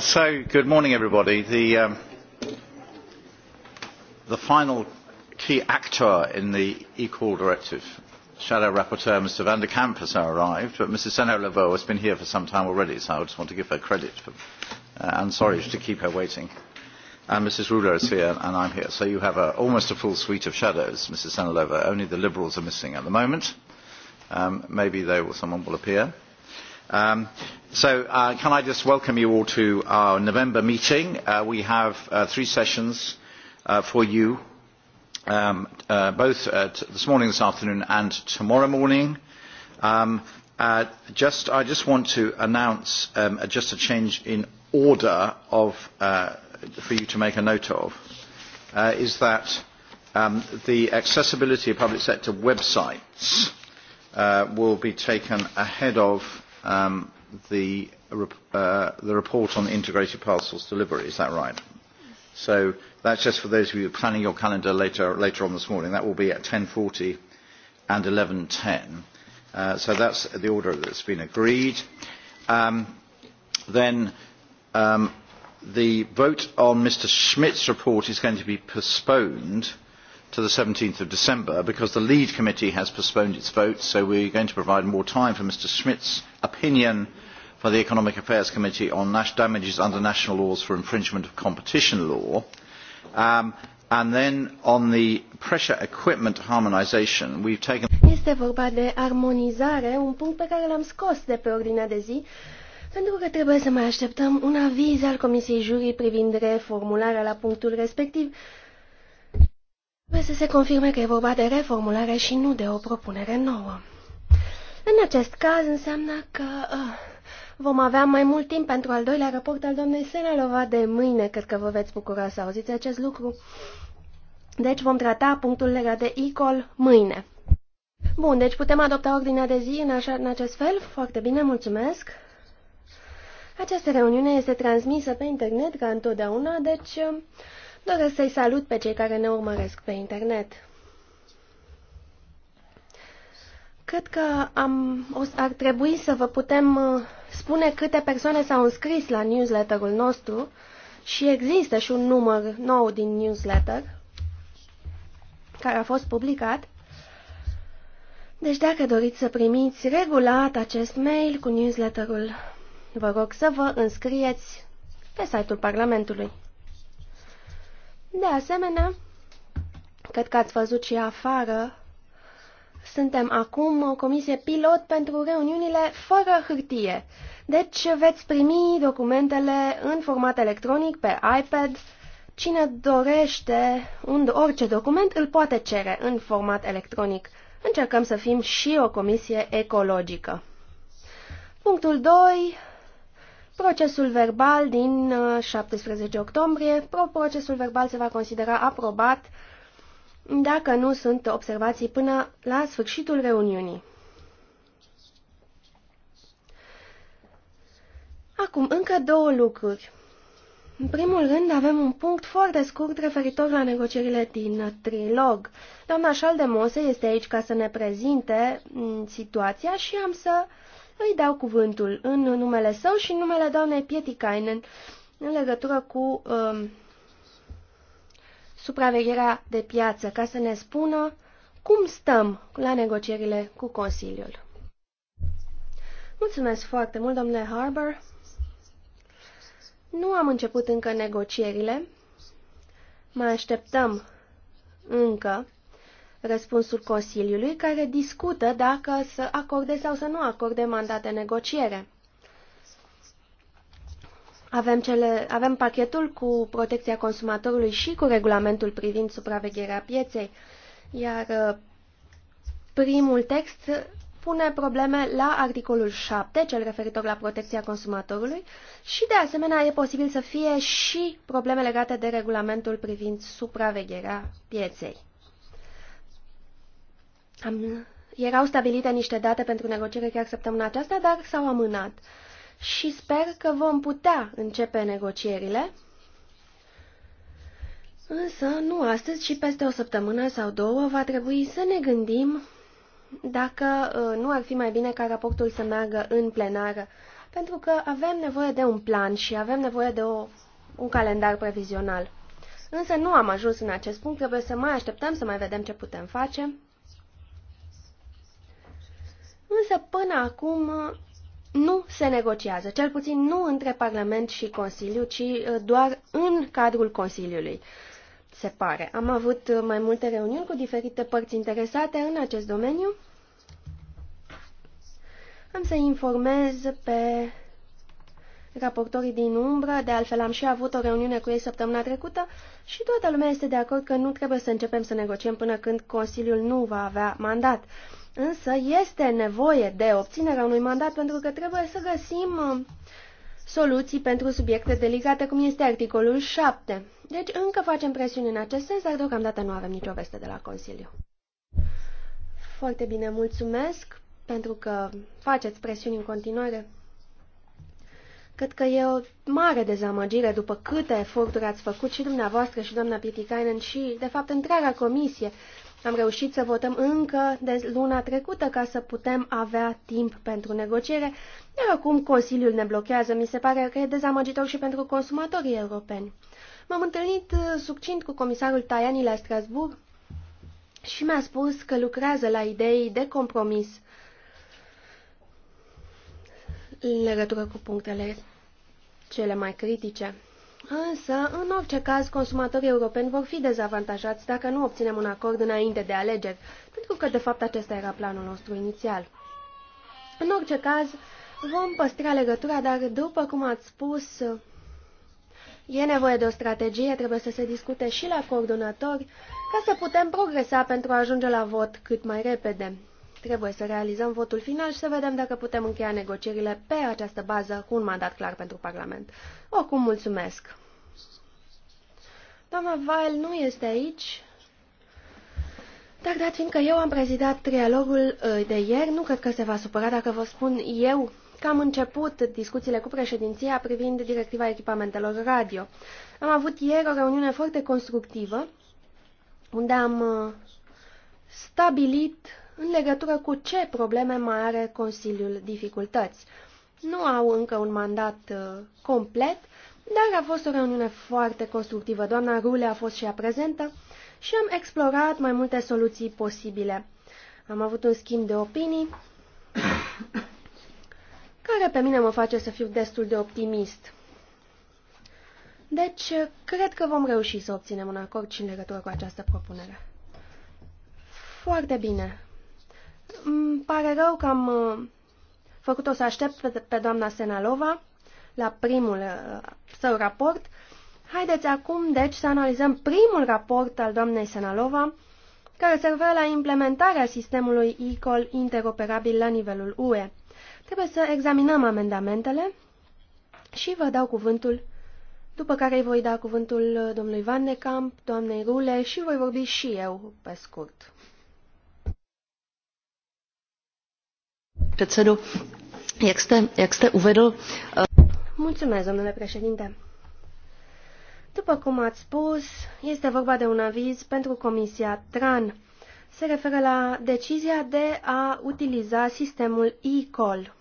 Uh, good morning, everybody. The, um, the final key actor in the eCall directive, Shadow Rapporteur Mr van der Kamp has now arrived, but Mrs Senho Laveau has been here for some time already, so I just want to give her credit. For, uh, I'm sorry to keep her waiting. And uh, Mrs Ruler is here, and I'm here. So you have a, uh, almost a full suite of shadows, Mrs Senilova. Only the Liberals are missing at the moment. Um, maybe they will, someone will appear. Um, so uh, can I just welcome you all to our November meeting. Uh, we have uh, three sessions uh, for you, um, uh, both uh, this morning, this afternoon and tomorrow morning. Um, just, I just want to announce um, just a change in order of, for you to make a note of, is that um, the accessibility of public sector websites will be taken ahead of um, the, uh, the report on integrated parcels delivery. Is that right? So that's just for those of you planning your calendar later, later on this morning. That will be at 10.40 and 11.10. Uh, so that's the order that's been agreed. Um, then um, the vote on Mr. Schmidt's report is going to be postponed to seventeen December because the lead committee has postponed its vote, so we are going to provide more time for Mr schmitt's opinion for the Economic Affairs Committee on damages under national laws for infringement of competition law. Um, and then on the pressure equipment harmonisation we have taken... Este vorba de armonizare, un punct pe care l-am scos de pe ordinea de zi, pentru că trebuie să mai așteptăm un aviz al Comisiei juri privind reformularea la punctul respectiv Trebuie să se confirme că e vorba de reformulare și nu de o propunere nouă. În acest caz înseamnă că uh, vom avea mai mult timp pentru al doilea raport al doamnei Senalova de mâine. Cred că vă veți bucura să auziți acest lucru. Deci vom trata punctul legat de ICOL mâine. Bun, deci putem adopta ordinea de zi în, așa, în acest fel? Foarte bine, mulțumesc. Această reuniune este transmisă pe internet ca întotdeauna, deci... Uh, Doresc să-i salut pe cei care ne urmăresc pe internet. Cred că am, o, ar trebui să vă putem uh, spune câte persoane s-au înscris la newsletterul nostru și există și un număr nou din newsletter care a fost publicat. Deci dacă doriți să primiți regulat acest mail cu newsletterul, vă rog să vă înscrieți pe site-ul Parlamentului. De asemenea, cred că ați văzut și afară, suntem acum o comisie pilot pentru reuniunile fără hârtie. Deci veți primi documentele în format electronic pe iPad. Cine dorește un, orice document îl poate cere în format electronic. Încercăm să fim și o comisie ecologică. Punctul 2 Procesul verbal din 17 uh, octombrie, procesul verbal se va considera aprobat dacă nu sunt observații până la sfârșitul reuniunii. Acum, încă două lucruri. În primul rând, avem un punct foarte scurt referitor la negocierile din trilog. Doamna Șaldemose este aici ca să ne prezinte mm, situația și am să uh, îi dau cuvântul în numele său și în numele doamnei Pietikainen în legătură cu um, supravegherea de piață, ca să ne spună cum stăm la negocierile cu Consiliul. Mulțumesc foarte mult, domnule Harbour. Nu am început încă negocierile. Mai așteptăm încă răspunsul Consiliului, care discută dacă să acorde sau să nu acorde mandate negociere. Avem, cele, avem pachetul cu protecția consumatorului și cu regulamentul privind supravegherea pieței, iar uh, primul text pune probleme la articolul 7, cel referitor la protecția consumatorului, și de asemenea e posibil să fie și probleme legate de regulamentul privind supravegherea pieței. Am, erau stabilite niște date pentru negociere chiar săptămâna aceasta, dar s-au amânat. Și sper că vom putea începe negocierile. Însă, nu astăzi, ci peste o săptămână sau două, va trebui să ne gândim dacă ă, nu ar fi mai bine ca raportul să meargă în plenară, pentru că avem nevoie de un plan și avem nevoie de o, un calendar previzional. Însă nu am ajuns în acest punct, trebuie să mai așteptăm, să mai vedem ce putem face. Însă până acum nu se negociază, cel puțin nu între Parlament și Consiliu, ci uh, doar în cadrul Consiliului. Se pare. Am avut uh, mai multe reuniuni cu diferite părți interesate în acest domeniu. Am să informez pe raportorii din umbră, de altfel am și avut o reuniune cu ei săptămâna trecută și toată lumea este de acord că nu trebuie să începem să negociem până când Consiliul nu va avea mandat. Însă este nevoie de obținerea unui mandat pentru că trebuie să găsim uh, soluții pentru subiecte delicate, cum este articolul 7. Deci încă facem presiuni în acest sens, dar deocamdată nu avem nicio veste de la Consiliu. Foarte bine, mulțumesc pentru că faceți presiuni în continuare. Cred că e o mare dezamăgire după câte eforturi ați făcut și dumneavoastră și doamna Pietikainen și, de fapt, întreaga comisie am reușit să votăm încă de luna trecută ca să putem avea timp pentru negociere, iar acum Consiliul ne blochează. Mi se pare că e dezamăgitor și pentru consumatorii europeni. M-am întâlnit uh, succint cu comisarul Tajani la Strasburg și mi-a spus că lucrează la idei de compromis în legătură cu punctele cele mai critice. Însă, în orice caz, consumatorii europeni vor fi dezavantajați dacă nu obținem un acord înainte de alegeri, pentru că, de fapt, acesta era planul nostru inițial. În orice caz, vom păstra legătura, dar, după cum ați spus, e nevoie de o strategie, trebuie să se discute și la coordonatori, ca să putem progresa pentru a ajunge la vot cât mai repede. Trebuie să realizăm votul final și să vedem dacă putem încheia negocierile pe această bază cu un mandat clar pentru Parlament. Oricum, mulțumesc! Doamna Vail nu este aici, dar dat fiindcă eu am prezidat trialogul uh, de ieri, nu cred că se va supăra dacă vă spun eu că am început discuțiile cu președinția privind directiva echipamentelor radio. Am avut ieri o reuniune foarte constructivă, unde am uh, stabilit în legătură cu ce probleme mai are Consiliul dificultăți. Nu au încă un mandat uh, complet, dar a fost o reuniune foarte constructivă. Doamna Rule a fost și ea prezentă și am explorat mai multe soluții posibile. Am avut un schimb de opinii care pe mine mă face să fiu destul de optimist. Deci, cred că vom reuși să obținem un acord și în legătură cu această propunere. Foarte bine. Îmi pare rău că am uh, făcut-o să aștept pe, doamna Senalova la primul uh, său raport. Haideți acum, deci, să analizăm primul raport al doamnei Senalova, care se referă la implementarea sistemului ICOL interoperabil la nivelul UE. Trebuie să examinăm amendamentele și vă dau cuvântul, după care îi voi da cuvântul uh, domnului Van de Camp, doamnei Rule și voi vorbi și eu pe scurt. jak jste uvedl... Eh, Mulțumesc, domnule președinte. După cum ați spus, este vorba de un aviz pentru Comisia TRAN. Se referă la decizia de a utiliza sistemul e-call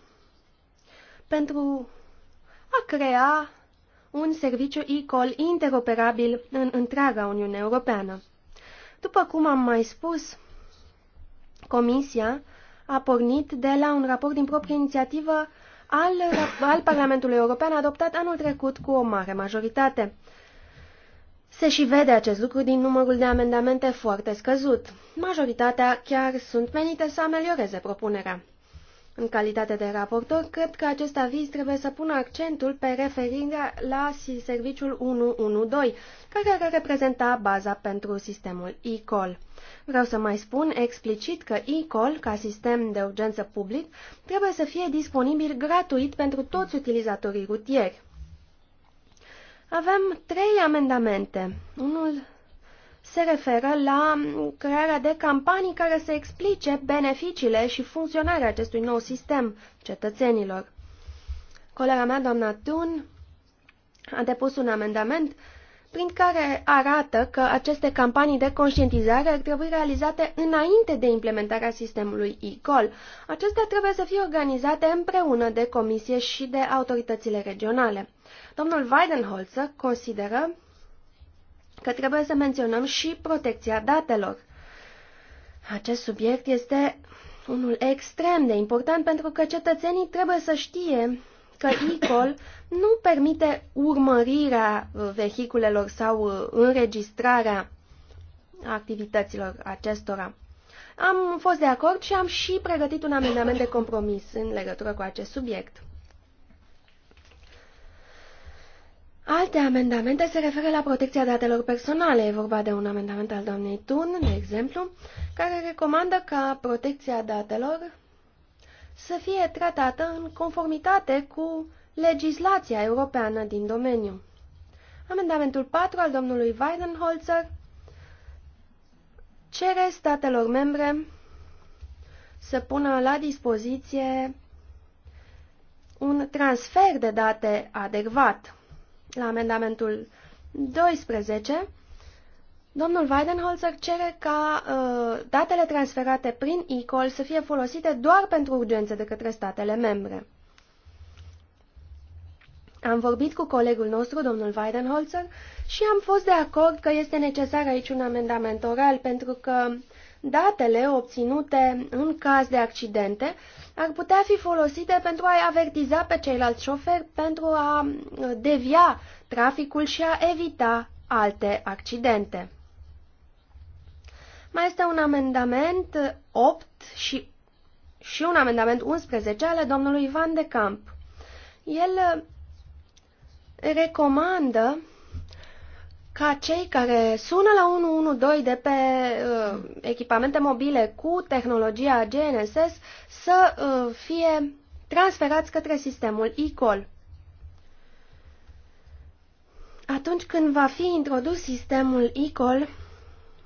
pentru a crea un serviciu e-call interoperabil în întreaga Uniune Europeană. După cum am mai spus, Comisia a pornit de la un raport din proprie inițiativă al, al Parlamentului European adoptat anul trecut cu o mare majoritate. Se și vede acest lucru din numărul de amendamente foarte scăzut. Majoritatea chiar sunt menite să amelioreze propunerea. În calitate de raportor, cred că acest aviz trebuie să pună accentul pe referirea la serviciul 112, care ar reprezenta baza pentru sistemul e-call. Vreau să mai spun explicit că e-call, ca sistem de urgență public, trebuie să fie disponibil gratuit pentru toți utilizatorii rutieri. Avem trei amendamente. Unul se referă la crearea de campanii care să explice beneficiile și funcționarea acestui nou sistem cetățenilor. Colega mea, doamna Tun, a depus un amendament prin care arată că aceste campanii de conștientizare ar trebui realizate înainte de implementarea sistemului e-call. Acestea trebuie să fie organizate împreună de comisie și de autoritățile regionale. Domnul Weidenholzer consideră că trebuie să menționăm și protecția datelor. Acest subiect este unul extrem de important pentru că cetățenii trebuie să știe că ICOL nu permite urmărirea uh, vehiculelor sau uh, înregistrarea activităților acestora. Am fost de acord și am și pregătit un amendament de compromis în legătură cu acest subiect. Alte amendamente se referă la protecția datelor personale. E vorba de un amendament al doamnei Tun, de exemplu, care recomandă ca protecția datelor să fie tratată în conformitate cu legislația europeană din domeniu. Amendamentul 4 al domnului Weidenholzer cere statelor membre să pună la dispoziție un transfer de date adecvat. La amendamentul 12 Domnul Weidenholzer cere ca uh, datele transferate prin e să fie folosite doar pentru urgențe de către statele membre. Am vorbit cu colegul nostru, domnul Weidenholzer, și am fost de acord că este necesar aici un amendament oral, pentru că datele obținute în caz de accidente ar putea fi folosite pentru a-i avertiza pe ceilalți șoferi pentru a uh, devia traficul și a evita alte accidente. Mai este un amendament 8 și, și un amendament 11 ale domnului Van de Camp. El uh, recomandă ca cei care sună la 112 de pe uh, echipamente mobile cu tehnologia GNSS să uh, fie transferați către sistemul ICOL. Atunci când va fi introdus sistemul ICOL,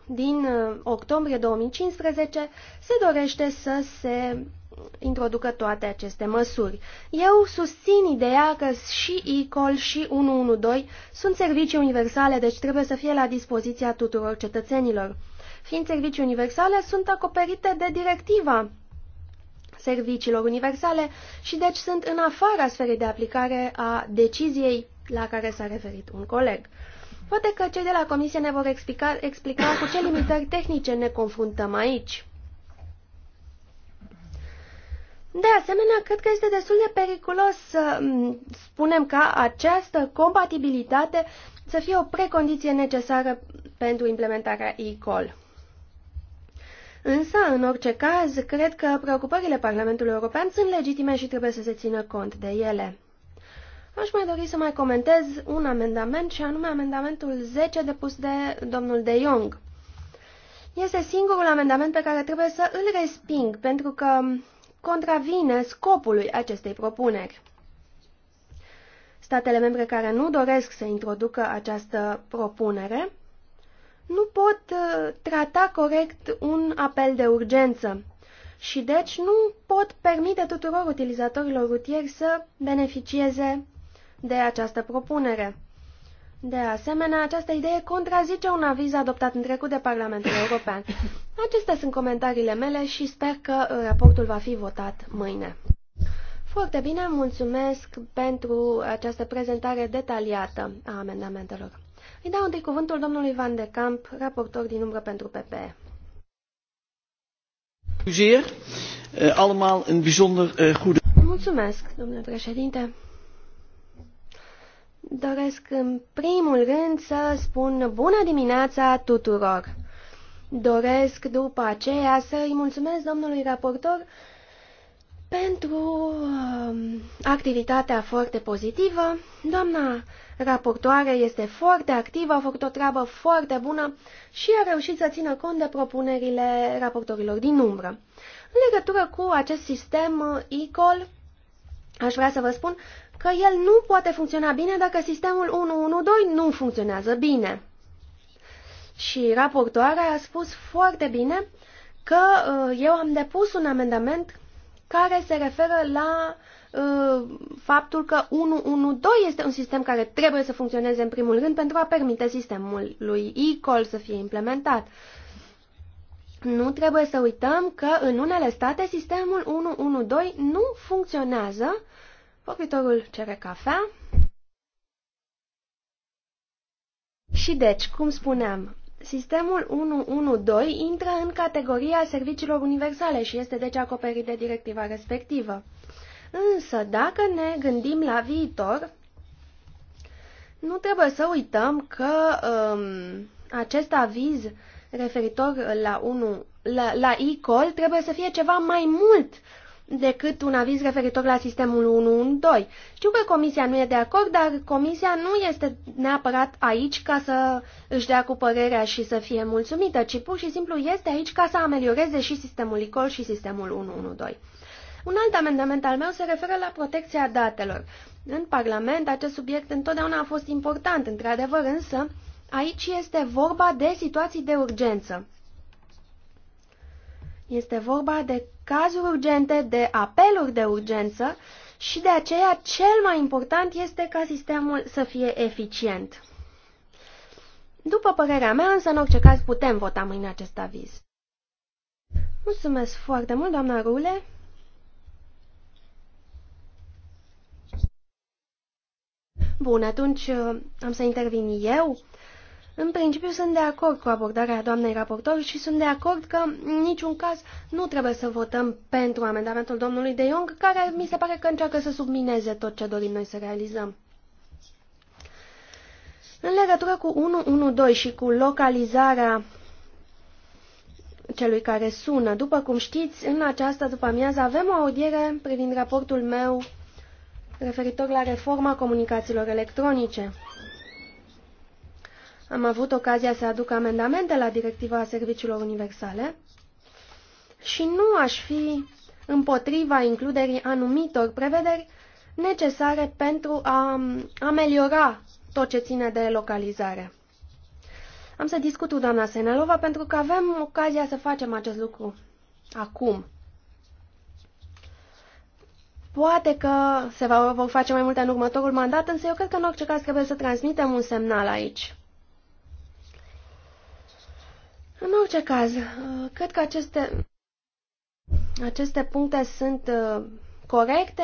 din uh, octombrie 2015 se dorește să se introducă toate aceste măsuri. Eu susțin ideea că și e-call și 112 sunt servicii universale, deci trebuie să fie la dispoziția tuturor cetățenilor. Fiind servicii universale, sunt acoperite de directiva serviciilor universale și deci sunt în afara sferei de aplicare a deciziei la care s-a referit un coleg. Poate că cei de la Comisie ne vor explica, explica cu ce limitări tehnice ne confruntăm aici. De asemenea, cred că este destul de periculos să spunem ca această compatibilitate să fie o precondiție necesară pentru implementarea e-call. Însă, în orice caz, cred că preocupările Parlamentului European sunt legitime și trebuie să se țină cont de ele. Aș mai dori să mai comentez un amendament și anume amendamentul 10 depus de domnul De Jong. Este singurul amendament pe care trebuie să îl resping pentru că contravine scopului acestei propuneri. Statele membre care nu doresc să introducă această propunere nu pot uh, trata corect un apel de urgență și deci nu pot permite tuturor utilizatorilor rutieri să beneficieze de această propunere. De asemenea, această idee contrazice un aviz adoptat în trecut de Parlamentul European. Acestea sunt comentariile mele și sper că uh, raportul va fi votat mâine. Foarte bine, mulțumesc pentru această prezentare detaliată a amendamentelor. Îi dau întâi cuvântul domnului Van de Camp, raportor din umbră pentru PPE. Uh, uh, mulțumesc, domnule președinte. Doresc în primul rând să spun bună dimineața tuturor. Doresc după aceea să îi mulțumesc domnului raportor pentru um, activitatea foarte pozitivă. Doamna raportoare este foarte activă, a făcut o treabă foarte bună și a reușit să țină cont de propunerile raportorilor din umbră. În legătură cu acest sistem iCol, uh, aș vrea să vă spun că el nu poate funcționa bine dacă sistemul 112 nu funcționează bine. Și raportoarea a spus foarte bine că uh, eu am depus un amendament care se referă la uh, faptul că 112 este un sistem care trebuie să funcționeze în primul rând pentru a permite sistemul lui e să fie implementat. Nu trebuie să uităm că în unele state sistemul 112 nu funcționează uh, Vorbitorul cere cafea. Și deci, cum spuneam, sistemul 112 intră în categoria serviciilor universale și este deci acoperit de directiva respectivă. Însă, dacă ne gândim la viitor, nu trebuie să uităm că um, acest aviz referitor la, la, la e-call trebuie să fie ceva mai mult decât un aviz referitor la sistemul 112. Știu că Comisia nu e de acord, dar Comisia nu este neapărat aici ca să își dea cu părerea și să fie mulțumită, ci pur și simplu este aici ca să amelioreze și sistemul ICOL și sistemul 112. Un alt amendament al meu se referă la protecția datelor. În Parlament acest subiect întotdeauna a fost important, într-adevăr, însă aici este vorba de situații de urgență. Este vorba de cazuri urgente, de apeluri de urgență și de aceea cel mai important este ca sistemul să fie eficient. După părerea mea, însă, în orice caz, putem vota mâine acest aviz. Mulțumesc foarte mult, doamna Rule. Bun, atunci uh, am să intervin eu. În principiu sunt de acord cu abordarea doamnei raportor și sunt de acord că în niciun caz nu trebuie să votăm pentru amendamentul domnului De Jong, care mi se pare că încearcă să submineze tot ce dorim noi să realizăm. În legătură cu 112 și cu localizarea celui care sună, după cum știți, în această după amiază avem o audiere privind raportul meu referitor la reforma comunicațiilor electronice. Am avut ocazia să aduc amendamente la Directiva Serviciilor Universale și nu aș fi împotriva includerii anumitor prevederi necesare pentru a ameliora tot ce ține de localizare. Am să discut cu doamna Senelova pentru că avem ocazia să facem acest lucru acum. Poate că se va, vor face mai multe în următorul mandat, însă eu cred că în orice caz trebuie să transmitem un semnal aici. În orice caz, uh, cred că aceste, aceste puncte sunt uh, corecte.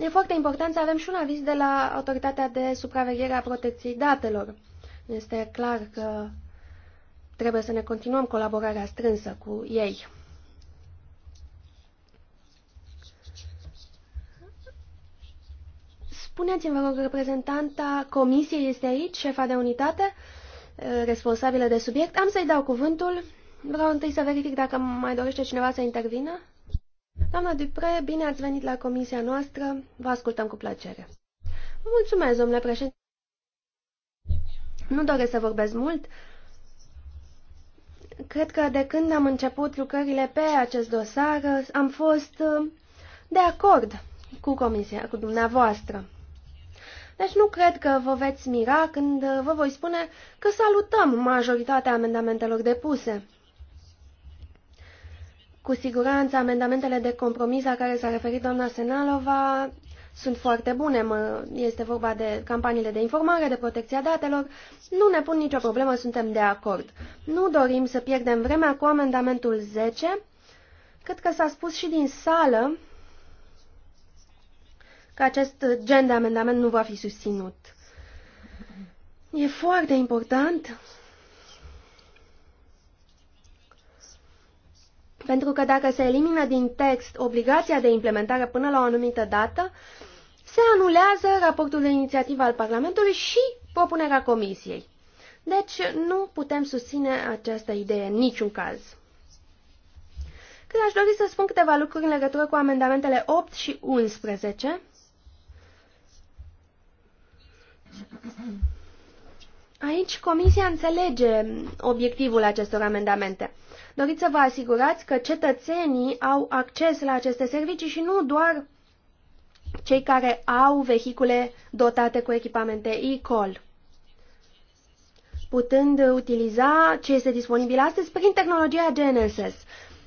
E foarte important să avem și un aviz de la Autoritatea de Supraveghere a Protecției Datelor. Este clar că trebuie să ne continuăm colaborarea strânsă cu ei. Spuneți-mi, vă rog, reprezentanta Comisiei este aici, șefa de unitate? responsabilă de subiect. Am să-i dau cuvântul. Vreau întâi să verific dacă mai dorește cineva să intervină. Doamna Dupre, bine ați venit la comisia noastră. Vă ascultăm cu plăcere. Mulțumesc, domnule președinte. Nu doresc să vorbesc mult. Cred că de când am început lucrările pe acest dosar, am fost uh, de acord cu comisia, cu dumneavoastră. Deci nu cred că vă veți mira când vă voi spune că salutăm majoritatea amendamentelor depuse. Cu siguranță, amendamentele de compromis la care s-a referit doamna Senalova sunt foarte bune. este vorba de campaniile de informare, de protecția datelor. Nu ne pun nicio problemă, suntem de acord. Nu dorim să pierdem vremea cu amendamentul 10. Cred că s-a spus și din sală că acest gen de amendament nu va fi susținut. E foarte important pentru că dacă se elimină din text obligația de implementare până la o anumită dată, se anulează raportul de inițiativă al Parlamentului și propunerea Comisiei. Deci nu putem susține această idee în niciun caz. Când aș dori să spun câteva lucruri în legătură cu amendamentele 8 și 11, Aici Comisia înțelege obiectivul acestor amendamente. Doriți să vă asigurați că cetățenii au acces la aceste servicii și nu doar cei care au vehicule dotate cu echipamente e-call, putând utiliza ce este disponibil astăzi prin tehnologia GNSS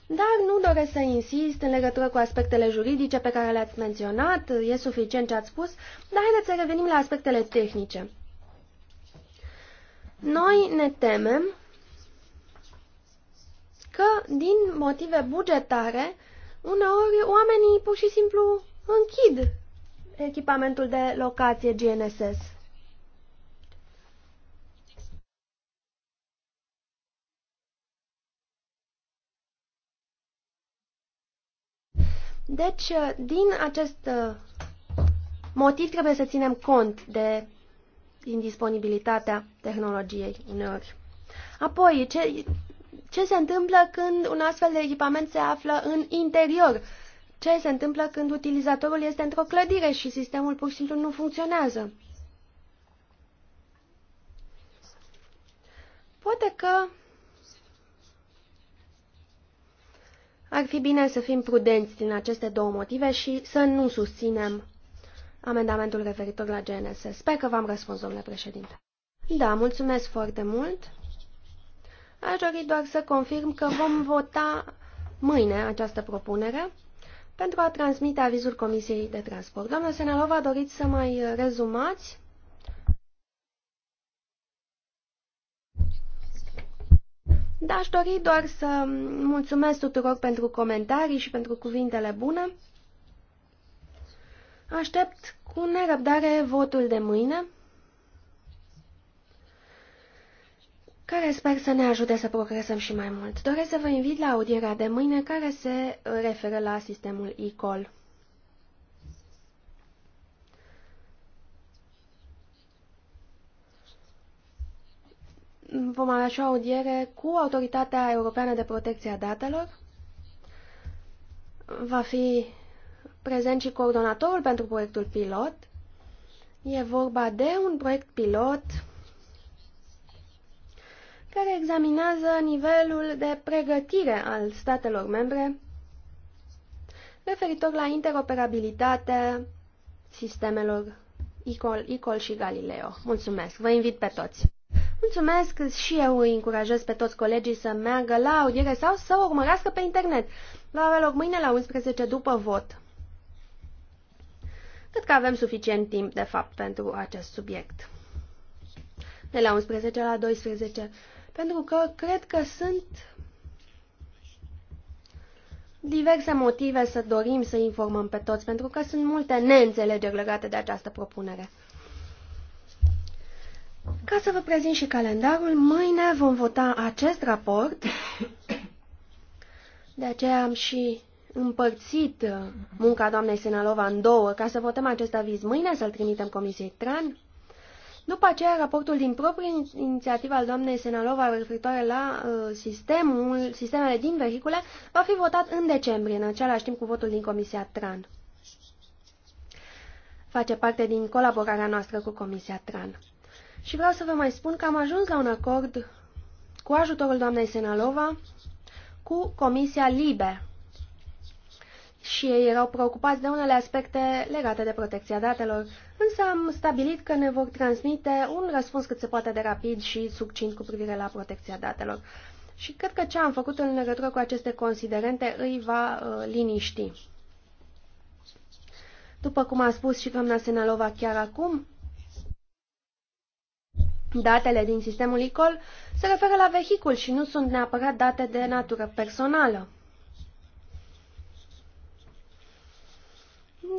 dar nu doresc să insist în legătură cu aspectele juridice pe care le-ați menționat, e suficient ce ați spus, dar haideți să revenim la aspectele tehnice. Noi ne temem că, din motive bugetare, uneori oamenii pur și simplu închid echipamentul de locație GNSS. Deci, uh, din acest uh, motiv trebuie să ținem cont de indisponibilitatea tehnologiei uneori. Apoi, ce, ce se întâmplă când un astfel de echipament se află în interior? Ce se întâmplă când utilizatorul este într-o clădire și sistemul pur și simplu nu funcționează? Poate că Ar fi bine să fim prudenți din aceste două motive și să nu susținem amendamentul referitor la GNS. Sper că v-am răspuns, domnule președinte. Da, mulțumesc foarte mult. Aș dori doar să confirm că vom vota mâine această propunere pentru a transmite avizul Comisiei de Transport. Doamna Senelova, doriți să mai rezumați? Da, aș dori doar să mulțumesc tuturor pentru comentarii și pentru cuvintele bune. Aștept cu nerăbdare votul de mâine, care sper să ne ajute să progresăm și mai mult. Doresc să vă invit la audierea de mâine care se referă la sistemul e-call. vom avea și o audiere cu Autoritatea Europeană de Protecție a Datelor. Va fi prezent și coordonatorul pentru proiectul pilot. E vorba de un proiect pilot care examinează nivelul de pregătire al statelor membre referitor la interoperabilitatea sistemelor ICOL, ICOL și Galileo. Mulțumesc! Vă invit pe toți! Mulțumesc și eu îi încurajez pe toți colegii să meargă la audiere sau să o urmărească pe internet. Va avea loc mâine la 11 după vot. Cred că avem suficient timp, de fapt, pentru acest subiect. De la 11 la 12. Pentru că cred că sunt diverse motive să dorim să informăm pe toți, pentru că sunt multe neînțelegeri legate de această propunere. Ca să vă prezint și calendarul, mâine vom vota acest raport. De aceea am și împărțit uh, munca doamnei Senalova în două, ca să votăm acest aviz mâine, să-l trimitem Comisiei TRAN. După aceea, raportul din proprie inițiativă al doamnei Senalova referitoare la uh, sistemul, sistemele din vehicule va fi votat în decembrie, în același timp cu votul din Comisia TRAN. Face parte din colaborarea noastră cu Comisia TRAN. Și vreau să vă mai spun că am ajuns la un acord cu ajutorul doamnei Senalova cu Comisia Libe. Și ei erau preocupați de unele aspecte legate de protecția datelor, însă am stabilit că ne vor transmite un răspuns cât se poate de rapid și succint cu privire la protecția datelor. Și cred că ce am făcut în legătură cu aceste considerente îi va uh, liniști. După cum a spus și doamna Senalova chiar acum, Datele din sistemul ICOL se referă la vehicul și nu sunt neapărat date de natură personală.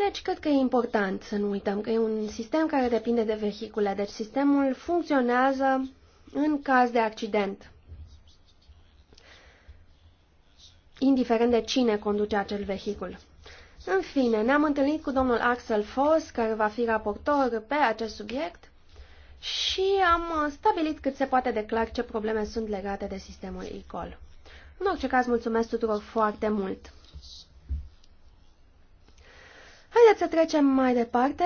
Deci, cred că e important să nu uităm că e un sistem care depinde de vehicule, deci sistemul funcționează în caz de accident, indiferent de cine conduce acel vehicul. În fine, ne-am întâlnit cu domnul Axel Foss, care va fi raportor pe acest subiect, și am uh, stabilit cât se poate de clar ce probleme sunt legate de sistemul e-call. În orice caz, mulțumesc tuturor foarte mult! Haideți să trecem mai departe.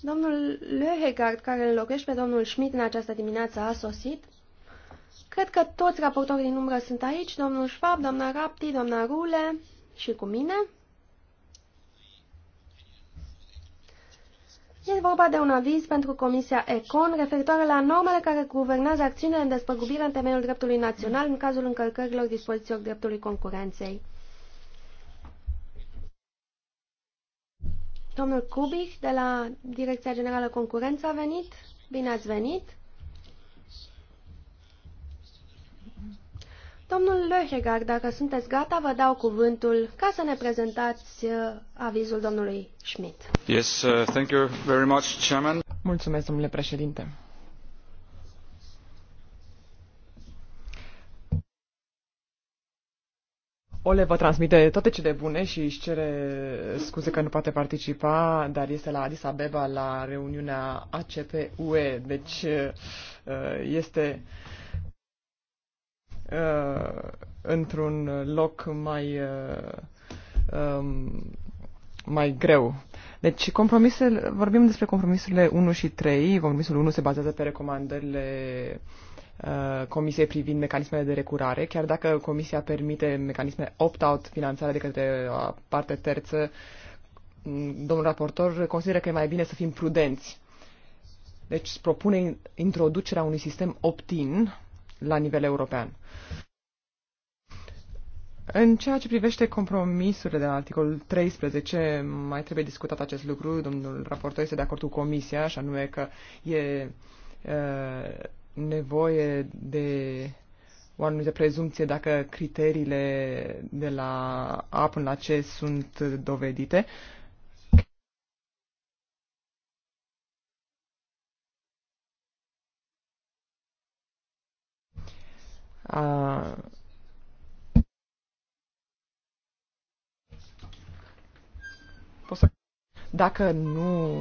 Domnul Lehegard, care îl locuiește pe domnul Schmidt în această dimineață, a sosit. Cred că toți raportorii din umbră sunt aici, domnul Schwab, doamna Rapti, doamna Rule și cu mine. E vorba de un aviz pentru Comisia ECON referitoare la normele care guvernează acțiunile în despăgubire în temeiul dreptului național în cazul încălcărilor dispozițiilor dreptului concurenței. Domnul Kubich de la Direcția Generală Concurență a venit. Bine ați venit! Domnul Löchegaard, dacă sunteți gata, vă dau cuvântul ca să ne prezentați uh, avizul domnului Schmidt. Yes, uh, thank you very much, Chairman. Mulțumesc, domnule președinte. Ole vă transmite toate cele bune și își cere scuze că nu poate participa, dar este la Addis Abeba la reuniunea ACP-UE, deci uh, este uh, într-un loc mai, uh, um, mai greu. Deci, compromisul vorbim despre compromisurile 1 și 3. Compromisul 1 se bazează pe recomandările uh, Comisiei privind mecanismele de recurare, chiar dacă Comisia permite mecanisme opt-out finanțare de către o uh, parte terță, mm, domnul raportor consideră că e mai bine să fim prudenți. Deci propune introducerea unui sistem opt-in la nivel european. În ceea ce privește compromisurile de la articolul 13, mai trebuie discutat acest lucru. Domnul raportor este de acord cu comisia, așa nume că e uh, nevoie de o anumită prezumție dacă criteriile de la A până la C sunt dovedite. Uh, a, dacă nu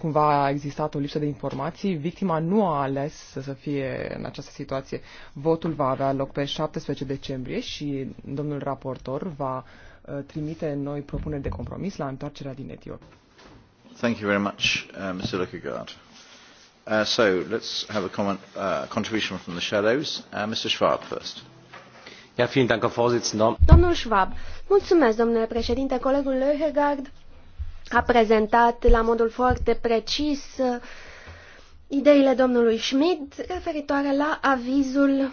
cumva a existat o lipsă de informații, victima nu a ales să fie în această situație. Votul va avea loc pe 17 decembrie și domnul raportor va uh, trimite noi propuneri de compromis la întoarcerea din Etiopia. Thank you very much, uh, Mr. Lukegaard. Uh, so let's have a uh, contribution from the shadows. Uh, Mr. Schwab first. Schwab, mulțumesc, domnule președinte. Colegul Löhegard a prezentat la modul foarte precis uh, ideile domnului Schmidt referitoare la avizul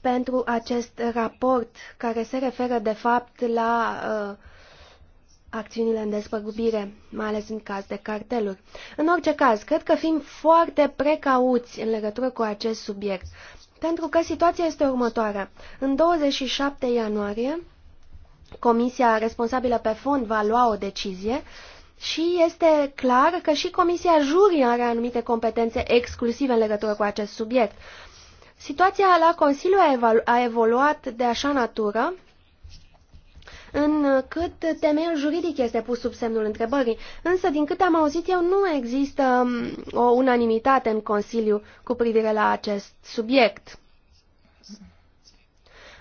pentru acest raport care se referă de fapt la acțiunile în despăgubire, mai ales în caz de carteluri. În orice caz, cred că fim foarte precauți în legătură cu acest subiect, pentru că situația este următoarea. În 27 ianuarie, comisia responsabilă pe fond va lua o decizie și este clar că și comisia jurii are anumite competențe exclusive în legătură cu acest subiect. Situația la Consiliu a, a evoluat de așa natură în uh, cât temeiul juridic este pus sub semnul întrebării. Însă, din câte am auzit eu, nu există um, o unanimitate în Consiliu cu privire la acest subiect.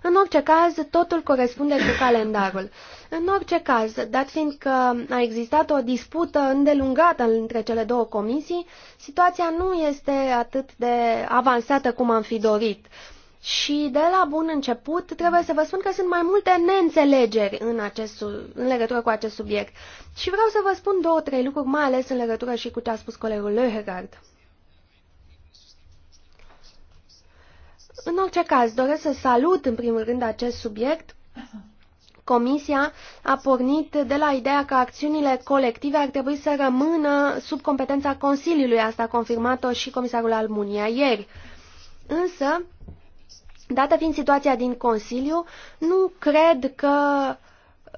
În orice caz, totul corespunde cu calendarul. În orice caz, dat fiind că a existat o dispută îndelungată între cele două comisii, situația nu este atât de avansată cum am fi dorit. Și de la bun început trebuie să vă spun că sunt mai multe neînțelegeri în, acest, în legătură cu acest subiect. Și vreau să vă spun două, trei lucruri, mai ales în legătură și cu ce a spus colegul Löhegard. În orice caz, doresc să salut în primul rând acest subiect. Comisia a pornit de la ideea că acțiunile colective ar trebui să rămână sub competența Consiliului. Asta a confirmat-o și comisarul Almunia ieri. Însă, Dată fiind situația din Consiliu, nu cred că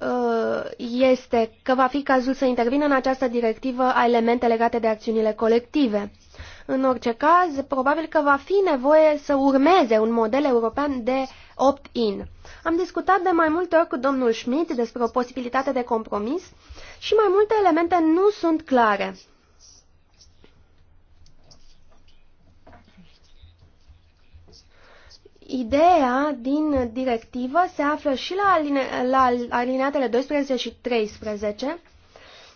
uh, este că va fi cazul să intervină în această directivă a elemente legate de acțiunile colective. În orice caz, probabil că va fi nevoie să urmeze un model european de opt-in. Am discutat de mai multe ori cu domnul Schmidt despre o posibilitate de compromis și mai multe elemente nu sunt clare. Ideea din directivă se află și la, aline, la alineatele 12 și 13.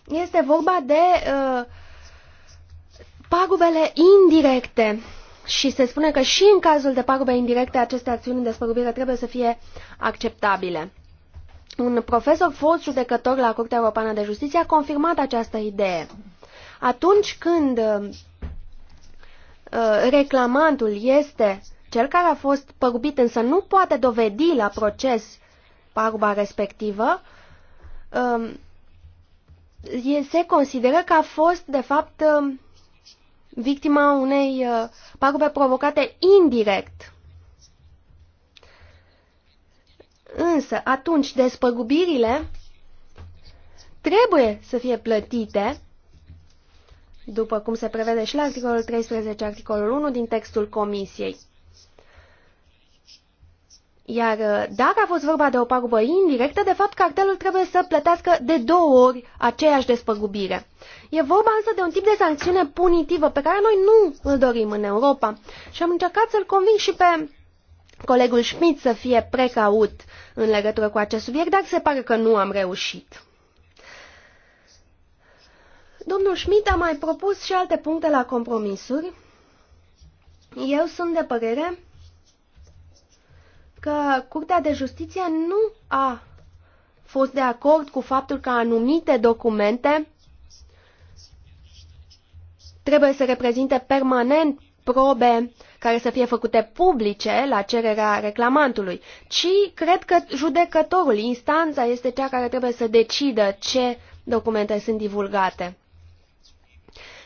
Este vorba de uh, pagubele indirecte și se spune că și în cazul de pagube indirecte aceste acțiuni de spăgubire trebuie să fie acceptabile. Un profesor fost judecător la Curtea Europeană de Justiție a confirmat această idee. Atunci când uh, reclamantul este uh, cel care a fost păgubit însă nu poate dovedi la proces paguba respectivă, um, se consideră că a fost, de fapt, um, victima unei uh, pagube provocate indirect. Însă, atunci, despăgubirile trebuie să fie plătite, după cum se prevede și la articolul 13, articolul 1 din textul Comisiei. Iar uh, dacă a fost vorba de o pagubă indirectă, de fapt cartelul trebuie să plătească de două ori aceeași despăgubire. E vorba însă de un tip de sancțiune punitivă pe care noi nu îl dorim în Europa și am încercat să-l conving și pe colegul Schmidt să fie precaut în legătură cu acest subiect, dar se pare că nu am reușit. Domnul Schmidt a mai propus și alte puncte la compromisuri. Eu sunt de părere că Curtea de Justiție nu a fost de acord cu faptul că anumite documente trebuie să reprezinte permanent probe care să fie făcute publice la cererea reclamantului, ci cred că judecătorul, instanța, este cea care trebuie să decidă ce documente sunt divulgate.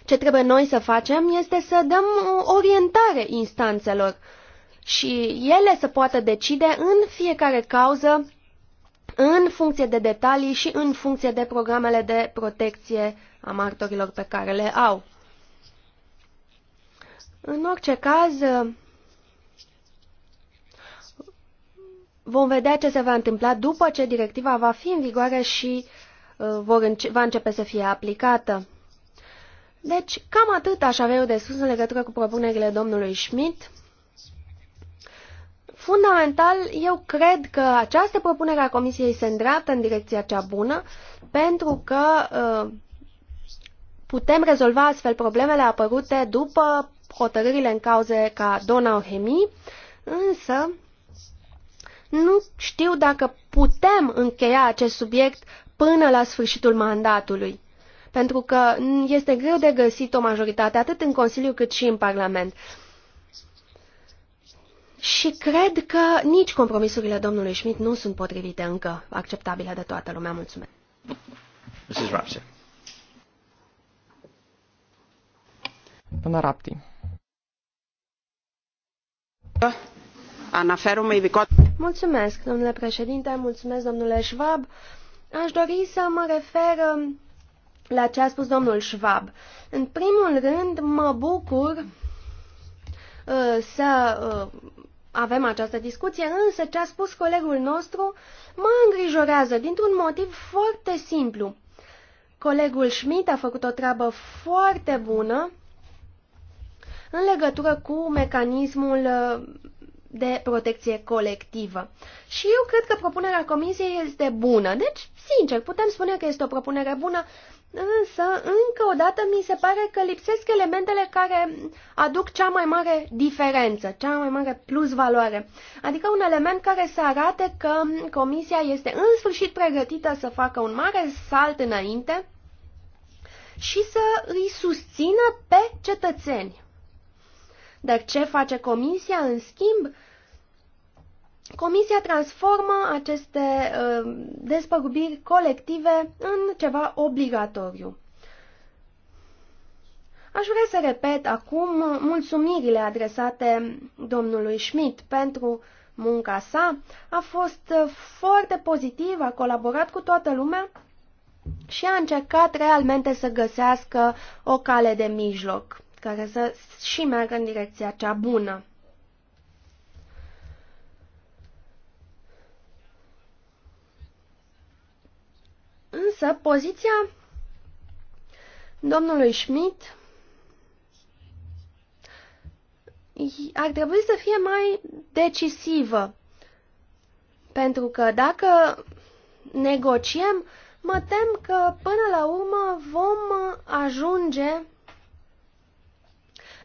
Ce trebuie noi să facem este să dăm o orientare instanțelor și ele să poată decide în fiecare cauză în funcție de detalii și în funcție de programele de protecție a martorilor pe care le au. În orice caz, vom vedea ce se va întâmpla după ce directiva va fi în vigoare și uh, vor înce va începe să fie aplicată. Deci, cam atât aș avea eu de spus în legătură cu propunerile domnului Schmidt. Fundamental, eu cred că această propunere a Comisiei se îndreaptă în direcția cea bună, pentru că uh, putem rezolva astfel problemele apărute după hotărârile în cauze ca donau însă nu știu dacă putem încheia acest subiect până la sfârșitul mandatului, pentru că este greu de găsit o majoritate atât în Consiliu cât și în Parlament. Și cred că nici compromisurile domnului Schmidt nu sunt potrivite încă, acceptabile de toată lumea. Mulțumesc. Mrs. Rapti. Doamna Rapti. Mulțumesc, domnule președinte, mulțumesc, domnule Schwab. Aș dori să mă refer um, la ce a spus domnul Schwab. În primul rând, mă bucur uh, să uh, avem această discuție, însă ce a spus colegul nostru mă îngrijorează dintr-un motiv foarte simplu. Colegul Schmidt a făcut o treabă foarte bună în legătură cu mecanismul uh, de protecție colectivă. Și eu cred că propunerea comisiei este bună. Deci, sincer, putem spune că este o propunere bună Însă, încă o dată, mi se pare că lipsesc elementele care aduc cea mai mare diferență, cea mai mare plus valoare. Adică un element care să arate că comisia este în sfârșit pregătită să facă un mare salt înainte și să îi susțină pe cetățeni. Dar ce face comisia, în schimb, Comisia transformă aceste uh, despăgubiri colective în ceva obligatoriu. Aș vrea să repet acum mulțumirile adresate domnului Schmidt pentru munca sa. A fost foarte pozitiv, a colaborat cu toată lumea și a încercat realmente să găsească o cale de mijloc care să și meargă în direcția cea bună. Însă poziția domnului Schmidt ar trebui să fie mai decisivă. Pentru că dacă negociem, mă tem că până la urmă vom ajunge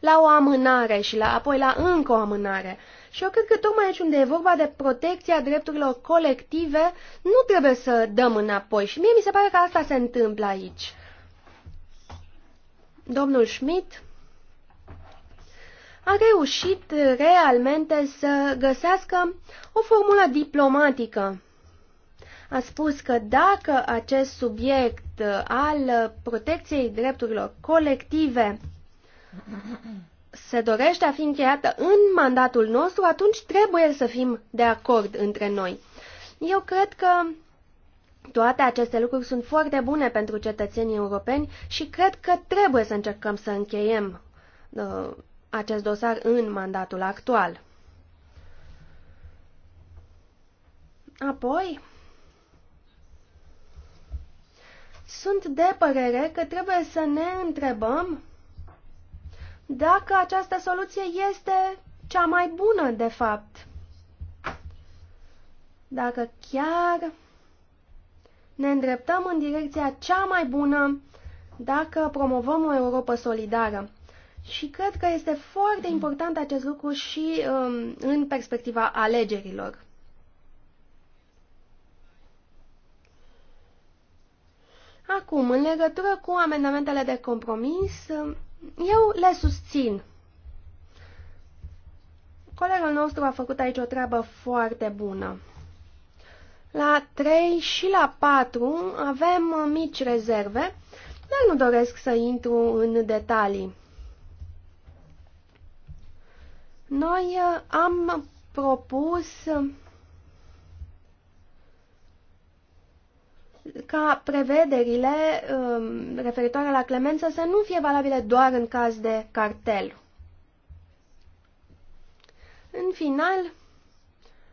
la o amânare și la, apoi la încă o amânare. Și eu cred că tocmai aici unde e vorba de protecția drepturilor colective, nu trebuie să dăm înapoi. Și mie mi se pare că asta se întâmplă aici. Domnul Schmidt a reușit realmente să găsească o formulă diplomatică. A spus că dacă acest subiect al protecției drepturilor colective se dorește a fi încheiată în mandatul nostru, atunci trebuie să fim de acord între noi. Eu cred că toate aceste lucruri sunt foarte bune pentru cetățenii europeni și cred că trebuie să încercăm să încheiem uh, acest dosar în mandatul actual. Apoi, sunt de părere că trebuie să ne întrebăm dacă această soluție este cea mai bună, de fapt. Dacă chiar ne îndreptăm în direcția cea mai bună, dacă promovăm o Europa solidară. Și cred că este foarte important acest lucru și um, în perspectiva alegerilor. Acum, în legătură cu amendamentele de compromis, eu le susțin. Colegul nostru a făcut aici o treabă foarte bună. La 3 și la 4 avem mici rezerve, dar nu doresc să intru în detalii. Noi uh, am propus ca prevederile um, referitoare la clemență să nu fie valabile doar în caz de cartel. În final,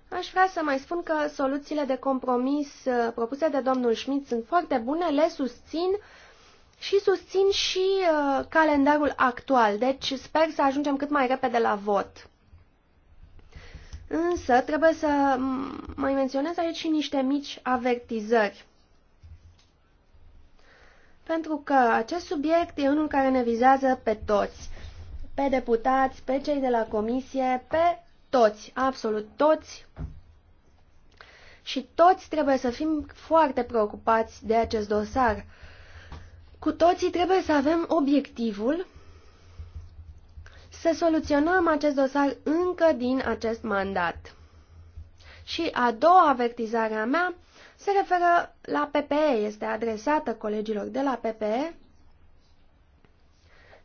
aș vrea să mai spun că soluțiile de compromis uh, propuse de domnul Schmidt sunt foarte bune, le susțin și susțin și uh, calendarul actual, deci sper să ajungem cât mai repede la vot. Însă trebuie să mai menționez aici și niște mici avertizări pentru că acest subiect e unul care ne vizează pe toți, pe deputați, pe cei de la comisie, pe toți, absolut toți. Și toți trebuie să fim foarte preocupați de acest dosar. Cu toții trebuie să avem obiectivul să soluționăm acest dosar încă din acest mandat. Și a doua avertizare a mea se referă la PPE, este adresată colegilor de la PPE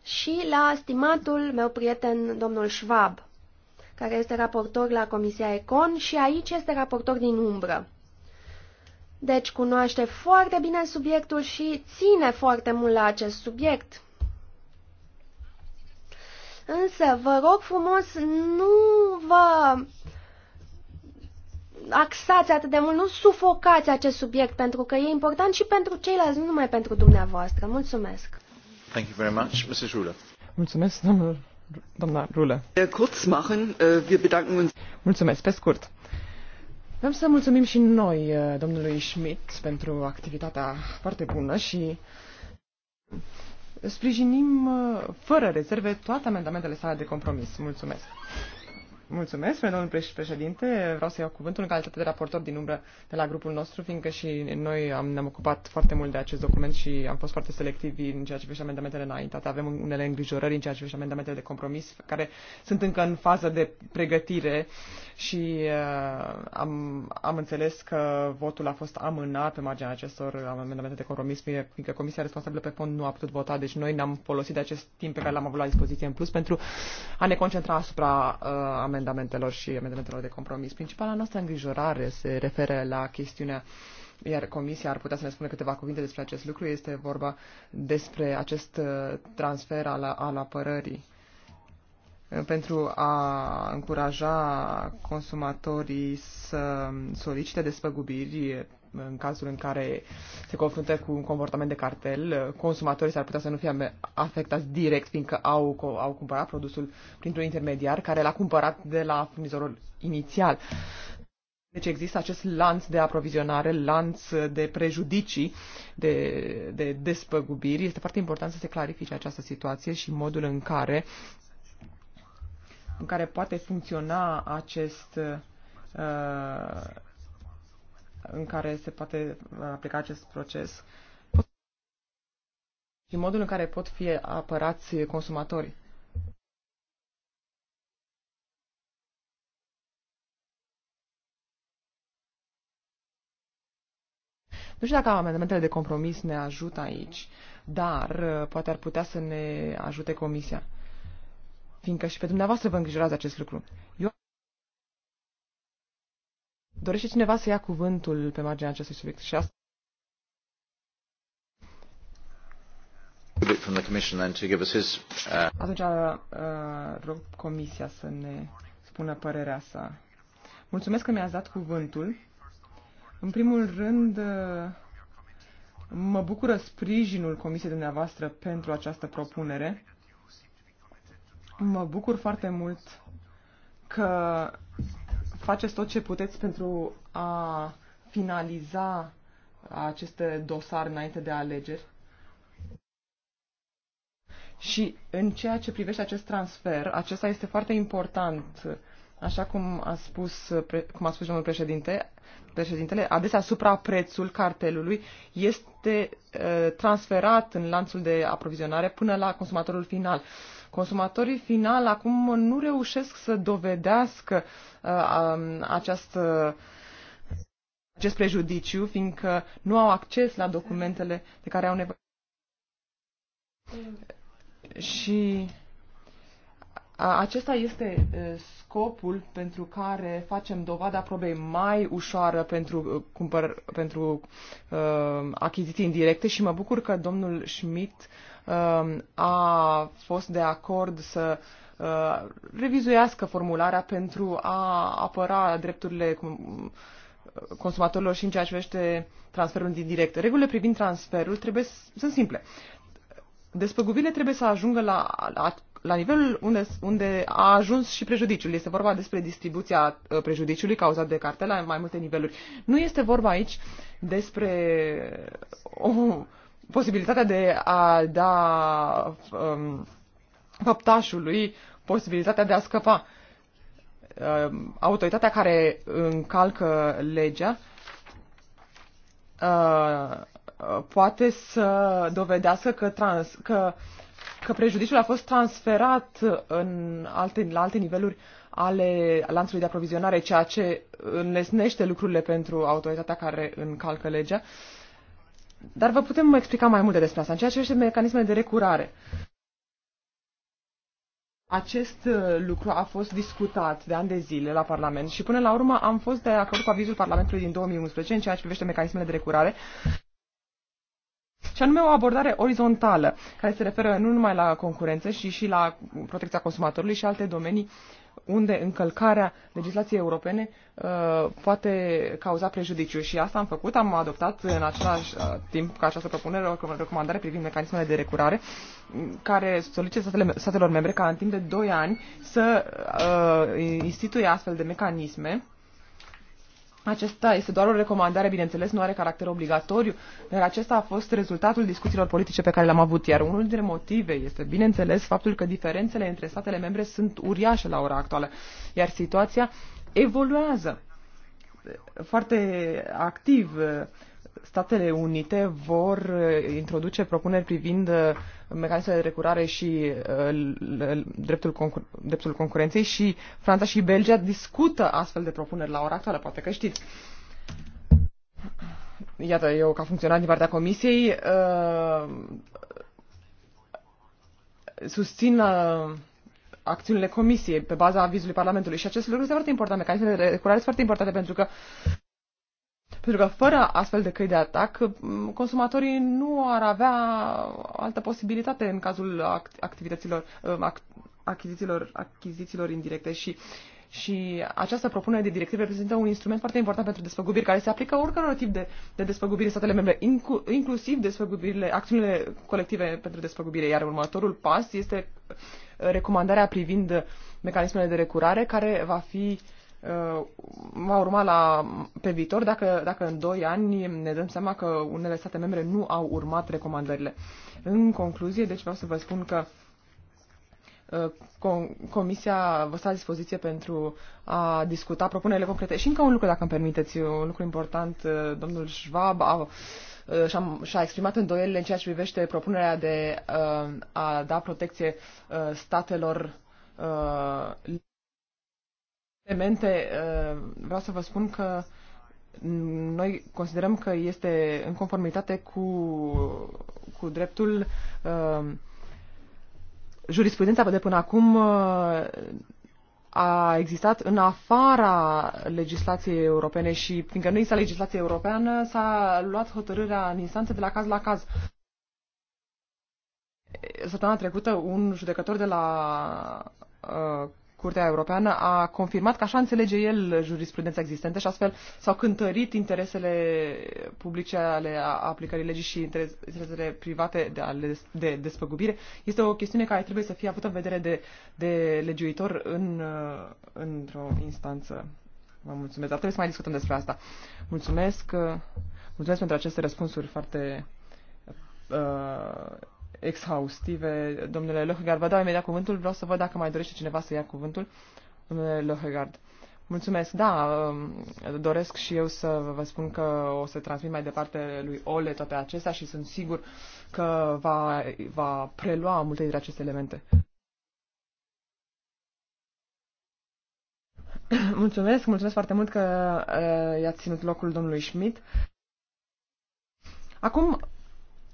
și la stimatul meu prieten, domnul Schwab, care este raportor la Comisia Econ și aici este raportor din umbră. Deci cunoaște foarte bine subiectul și ține foarte mult la acest subiect. Însă, vă rog frumos, nu vă axați atât de mult, nu sufocați acest subiect, pentru că e important și pentru ceilalți, nu numai pentru dumneavoastră. Mulțumesc! Thank you very much, Mrs. Ruler. Mulțumesc, doamna Rule. Äh, Mulțumesc, pe scurt. Vreau să mulțumim și noi uh, domnului Schmidt pentru activitatea foarte bună și sprijinim uh, fără rezerve toate amendamentele sale de compromis. Mulțumesc! Mulțumesc, domnul președinte. Vreau să iau cuvântul în calitate de raportor din umbră de la grupul nostru, fiindcă și noi am, ne-am ocupat foarte mult de acest document și am fost foarte selectivi în ceea ce privește amendamentele înaintate. Avem unele îngrijorări în ceea ce privește amendamentele de compromis, care sunt încă în fază de pregătire și uh, am, am înțeles că votul a fost amânat pe marginea acestor amendamente de compromis, fiindcă comisia responsabilă pe fond nu a putut vota, deci noi ne-am folosit de acest timp pe care l-am avut la dispoziție în plus pentru a ne concentra asupra uh, amendamentelor amendamentelor și amendamentelor de compromis. Principala noastră îngrijorare se referă la chestiunea iar Comisia ar putea să ne spună câteva cuvinte despre acest lucru. Este vorba despre acest uh, transfer al, al apărării uh, pentru a încuraja consumatorii să solicite despăgubiri în cazul în care se confruntă cu un comportament de cartel, consumatorii s-ar putea să nu fie afectați direct, fiindcă au, au cumpărat produsul printr-un intermediar care l-a cumpărat de la furnizorul inițial. Deci există acest lanț de aprovizionare, lanț de prejudicii, de, de despăgubiri. Este foarte important să se clarifice această situație și modul în care, în care poate funcționa acest uh, în care se poate uh, aplica acest proces și modul în care pot fi apărați consumatorii. Nu știu dacă amendamentele de compromis ne ajută aici, dar uh, poate ar putea să ne ajute comisia. Fiindcă și pe dumneavoastră vă îngrijorați acest lucru. Eu Dorește cineva să ia cuvântul pe marginea acestui subiect și asta? From the commission then to uh, Atunci uh, uh, rog comisia să ne spună părerea sa. Mulțumesc că mi-ați dat cuvântul. În primul rând, mă bucură sprijinul comisiei dumneavoastră pentru această propunere. Mă bucur foarte mult că faceți tot ce puteți pentru a finaliza aceste dosare înainte de alegeri? Și în ceea ce privește acest transfer, acesta este foarte important Așa cum a spus, cum a spus domnul președinte, președintele, adesea supraprețul cartelului este transferat în lanțul de aprovizionare până la consumatorul final. Consumatorii final acum nu reușesc să dovedească această acest prejudiciu, fiindcă nu au acces la documentele de care au nevoie. Și acesta este scopul pentru care facem dovada probei mai ușoară pentru, cumpăr, pentru uh, achiziții indirecte și mă bucur că domnul Schmidt uh, a fost de acord să uh, revizuiască formularea pentru a apăra drepturile consumatorilor și în ceea ce vește transferul indirect. Regulile privind transferul trebuie, să sunt simple despăgubirile trebuie să ajungă la, la la nivelul unde, unde a ajuns și prejudiciul. Este vorba despre distribuția uh, prejudiciului cauzat de cartela în mai multe niveluri. Nu este vorba aici despre o posibilitatea de a da um, făptașului posibilitatea de a scăpa. Um, autoritatea care încalcă legea uh, poate să dovedească că, trans, că uh, că prejudiciul a fost transferat în alte, la alte niveluri ale lanțului de aprovizionare, ceea ce înlesnește lucrurile pentru autoritatea care încalcă legea. Dar vă putem explica mai multe despre asta, în ceea ce este mecanismele de recurare. Acest lucru a fost discutat de ani de zile la Parlament și până la urmă am fost de acord cu avizul Parlamentului din 2011 în ceea ce privește mecanismele de recurare și anume o abordare orizontală, care se referă nu numai la concurență, ci și la protecția consumatorului și alte domenii unde încălcarea legislației europene uh, poate cauza prejudiciu. Și asta am făcut, am adoptat în același uh, timp ca această propunere o recomandare privind mecanismele de recurare, mm, care solicită statele, statelor membre ca în timp de 2 ani să uh, instituie astfel de mecanisme acesta este doar o recomandare, bineînțeles, nu are caracter obligatoriu, dar acesta a fost rezultatul discuțiilor politice pe care le-am avut, iar unul dintre motive este, bineînțeles, faptul că diferențele între statele membre sunt uriașe la ora actuală, iar situația evoluează foarte activ Statele Unite vor uh, introduce propuneri privind uh, mecanismele de recurare și uh, dreptul, concur- dreptul concurenței și Franța și Belgia discută astfel de propuneri la ora actuală, poate că știți. Iată, eu ca funcționar din partea Comisiei susțin uh, acțiunile Comisiei pe baza avizului Parlamentului și acest lucru este foarte important, mecanismele de recurare sunt foarte importante pentru că pentru că fără astfel de căi de atac, consumatorii nu ar avea altă posibilitate în cazul activităților, um, achizițiilor, achizițiilor indirecte și și această propunere de directivă reprezintă un instrument foarte important pentru despăgubiri care se aplică oricăror tip de, de despăgubiri în statele membre, inclu, inclusiv despăgubirile, acțiunile colective pentru despăgubire. Iar următorul pas este uh, recomandarea privind mecanismele de recurare care va fi uh, Uh, va urma la, pe viitor dacă, dacă în 2 ani ne dăm seama că unele state membre nu au urmat recomandările. În concluzie, deci vreau să vă spun că uh, Comisia vă stă la dispoziție pentru a discuta propunerile concrete. Și încă un lucru, dacă îmi permiteți, un lucru important, uh, domnul Schwab a, și-a, și-a exprimat îndoielile în ceea ce privește propunerea de a da protecție statelor elemente, uh, vreau să vă spun că noi considerăm că este în conformitate cu, cu dreptul uh, jurisprudența de până acum uh, a existat în afara legislației europene și fiindcă nu există legislație europeană, s-a luat hotărârea în instanță de la caz la caz. Săptămâna trecută, un judecător de la uh, Curtea Europeană a confirmat că așa înțelege el jurisprudența existentă și astfel s-au cântărit interesele publice ale aplicării legii și interesele private de, ale, de despăgubire. Este o chestiune care trebuie să fie avută în vedere de, de legiuitor în, uh, într-o instanță. Vă mulțumesc, dar trebuie să mai discutăm despre asta. Mulțumesc, uh, mulțumesc pentru aceste răspunsuri foarte uh, exhaustive. Domnule Lohegard, vă dau imediat cuvântul. Vreau să văd dacă mai dorește cineva să ia cuvântul. Domnule Lohegard. Mulțumesc, da, um, doresc și eu să vă spun că o să transmit mai departe lui Ole toate acestea și sunt sigur că va, va prelua multe dintre aceste elemente. Mulțumesc, mulțumesc foarte mult că uh, i-ați ținut locul domnului Schmidt. Acum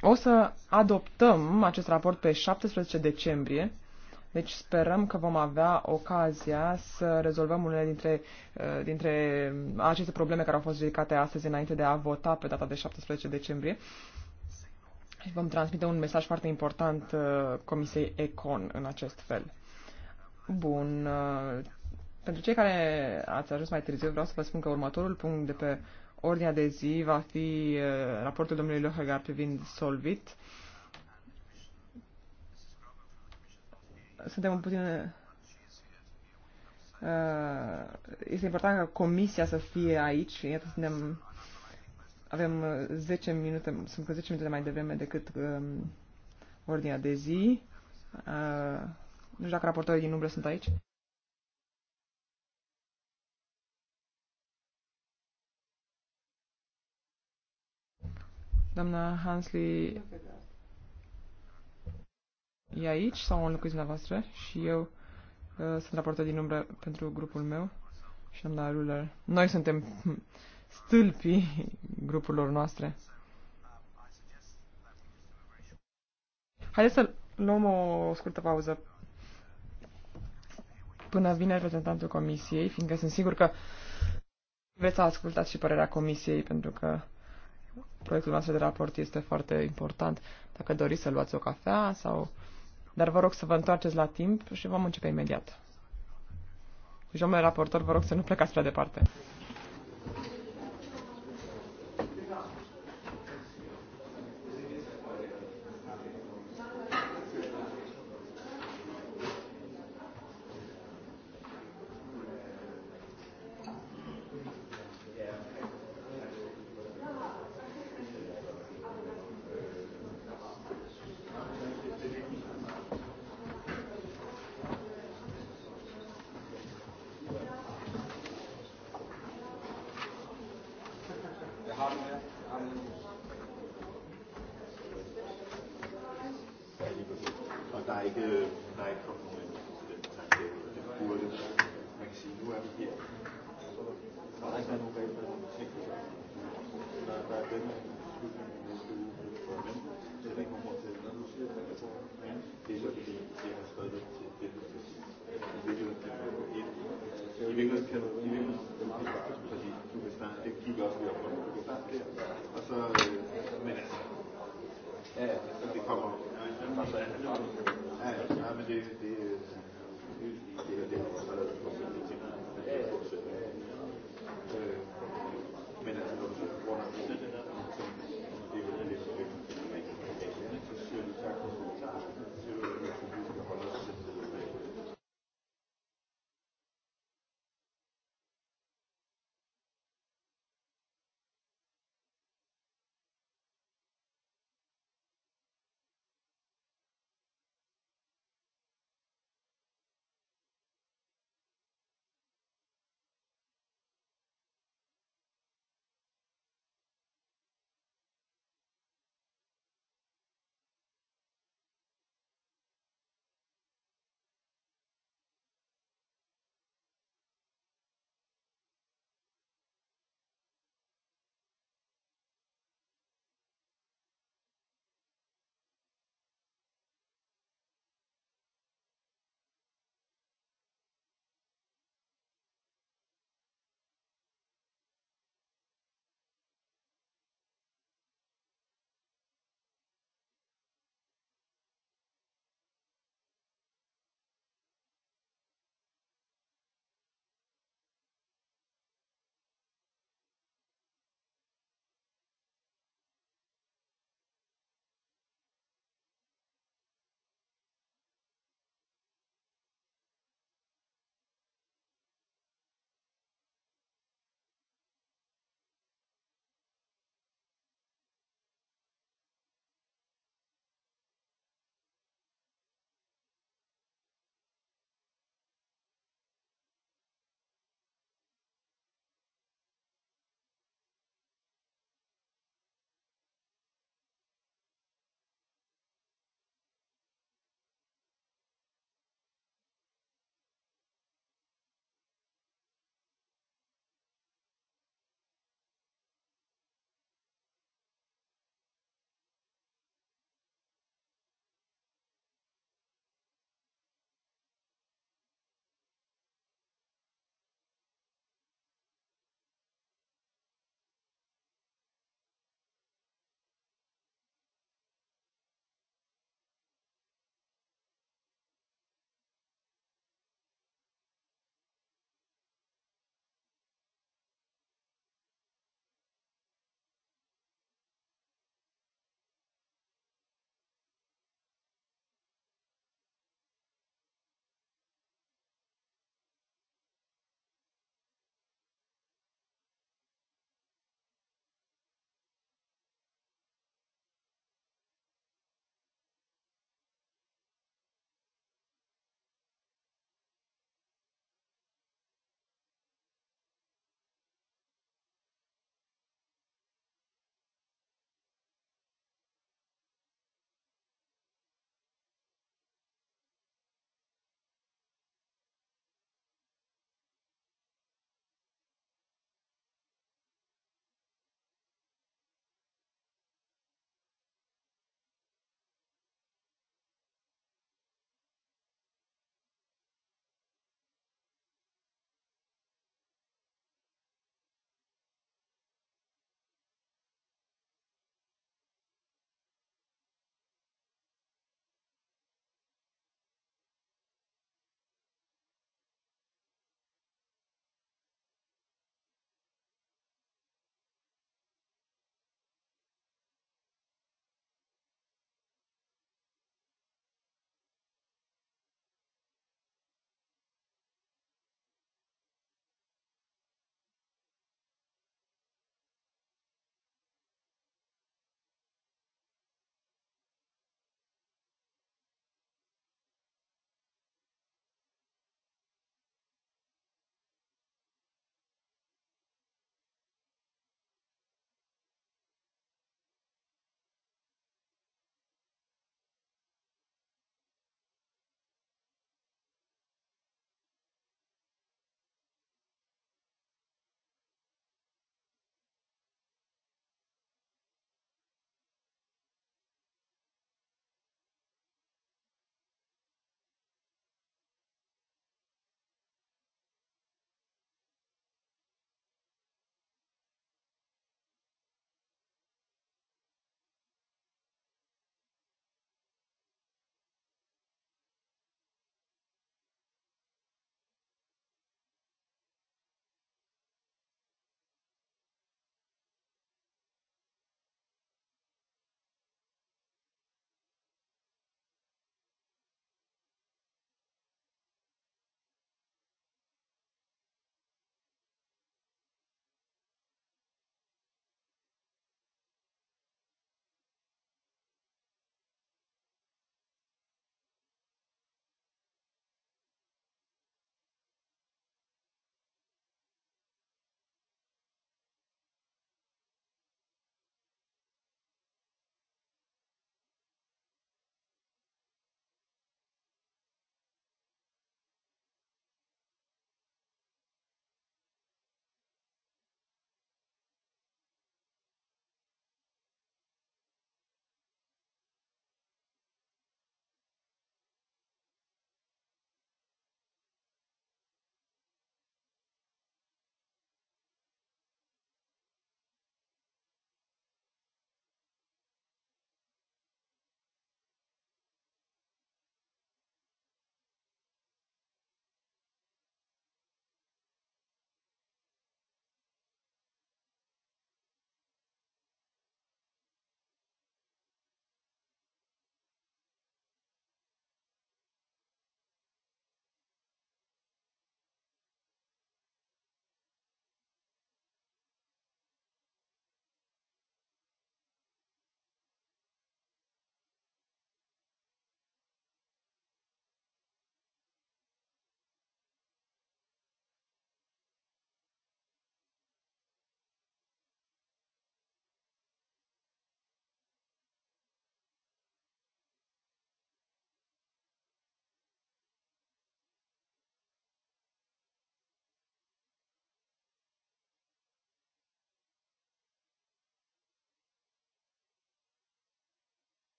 o să adoptăm acest raport pe 17 decembrie, deci sperăm că vom avea ocazia să rezolvăm unele dintre, uh, dintre aceste probleme care au fost ridicate astăzi înainte de a vota pe data de 17 decembrie. Și vom transmite un mesaj foarte important uh, Comisiei Econ în acest fel. Bun. Uh, pentru cei care ați ajuns mai târziu, vreau să vă spun că următorul punct de pe ordinea de zi va fi uh, raportul domnului Lohegar privind Solvit. Suntem un puțin... Uh, este important ca comisia să fie aici. Iată, suntem... Avem 10 uh, minute, sunt cu 10 minute mai devreme decât um, ordinea de zi. Nu știu dacă raportorii din umbră sunt aici. Doamna Hansley e aici sau în locuiți la voastră și eu uh, sunt raportat din umbră pentru grupul meu și doamna Ruler. Noi suntem stâlpii grupurilor noastre. Haideți să luăm o scurtă pauză până vine reprezentantul comisiei, fiindcă sunt sigur că vreți să ascultați și părerea comisiei, pentru că Proiectul nostru de raport este foarte important. Dacă doriți să luați o cafea sau... Dar vă rog să vă întoarceți la timp și vom începe imediat. Și, deci, domnule raportor, vă rog să nu plecați prea departe.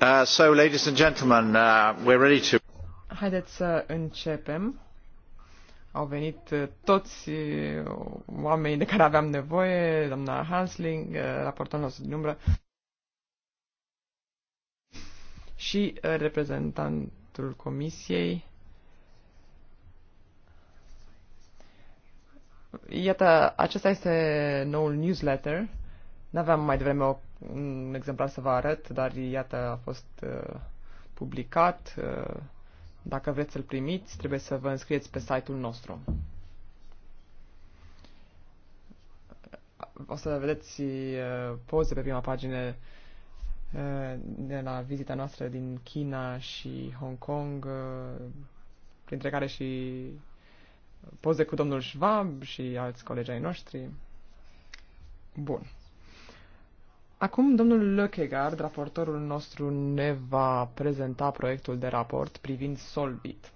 Uh, so, ladies and gentlemen, uh, we're ready to... Haideți să începem. Au venit uh, toți uh, oamenii de care aveam nevoie, doamna Hansling, raportorul nostru din umbră, și reprezentantul comisiei. Iată, acesta este noul newsletter N-aveam mai devreme o, un exemplar să vă arăt, dar iată, a fost uh, publicat. Uh, dacă vreți să-l primiți, trebuie să vă înscrieți pe site-ul nostru. O să vedeți uh, poze pe prima pagină uh, de la vizita noastră din China și Hong Kong, uh, printre care și poze cu domnul Schwab și alți colegi ai noștri. Bun. Acum domnul Lökegaard, raportorul nostru, ne va prezenta proiectul de raport privind Solvit.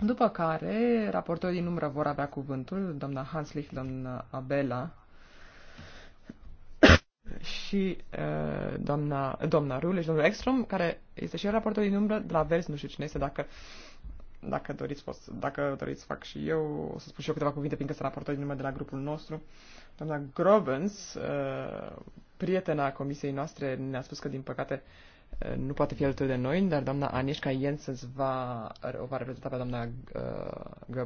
După care, raportorii din umbră vor avea cuvântul, doamna Hanslich, doamna Abela și uh, doamna, doamna Rule și domnul Ekstrom, care este și raportor din umbră de la Vers, nu știu cine este, dacă dacă doriți, pot, dacă doriți, fac și eu. O să spun și eu câteva cuvinte, fiindcă sunt raportor din nume de la grupul nostru. Doamna Grobens, uh, prietena comisiei noastre, ne-a spus că, din păcate, uh, nu poate fi alături de noi, dar doamna Anișca Jensens va, o va reprezenta pe doamna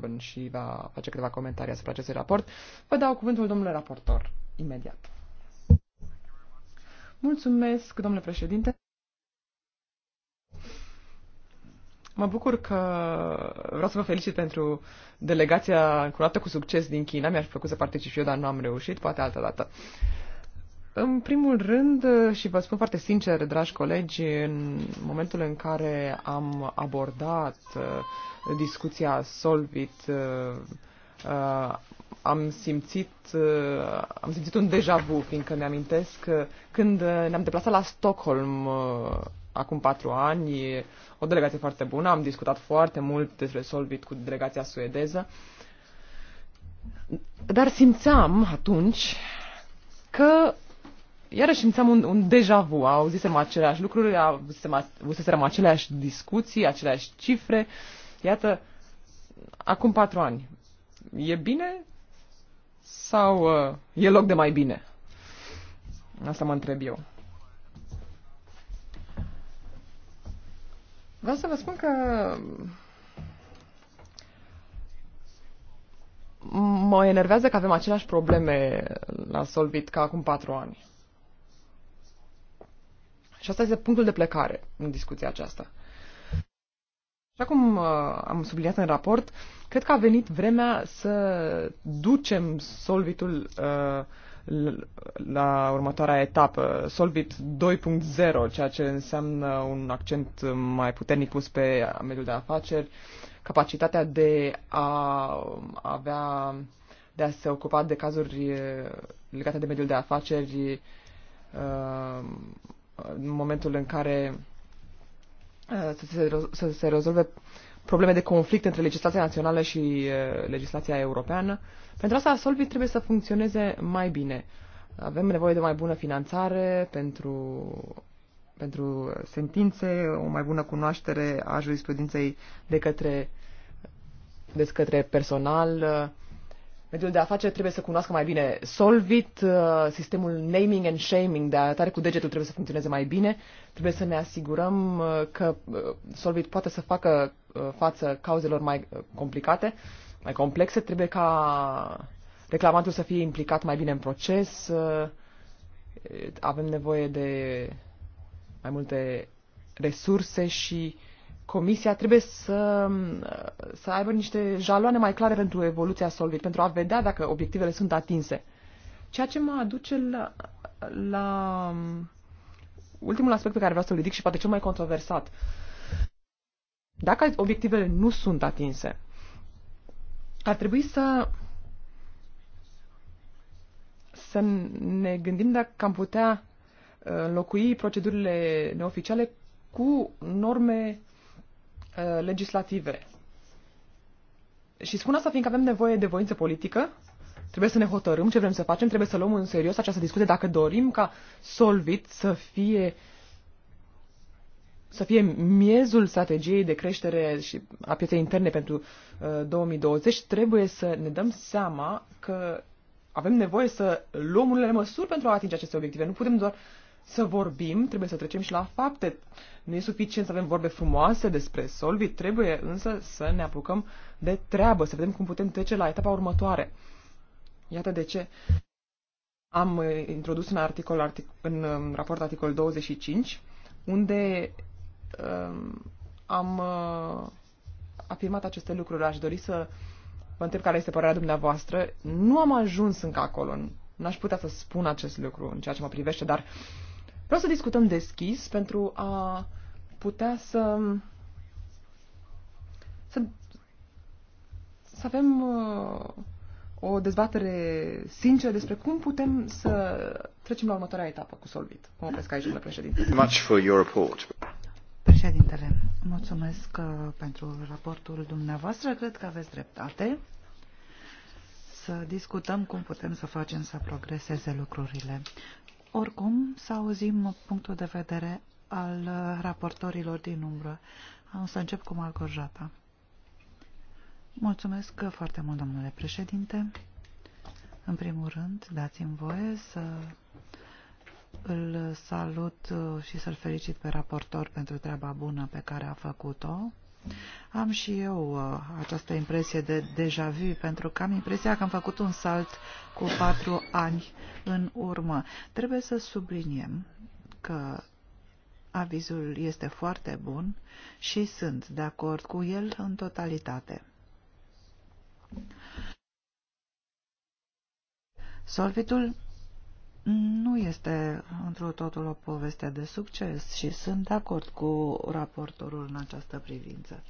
uh, și va face câteva comentarii asupra acestui raport. Vă dau cuvântul domnului raportor, imediat. Mulțumesc, domnule președinte. Mă bucur că vreau să vă felicit pentru delegația încurată cu succes din China. Mi-aș plăcut să particip și eu, dar nu am reușit, poate altă dată. În primul rând, și vă spun foarte sincer, dragi colegi, în momentul în care am abordat uh, discuția Solvit, uh, uh, am simțit, am simțit un deja vu, fiindcă mi-amintesc când ne-am deplasat la Stockholm acum patru ani, o delegație foarte bună, am discutat foarte mult despre Solvit cu delegația suedeză, dar simțeam atunci că iarăși simțeam un, un deja vu, auzisem aceleași lucruri, auzisem aceleași discuții, aceleași cifre, iată, acum patru ani. E bine sau uh, e loc de mai bine? Asta mă întreb eu. Vreau să vă spun că mă enervează că avem aceleași probleme la Solvit ca acum patru ani. Și asta este punctul de plecare în discuția aceasta. Așa cum uh, am subliniat în raport, cred că a venit vremea să ducem solvitul uh, la următoarea etapă, Solvit 2.0, ceea ce înseamnă un accent mai puternic pus pe mediul de afaceri, capacitatea de a avea, de a se ocupa de cazuri eh, legate de mediul de afaceri eh, în momentul în care eh, să se, să se rezolve probleme de conflict între legislația națională și legislația europeană. Pentru asta Solvit trebuie să funcționeze mai bine. Avem nevoie de o mai bună finanțare pentru, pentru sentințe, o mai bună cunoaștere a jurisprudenței de către, de către personal, mediul de afaceri trebuie să cunoască mai bine Solvit, sistemul naming and shaming de arătare cu degetul trebuie să funcționeze mai bine, trebuie să ne asigurăm că Solvit poate să facă față cauzelor mai complicate mai complexe, trebuie ca reclamantul să fie implicat mai bine în proces, avem nevoie de mai multe resurse și comisia trebuie să, să aibă niște jaloane mai clare pentru evoluția Solvit, pentru a vedea dacă obiectivele sunt atinse. Ceea ce mă aduce la, la ultimul aspect pe care vreau să-l ridic și poate cel mai controversat. Dacă obiectivele nu sunt atinse, ar trebui să să ne gândim dacă am putea uh, înlocui procedurile neoficiale cu norme uh, legislative. Și spun asta fiindcă avem nevoie de voință politică, trebuie să ne hotărâm ce vrem să facem, trebuie să luăm în serios această discuție dacă dorim ca Solvit să fie uh, să fie miezul strategiei de creștere și a pieței interne pentru 2020, uh, trebuie să ne dăm seama că avem nevoie să luăm unele măsuri pentru a atinge aceste obiective. Nu putem doar să vorbim, trebuie să trecem și la fapte. Nu e suficient să avem vorbe frumoase despre Solvit, trebuie însă să ne apucăm de treabă, să vedem cum putem trece la etapa următoare. Iată de ce am uh, introdus în, articol, artic, în um, raport articol 25, unde Ehm, am uh, afirmat aceste lucruri. Aș dori să vă întreb care este părerea dumneavoastră. Nu am ajuns încă acolo. N-aș putea să spun acest lucru în ceea ce mă privește, dar vreau să discutăm deschis pentru a putea să să, să avem uh, o dezbatere sinceră despre cum putem să trecem la următoarea etapă cu Solvit. Mă opresc aici, domnule președinte. Much for your report. Președintele, mulțumesc uh, pentru raportul dumneavoastră. Cred că aveți dreptate să discutăm cum putem să facem să progreseze lucrurile. Oricum, să auzim punctul de vedere al uh, raportorilor din umbră. Am să încep cu Marco Jata. Mulțumesc foarte mult, domnule președinte. În primul rând, dați-mi voie să îl salut uh, și să-l felicit pe raportor pentru treaba bună pe care a făcut-o. Am și eu uh, această impresie de deja vu, pentru că am impresia că am făcut un salt cu patru ani în urmă. Trebuie să subliniem că avizul este foarte bun și sunt de acord cu el în totalitate. Solvitul nu este într-o totul o poveste de succes și sunt de acord cu raportorul în această privință.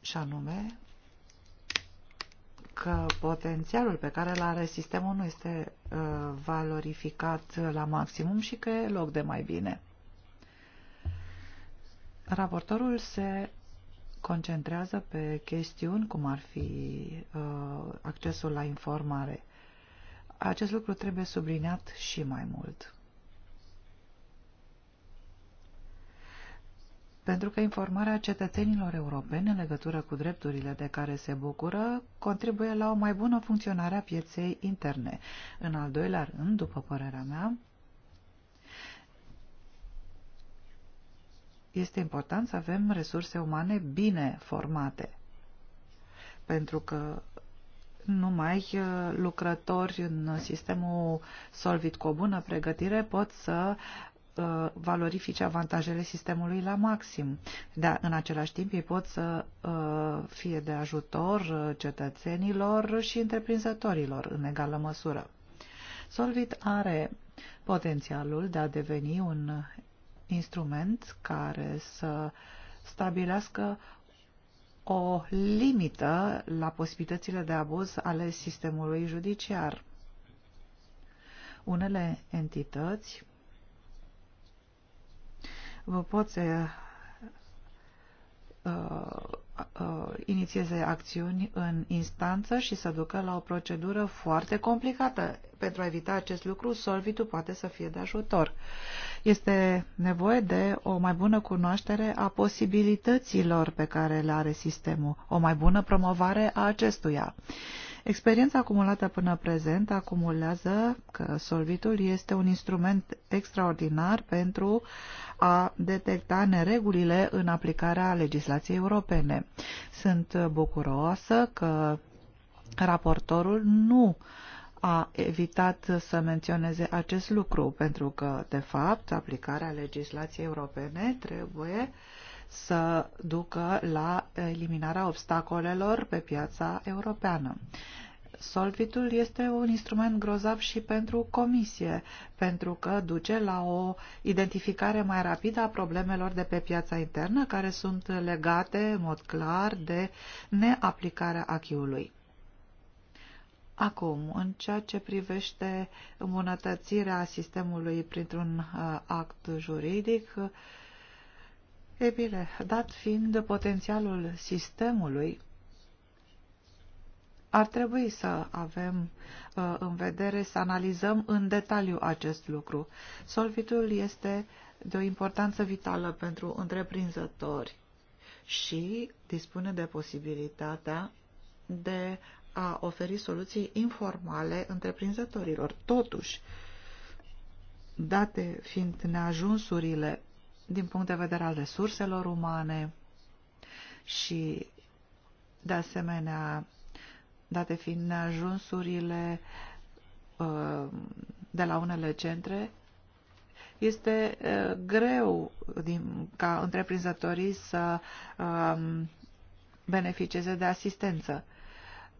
Și anume că potențialul pe care îl are sistemul nu este uh, valorificat la maximum și că e loc de mai bine. Raportorul se concentrează pe chestiuni cum ar fi uh, accesul la informare acest lucru trebuie subliniat și mai mult. Pentru că informarea cetățenilor europeni în legătură cu drepturile de care se bucură contribuie la o mai bună funcționare a pieței interne. În al doilea rând, după părerea mea, este important să avem resurse umane bine formate. Pentru că numai uh, lucrători în sistemul Solvit cu o bună pregătire pot să uh, valorifice avantajele sistemului la maxim. Dar în același timp ei pot să uh, fie de ajutor cetățenilor și întreprinzătorilor în egală măsură. Solvit are potențialul de a deveni un instrument care să stabilească o limită la posibilitățile de abuz ale sistemului judiciar. Unele entități vă pot Uh, uh, inițieze acțiuni în instanță și să ducă la o procedură foarte complicată. Pentru a evita acest lucru, Solvitul poate să fie de ajutor. Este nevoie de o mai bună cunoaștere a posibilităților pe care le are sistemul, o mai bună promovare a acestuia. Uh, Experiența acumulată până prezent acumulează că solvitul este un instrument extraordinar pentru a detecta neregulile în aplicarea legislației europene. Sunt bucuroasă că raportorul nu a evitat să menționeze acest lucru, pentru că, de fapt, aplicarea legislației europene trebuie uh, să ducă la eliminarea obstacolelor pe piața europeană. Solvitul este un instrument grozav și pentru comisie, pentru că duce la o identificare mai rapidă a problemelor de pe piața internă, care sunt legate, în mod clar, de neaplicarea achiului. Acum, în ceea ce privește îmbunătățirea sistemului printr-un uh, act juridic, E bine, dat fiind potențialul sistemului, ar trebui să avem uh, în vedere, să analizăm în detaliu acest lucru. Solvitul este de o importanță vitală pentru întreprinzători și dispune de posibilitatea de a oferi soluții informale întreprinzătorilor. Totuși, date fiind neajunsurile din punct de vedere al resurselor umane și, de asemenea, date fiind ajunsurile uh, de la unele centre, este uh, greu din, ca întreprinzătorii să um, beneficieze de asistență.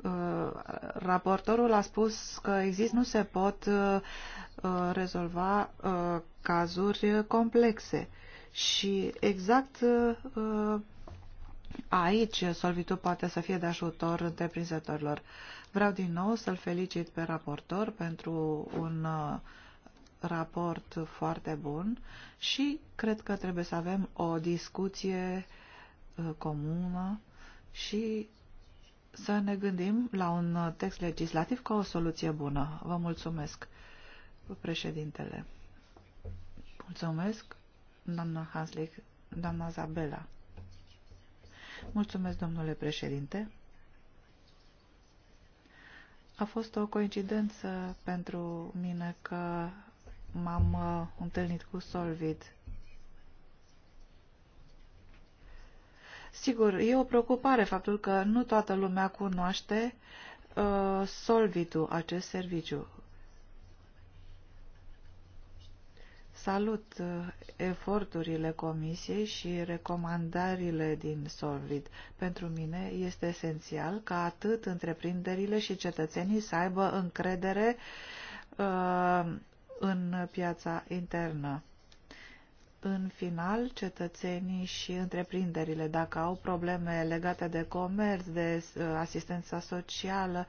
Uh, raportorul a spus că există, nu se pot rezolva cazuri complexe și exact uh, aici Solvitul poate să fie de ajutor întreprinzătorilor. Vreau din nou să-l felicit pe raportor pentru un uh, raport foarte bun și cred că trebuie să avem o discuție uh, comună și să ne gândim la un text legislativ ca o soluție bună. Vă mulțumesc, președintele. Mulțumesc doamna Hanslick, doamna Zabela. Mulțumesc, domnule președinte. A fost o coincidență pentru mine că m-am uh, întâlnit cu Solvid. Sigur, e o preocupare faptul că nu toată lumea cunoaște uh, Solvitul, acest serviciu. Salut uh, eforturile Comisiei și recomandările din Solvit. Pentru mine este esențial ca atât întreprinderile și cetățenii să aibă încredere uh, în piața internă. În final, cetățenii și întreprinderile, dacă au probleme legate de comerț, de uh, asistența socială,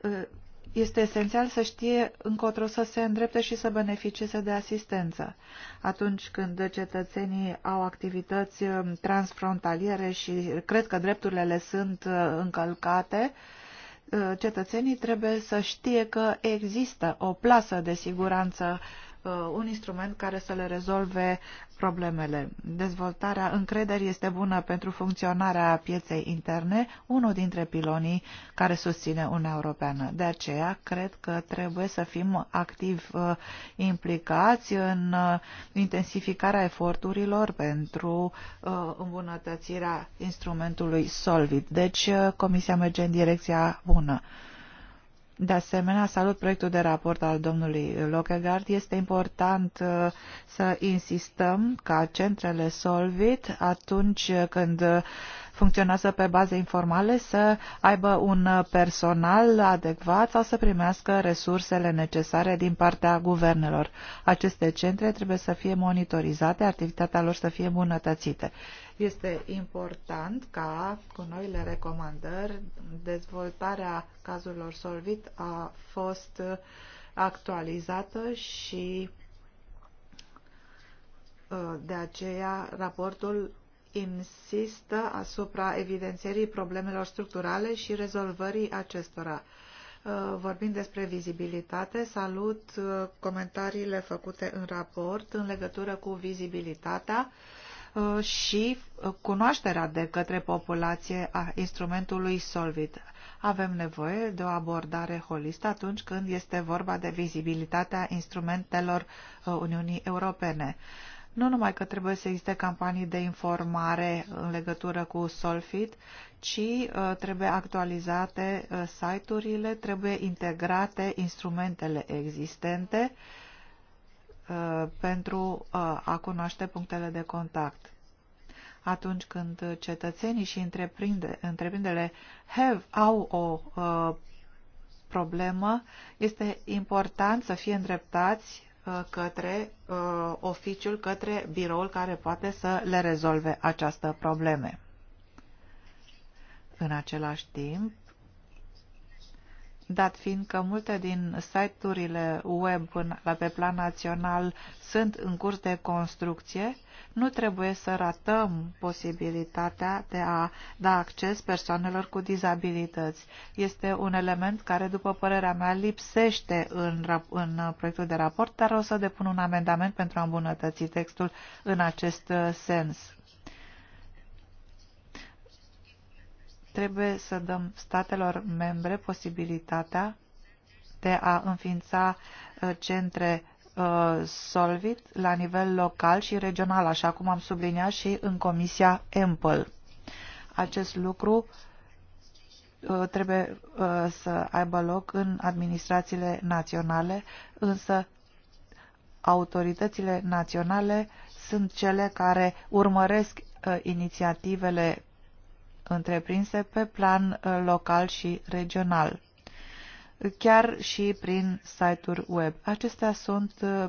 uh, este esențial să știe încotro să se îndrepte și să beneficieze de asistență. Atunci când cetățenii au activități um, transfrontaliere și cred că drepturile le sunt uh, încălcate, uh, cetățenii trebuie să știe că există o plasă de siguranță Uh, un instrument care să le rezolve problemele. Dezvoltarea încrederii este bună pentru funcționarea pieței interne, unul dintre pilonii care susține Uniunea Europeană. De aceea, cred că trebuie să fim activ uh, implicați în uh, intensificarea eforturilor pentru îmbunătățirea instrumentului Solvit. Deci, Comisia merge în direcția bună. De asemenea, salut proiectul de raport al domnului Lockegaard. Este important uh, să insistăm ca centrele Solvit, atunci când funcționează pe baze informale, să aibă un personal adecvat sau să primească resursele necesare din partea guvernelor. Aceste centre trebuie să fie monitorizate, activitatea lor să fie îmbunătățită. Este important ca, cu noile recomandări, dezvoltarea cazurilor solvit a fost actualizată și ă, de aceea raportul insistă asupra evidențierii problemelor structurale și rezolvării acestora. Ă, vorbind despre vizibilitate, salut ă, comentariile făcute în raport în legătură cu vizibilitatea Uh, și uh, cunoașterea de către populație a instrumentului Solvit. Avem nevoie de o abordare holistă atunci când este vorba de vizibilitatea instrumentelor uh, Uniunii Europene. Nu numai că trebuie să existe campanii de informare în legătură cu Solfit, ci trebuie actualizate site-urile, trebuie integrate instrumentele existente, uh, Uh, pentru uh, a cunoaște punctele de contact. Atunci când cetățenii și întreprinderile have, au o uh, problemă, este important să fie îndreptați către oficiul, către biroul care poate să le rezolve această probleme. În același timp, dat fiind că multe din site-urile web pe plan național sunt în curs de construcție, nu trebuie să ratăm posibilitatea de a da acces persoanelor cu dizabilități. Este un element care, după părerea mea, lipsește în, în proiectul de raport, dar o să depun un amendament pentru a îmbunătăți textul în acest uh, sens. Trebuie să dăm statelor membre posibilitatea de a înființa uh, centre uh, Solvit la nivel local și regional, așa cum am subliniat și în Comisia EMPL. Acest lucru uh, trebuie să aibă loc în administrațiile naționale, însă autoritățile naționale sunt cele care urmăresc inițiativele întreprinse pe plan uh, local și regional, chiar și prin site-uri web. Acestea sunt uh,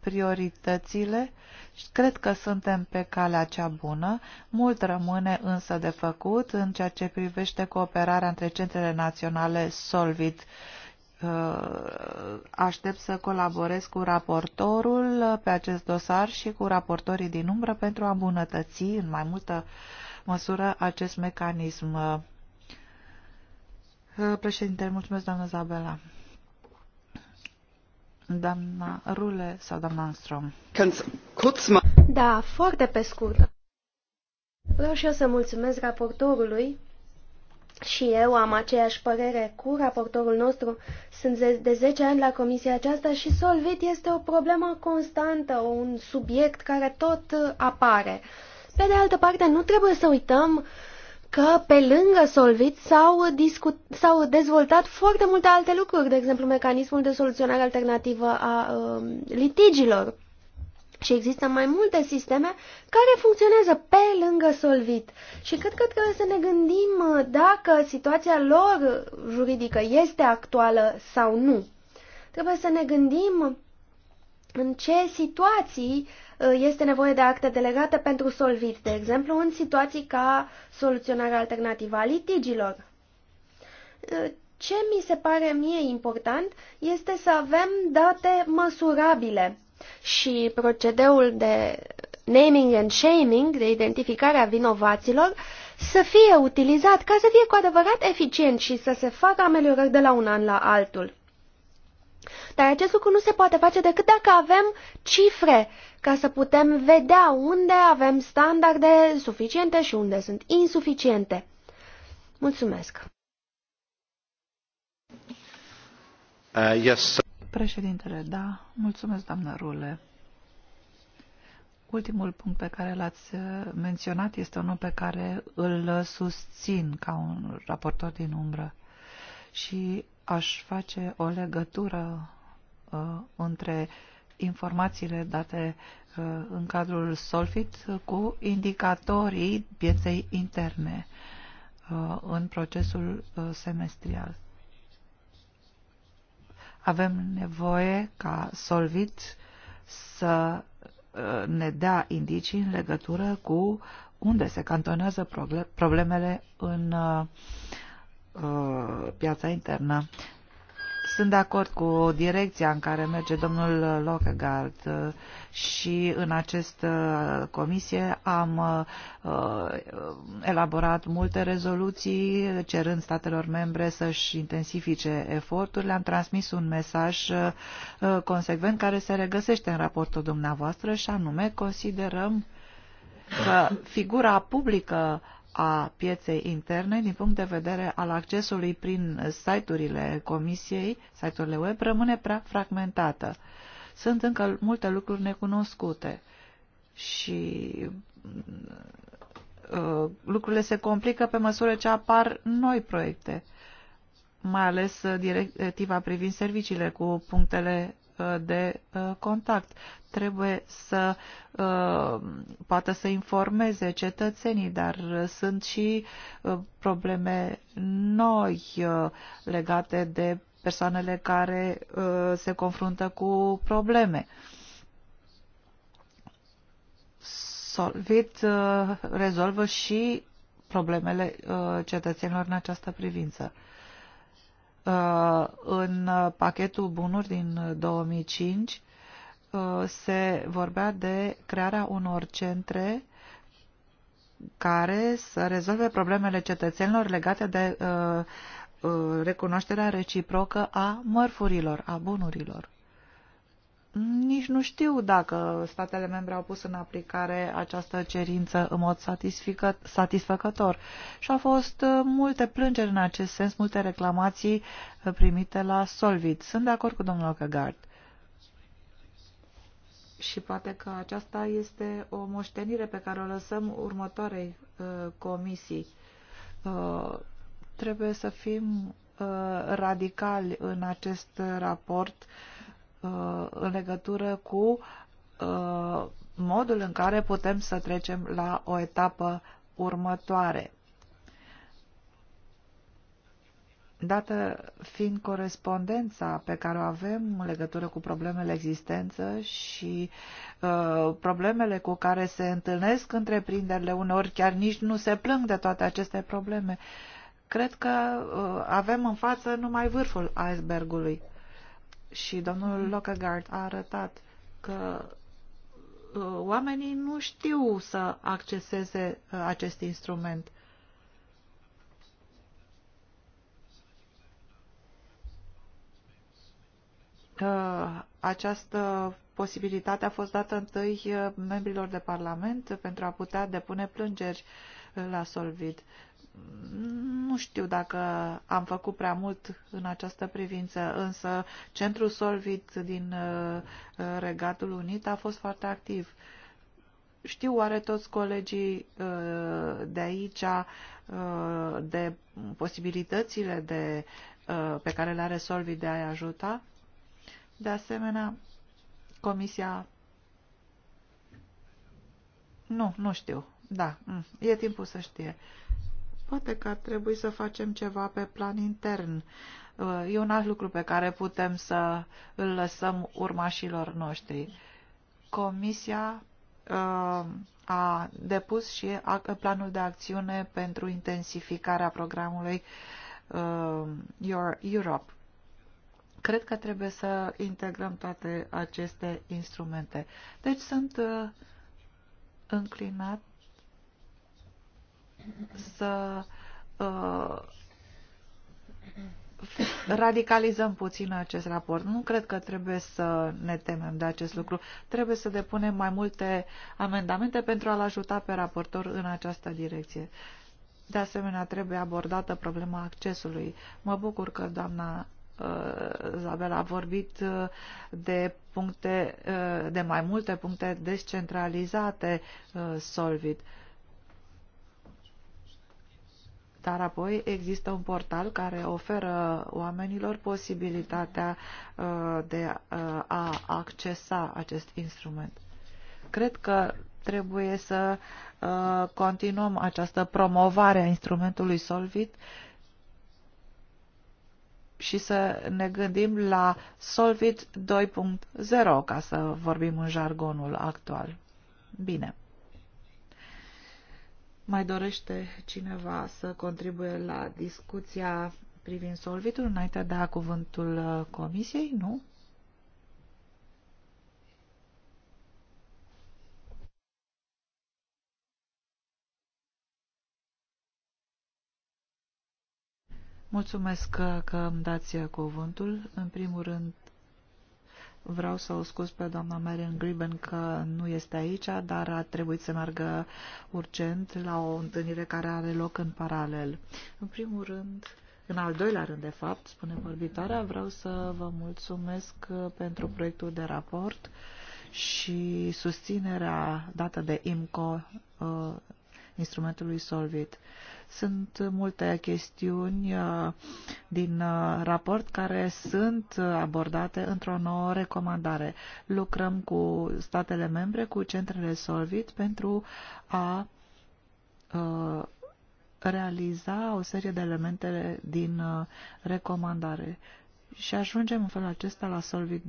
prioritățile și cred că suntem pe calea cea bună. Mult rămâne însă de făcut în ceea ce privește cooperarea între centrele naționale Solvit. Uh, aștept să colaborez cu raportorul pe acest dosar și cu raportorii din umbră pentru a îmbunătăți în mai multă uh, măsură acest mecanism? Uh, președinte, mulțumesc, doamna Zabela. Doamna Rule sau doamna Anstrom? Da, foarte pe scurt. Vreau și eu să mulțumesc raportorului și eu am aceeași părere cu raportorul nostru. Sunt de 10 ani la comisia aceasta și Solvit este o problemă constantă, un subiect care tot apare. Uh, pe de altă parte, nu trebuie să uităm că pe lângă Solvit s-au, discut, s-au dezvoltat foarte multe alte lucruri, de exemplu mecanismul de soluționare alternativă a uh, litigilor. Și există mai multe sisteme care funcționează pe lângă Solvit. Și cred că trebuie să ne gândim uh, dacă situația lor juridică este actuală sau nu. Trebuie să ne gândim în ce situații uh, Uh, este nevoie de acte delegate pentru solvit, de exemplu, în situații ca soluționarea alternativă a litigilor. Uh, ce mi se pare mie important este să avem date măsurabile și procedeul de naming and shaming, de identificarea vinovaților, să fie utilizat ca să fie cu adevărat eficient și să se facă ameliorări de la un an la altul. Dar acest lucru nu se poate face decât dacă avem cifre ca să putem vedea unde avem standarde suficiente și unde sunt insuficiente. Mulțumesc! Uh, yes. Președintele, da, mulțumesc, doamnă Rule. Ultimul punct pe care l-ați uh, menționat este unul pe care îl susțin ca un raportor din umbră și aș face o legătură uh, între uh, informațiile date uh, în cadrul Solfit cu indicatorii pieței interne uh, în procesul uh, semestrial. Avem nevoie ca Solvit să ne dea indicii în legătură cu unde se cantonează problemele în piața internă. Sunt de acord cu direcția în care merge domnul Lockegaard uh, și în această comisie am uh, uh, elaborat multe rezoluții cerând statelor membre să-și intensifice eforturile. Am transmis un mesaj consecvent care se regăsește în raportul dumneavoastră și anume considerăm că figura publică a pieței interne din punct de vedere al accesului prin site-urile comisiei, site-urile web, rămâne prea fragmentată. Sunt încă multe lucruri necunoscute și uh, lucrurile se complică pe măsură ce apar noi proiecte, mai ales directiva privind serviciile cu punctele Uh, de uh, contact. Trebuie să uh, poată să informeze cetățenii, dar sunt și probleme noi legate de persoanele care se confruntă cu probleme. Solvit rezolvă și problemele cetățenilor în această privință. Uh, în pachetul bunuri din 2005 uh, se vorbea de crearea unor centre care să rezolve problemele cetățenilor legate de uh, recunoașterea reciprocă a mărfurilor, a bunurilor. Nici nu știu dacă statele membre au pus în aplicare această cerință în mod satisfăcător. Și au fost uh, multe plângeri în acest sens, multe reclamații uh, primite la Solvit. Sunt de acord cu domnul Lockegaard. Și poate că aceasta este o moștenire pe care o lăsăm următoarei uh, comisii. Uh, trebuie să fim uh, radicali în acest raport Uh, în legătură cu uh, modul în care putem să trecem la o etapă următoare. Dată fiind corespondența pe care o avem în legătură cu problemele existență și uh, problemele cu care se întâlnesc întreprinderile, uneori chiar nici nu se plâng de toate aceste probleme, cred că uh, avem în față numai vârful icebergului și domnul mm. Lockegaard a arătat că uh, oamenii nu știu să acceseze uh, acest instrument. Această posibilitate a fost dată întâi uh, membrilor de Parlament pentru a putea depune plângeri la Solvit nu știu dacă am făcut prea mult în această privință, însă centrul Solvit din uh, uh, Regatul Unit a fost foarte activ. Știu oare toți colegii uh, de aici de posibilitățile de, pe care le are Solvit de a-i ajuta? De asemenea, Comisia... Nu, nu știu. Da, mm, e timpul să știe. Uh, Poate că ar trebui să facem ceva pe plan intern. E un alt lucru pe care putem să îl lăsăm urmașilor noștri. Comisia ă, a depus și planul de acțiune pentru intensificarea programului ă, Your Europe. Cred că trebuie să integrăm toate aceste instrumente. Deci sunt ă, înclinat să uh, radicalizăm puțin acest raport. Nu cred că trebuie să ne temem de acest lucru. Trebuie să depunem mai multe amendamente pentru a-l ajuta pe raportor în această direcție. De asemenea, trebuie abordată problema accesului. Mă bucur că doamna uh, Zabel a vorbit uh, de puncte, uh, de mai multe puncte descentralizate Solvit. Dar apoi există un portal care oferă oamenilor posibilitatea uh, de uh, a accesa acest instrument. Cred că trebuie să uh, continuăm această promovare a instrumentului Solvit și să ne gândim la Solvit 2.0, ca să vorbim în jargonul actual. Bine. Mai dorește cineva să contribuie la discuția privind solvitul înainte de a da cuvântul uh, comisiei? Nu? Mulțumesc uh, că îmi dați uh, cuvântul. În primul rând, Vreau să o scuz pe doamna Marian Griben că nu este aici, dar a trebuit să meargă urgent la o întâlnire care are loc în paralel. În primul rând, în al doilea rând, de fapt, spune vorbitoarea, vreau să vă mulțumesc pentru proiectul de raport și susținerea dată de IMCO uh, instrumentului Solvit. Sunt multe chestiuni uh, din uh, raport care sunt uh, abordate într-o nouă recomandare. Lucrăm cu statele membre, cu centrele Solvit pentru a realiza o serie de elemente din recomandare și ajungem în felul acesta la Solvit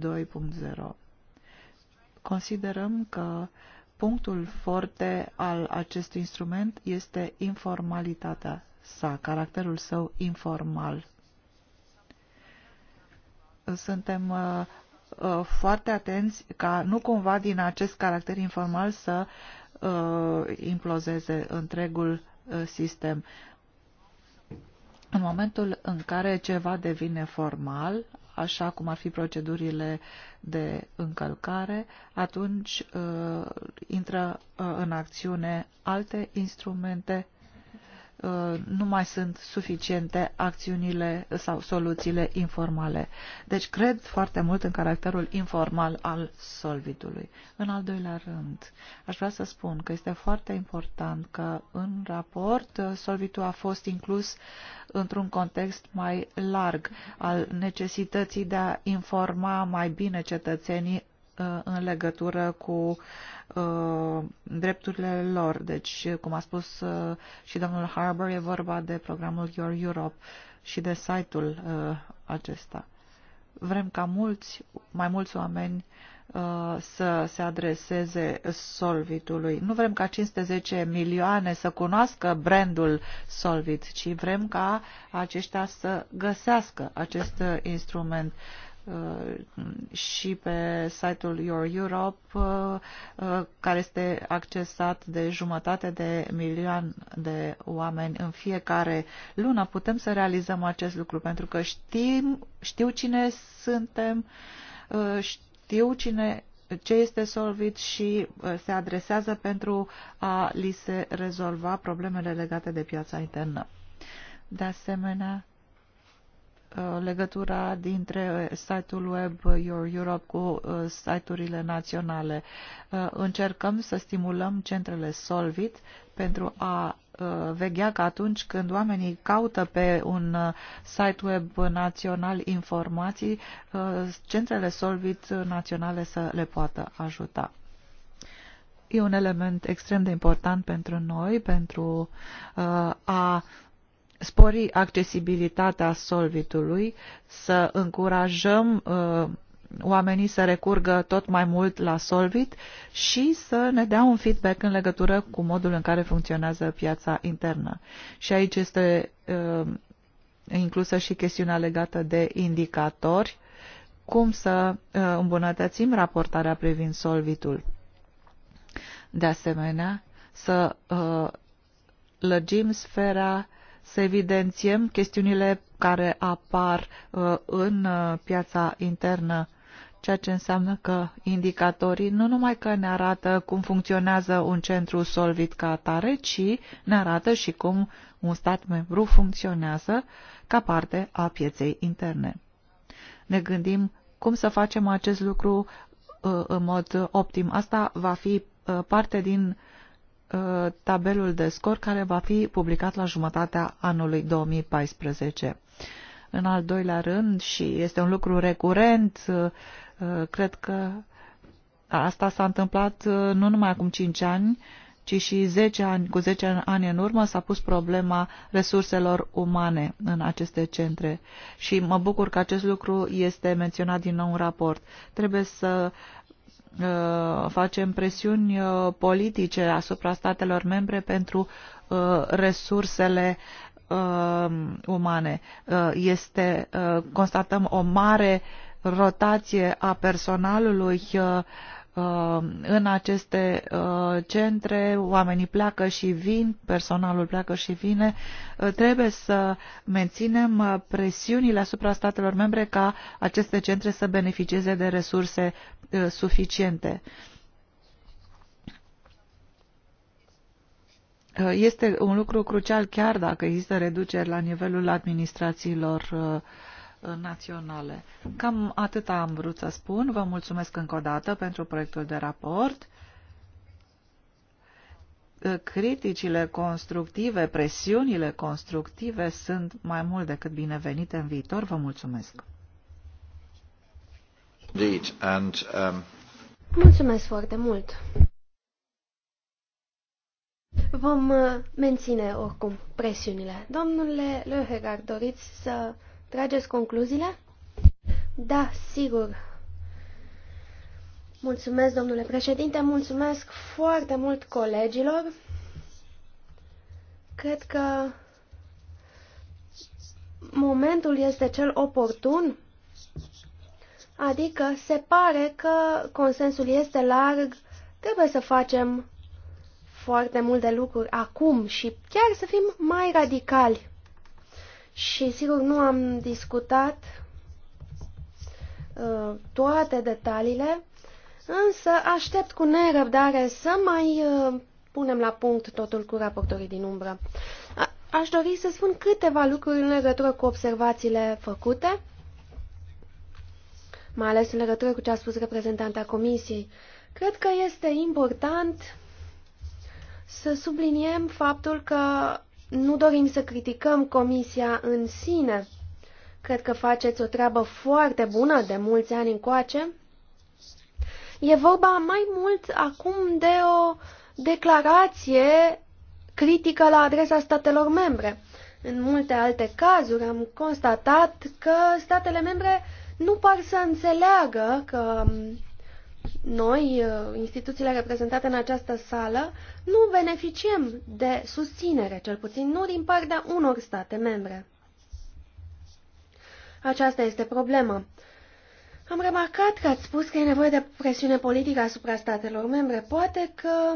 2.0. Considerăm că uh, punctul forte al acestui instrument este informalitatea sa, caracterul său informal. Suntem uh, uh, foarte atenți ca nu cumva din acest caracter informal să uh, implozeze întregul uh, sistem. În momentul în care ceva devine formal, așa cum ar fi procedurile de încălcare, atunci uh, intră uh, în acțiune alte instrumente Uh, nu mai sunt suficiente acțiunile sau soluțiile informale. Deci cred foarte mult în caracterul informal al solvitului. În al doilea rând, aș vrea să spun că este foarte important că în raport uh, solvitul a fost inclus într-un context mai larg al necesității de a informa mai bine cetățenii Uh, în legătură cu uh, drepturile lor. Deci, cum a spus uh, și domnul Harbour, e vorba de programul Your Europe și de site-ul acesta. Vrem ca mulți, mai mulți oameni să se adreseze Solvitului. Nu vrem ca 510 milioane să cunoască brandul Solvit, ci vrem ca aceștia să găsească acest instrument. Uh, Uh, și pe site-ul Your Europe, uh, uh, care este accesat de jumătate de milion de oameni în fiecare lună. Putem să realizăm acest lucru pentru că știm, știu cine suntem, știu cine ce este solvit și se adresează pentru a li se rezolva problemele legate de piața internă. De asemenea, Uh, legătura dintre uh, site-ul web uh, Your Europe cu site-urile naționale. Încercăm să stimulăm centrele Solvit pentru a veghea că atunci când oamenii caută pe un site web național informații, centrele Solvit naționale să le poată ajuta e un element extrem de important pentru noi, pentru uh, a spori accesibilitatea solvitului, să încurajăm uh, oamenii să recurgă tot mai mult la Solvit și să ne dea un feedback în legătură cu modul în care funcționează piața internă. Și aici este uh, inclusă și chestiunea legată de indicatori, cum să uh, îmbunătățim raportarea privind Solvitul. De asemenea, să uh, lăgim sfera să evidențiem chestiunile care apar uh, în uh, piața internă, ceea ce înseamnă că indicatorii nu numai că ne arată cum funcționează un centru solvit ca atare, ci ne arată și cum un stat membru funcționează ca parte a pieței interne. Ne gândim cum să facem acest lucru uh, în mod optim. Asta va fi parte din uh, Uh, tabelul de scor care va fi publicat la jumătatea anului 2014. În al doilea rând, și este un lucru recurent, uh, uh, cred că asta s-a întâmplat nu numai acum 5 ani, ci și 10 ani, cu 10 ani în urmă s-a pus problema resurselor umane în aceste centre. Și mă bucur că acest lucru este menționat din nou în raport. Trebuie să Uh, facem presiuni uh, politice asupra statelor membre pentru uh, resursele umane. Este, constatăm o mare rotație a personalului Uh, în aceste uh, centre, oamenii pleacă și vin, personalul pleacă și vine, uh, trebuie să menținem presiunile asupra statelor membre ca aceste centre să beneficieze de resurse suficiente. Este un lucru crucial chiar dacă există reduceri la nivelul administrațiilor uh, naționale. Cam atât am vrut să spun. Vă mulțumesc încă o dată pentru proiectul de raport. Criticile constructive, presiunile constructive sunt mai mult decât binevenite în viitor. Vă mulțumesc. and, um... Mulțumesc foarte mult. Vom uh, menține oricum presiunile. Domnule Löheg, doriți să Trageți concluziile? Da, sigur. Mulțumesc, domnule președinte, mulțumesc foarte mult colegilor. Cred că momentul este cel oportun, adică se pare că consensul este larg, trebuie să facem foarte multe lucruri acum și chiar să fim mai radicali și sigur nu am discutat uh, toate detaliile, însă aștept cu nerăbdare să mai uh, punem la punct totul cu raportorii din umbră. A aș dori să spun câteva lucruri în legătură cu observațiile făcute, mai ales în legătură cu ce a spus reprezentanta Comisiei. Cred că este important să subliniem faptul că nu dorim să criticăm Comisia în sine. Cred că faceți o treabă foarte bună de mulți ani încoace. E vorba mai mult acum de o declarație critică la adresa statelor membre. În multe alte cazuri am constatat că statele membre nu par să înțeleagă că noi, uh, instituțiile reprezentate în această sală, nu beneficiem de susținere, cel puțin nu din partea unor state membre. Aceasta este problema. Am remarcat că ați spus că e nevoie de presiune politică asupra statelor membre. Poate că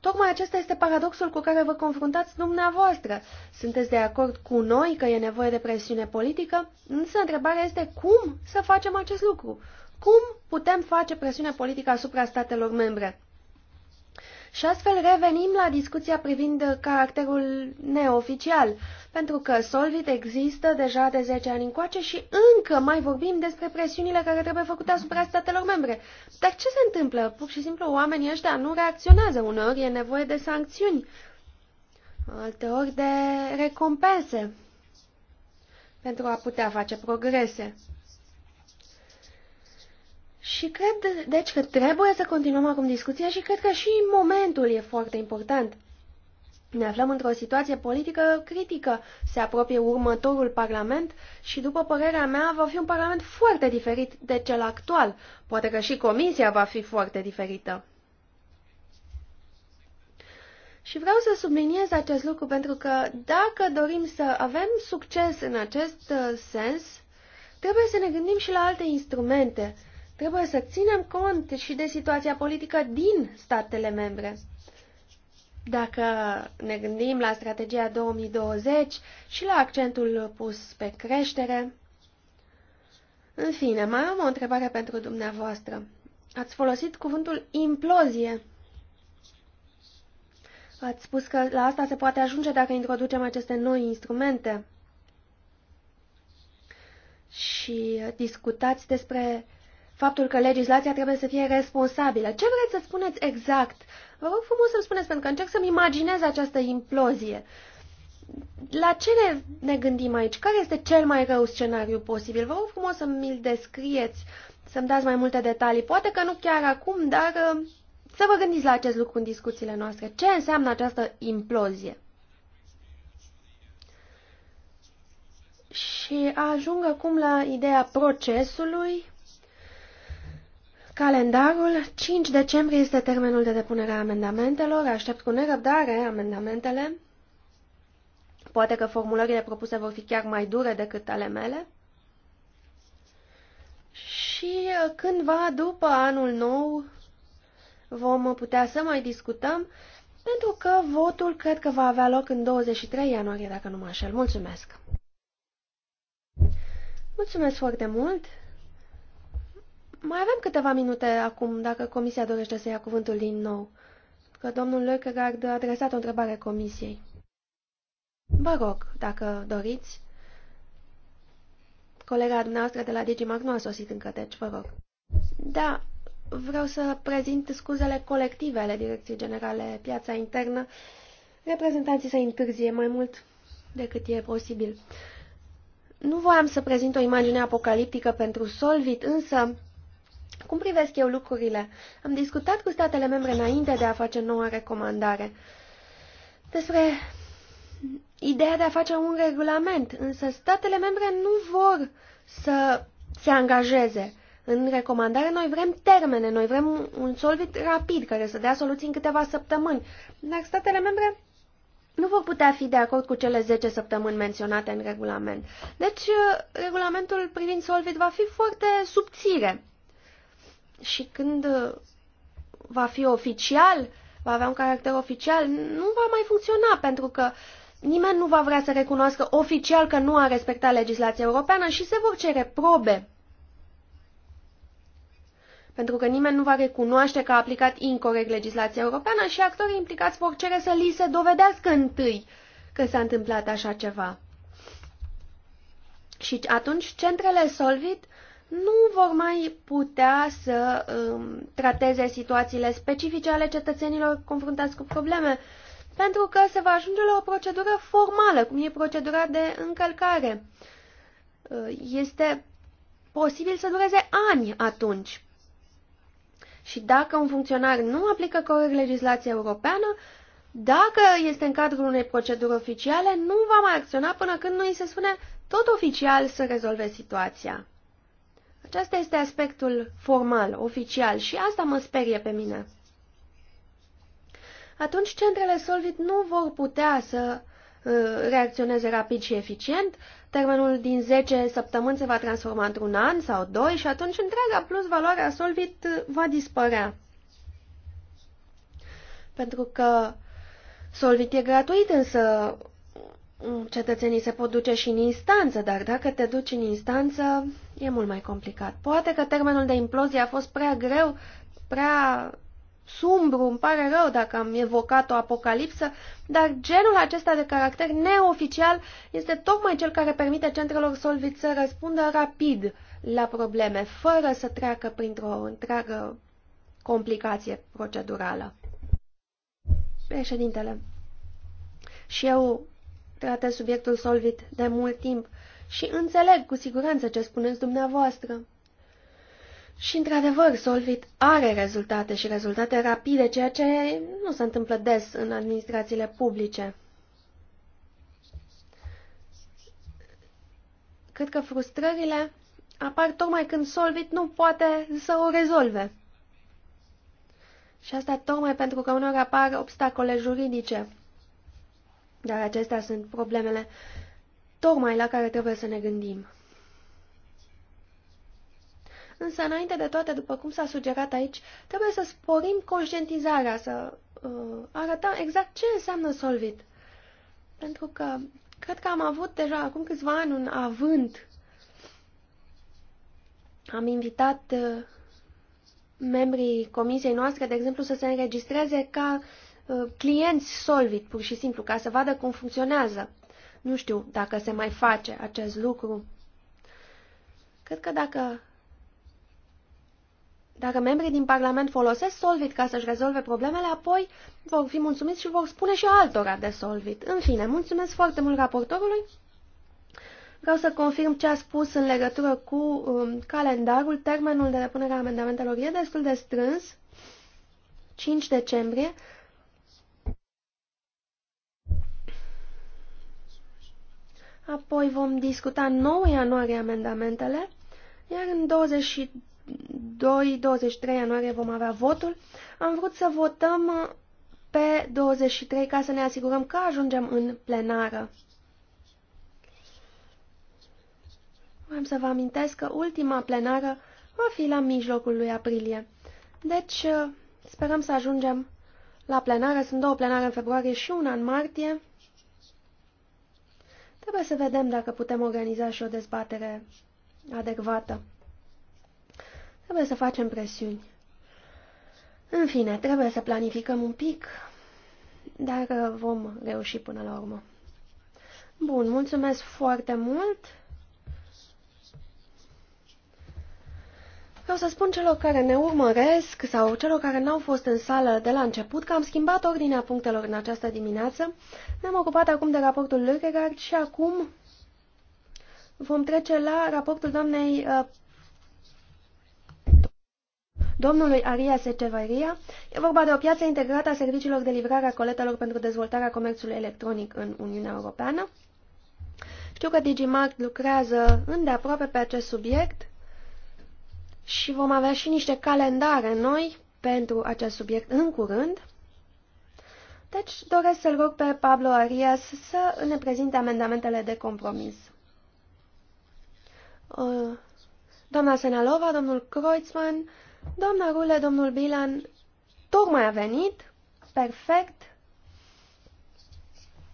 tocmai acesta este paradoxul cu care vă confruntați dumneavoastră. Sunteți de acord cu noi că e nevoie de presiune politică, însă întrebarea este cum să facem acest lucru cum putem face presiune politică asupra statelor membre. Și astfel revenim la discuția privind caracterul neoficial, pentru că Solvit există deja de 10 ani încoace și încă mai vorbim despre presiunile care trebuie făcute asupra statelor membre. Dar ce se întâmplă? Pur și simplu oamenii ăștia nu reacționează. Uneori e nevoie de sancțiuni, alteori de recompense pentru a putea face progrese. Și cred, deci, că trebuie să continuăm acum discuția și cred că și momentul e foarte important. Ne aflăm într-o situație politică critică. Se apropie următorul Parlament și, după părerea mea, va fi un Parlament foarte diferit de cel actual. Poate că și Comisia va fi foarte diferită. Și vreau să subliniez acest lucru pentru că dacă dorim să avem succes în acest uh, sens, trebuie să ne gândim și la alte instrumente Trebuie să ținem cont și de situația politică din statele membre. Dacă ne gândim la strategia 2020 și la accentul pus pe creștere. În fine, mai am o întrebare pentru dumneavoastră. Ați folosit cuvântul implozie. Ați spus că la asta se poate ajunge dacă introducem aceste noi instrumente. Și discutați despre faptul că legislația trebuie să fie responsabilă. Ce vreți să spuneți exact? Vă rog frumos să-mi spuneți, pentru că încerc să-mi imaginez această implozie. La ce ne, ne gândim aici? Care este cel mai rău scenariu posibil? Vă rog frumos să mi-l descrieți, să-mi dați mai multe detalii. Poate că nu chiar acum, dar uh, să vă gândiți la acest lucru în discuțiile noastre. Ce înseamnă această implozie? Și ajung acum la ideea procesului Calendarul 5 decembrie este termenul de depunere a amendamentelor. Aștept cu nerăbdare amendamentele. Poate că formulările propuse vor fi chiar mai dure decât ale mele. Și uh, cândva după anul nou vom putea să mai discutăm, pentru că votul cred că va avea loc în 23 ianuarie, dacă nu mă așel. Mulțumesc! Mulțumesc foarte mult! Mai avem câteva minute acum, dacă Comisia dorește să ia cuvântul din nou. Că domnul Leuckerard a adresat o întrebare Comisiei. Vă rog, dacă doriți. Colega dumneavoastră de la Digimac nu a sosit încă, deci vă rog. Da, vreau să prezint scuzele colective ale Direcției Generale Piața Internă. Reprezentanții să întârzie mai mult decât e posibil. Nu voiam să prezint o imagine apocaliptică pentru Solvit, însă cum privesc eu lucrurile? Am discutat cu statele membre înainte de a face noua recomandare despre ideea de a face un regulament, însă statele membre nu vor să se angajeze. În recomandare noi vrem termene, noi vrem un solvit rapid care să dea soluții în câteva săptămâni, dar statele membre nu vor putea fi de acord cu cele 10 săptămâni menționate în regulament. Deci, regulamentul privind solvit va fi foarte subțire și când uh, va fi oficial, va avea un caracter oficial, nu va mai funcționa pentru că nimeni nu va vrea să recunoască oficial că nu a respectat legislația europeană și se vor cere probe. Pentru că nimeni nu va recunoaște că a aplicat incorrect legislația europeană și actorii implicați vor cere să li se dovedească întâi că s-a întâmplat așa ceva. Și atunci centrele Solvit nu vor mai putea să um, trateze situațiile specifice ale cetățenilor confruntați cu probleme, pentru că se va ajunge la o procedură formală, cum e procedura de încălcare. Uh, este posibil să dureze ani atunci. Și dacă un funcționar nu aplică corect legislația europeană, dacă este în cadrul unei proceduri oficiale, nu va mai acționa până când nu îi se spune tot oficial să rezolve situația. Acesta este aspectul formal, oficial și asta mă sperie pe mine. Atunci centrele Solvit nu vor putea să uh, reacționeze rapid și eficient, termenul din 10 săptămâni se va transforma într-un an sau doi și atunci întreaga plus valoarea Solvit uh, va dispărea. Pentru că Solvit e gratuit, însă um, cetățenii se pot duce și în instanță, dar dacă te duci în instanță, E mult mai complicat. Poate că termenul de implozie a fost prea greu, prea sumbru, îmi pare rău dacă am evocat o apocalipsă, dar genul acesta de caracter neoficial este tocmai cel care permite centrelor Solvit să răspundă rapid la probleme, fără să treacă printr-o întreagă complicație procedurală. Președintele, și eu tratez subiectul Solvit de mult timp și înțeleg cu siguranță ce spuneți dumneavoastră. Și, într-adevăr, Solvit are rezultate și rezultate rapide, ceea ce nu se întâmplă des în administrațiile publice. Cred că frustrările apar tocmai când Solvit nu poate să o rezolve. Și asta tocmai pentru că unor apar obstacole juridice. Dar acestea sunt problemele tocmai la care trebuie să ne gândim. Însă, înainte de toate, după cum s-a sugerat aici, trebuie să sporim conștientizarea, să uh, arătăm exact ce înseamnă solvit. Pentru că cred că am avut deja acum câțiva ani un avânt. Am invitat uh, membrii comisiei noastre, de exemplu, să se înregistreze ca uh, clienți Solvit, pur și simplu, ca să vadă cum funcționează. Nu știu dacă se mai face acest lucru. Cred că dacă dacă membrii din Parlament folosesc Solvit ca să-și rezolve problemele, apoi vor fi mulțumiți și vor spune și altora de Solvit. În fine, mulțumesc foarte mult raportorului. Vreau să confirm ce a spus în legătură cu um, calendarul. Termenul de depunere a amendamentelor e destul de strâns, 5 decembrie, Apoi vom discuta 9 ianuarie amendamentele, iar în 22-23 ianuarie vom avea votul. Am vrut să votăm pe 23 ca să ne asigurăm că ajungem în plenară. Vreau să vă amintesc că ultima plenară va fi la mijlocul lui aprilie. Deci, sperăm să ajungem la plenară. Sunt două plenare în februarie și una în martie. Trebuie să vedem dacă putem organiza și o dezbatere adecvată. Trebuie să facem presiuni. În fine, trebuie să planificăm un pic, dar uh, vom reuși până la urmă. Bun, mulțumesc foarte mult! Vreau să spun celor care ne urmăresc sau celor care n-au fost în sală de la început că am schimbat ordinea punctelor în această dimineață. Ne-am ocupat acum de raportul Lurregard și acum vom trece la raportul doamnei uh, domnului Aria Secevaria. E vorba de o piață integrată a serviciilor de livrare a coletelor pentru dezvoltarea comerțului electronic în Uniunea Europeană. Știu că Digimart lucrează îndeaproape pe acest subiect și vom avea și niște calendare noi pentru acest subiect în curând. Deci doresc să-l rog pe Pablo Arias să ne prezinte amendamentele de compromis. Uh, doamna Senalova, domnul Kreutzmann, doamna Rule, domnul Bilan, tocmai a venit, perfect.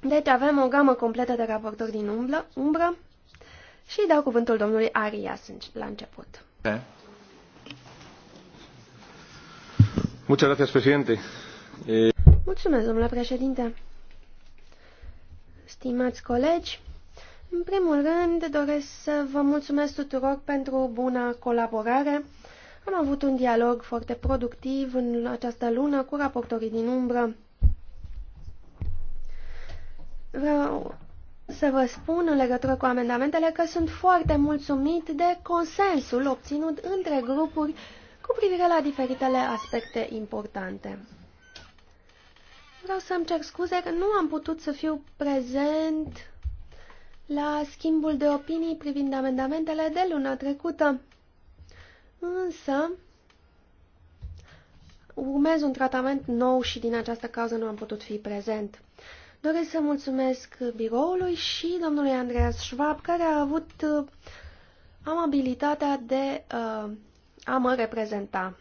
Deci avem o gamă completă de raportori din umbră, umbră și dau cuvântul domnului Arias la început. Okay. Eh, mulțumesc, domnule președinte. Stimați colegi, în primul rând doresc să vă mulțumesc tuturor pentru buna colaborare. Am avut un dialog foarte productiv în această lună cu raportorii din umbră. Vreau să vă spun în legătură cu amendamentele că sunt foarte mulțumit de consensul obținut între grupuri cu privire la diferitele aspecte importante. Vreau să-mi cer scuze că nu am putut să fiu prezent la schimbul de opinii privind amendamentele de luna trecută. Însă, urmez un tratament nou și din această cauză nu am putut fi prezent. Doresc să mulțumesc biroului și domnului Andreas Schwab, care a avut uh, amabilitatea de uh, a mă reprezenta.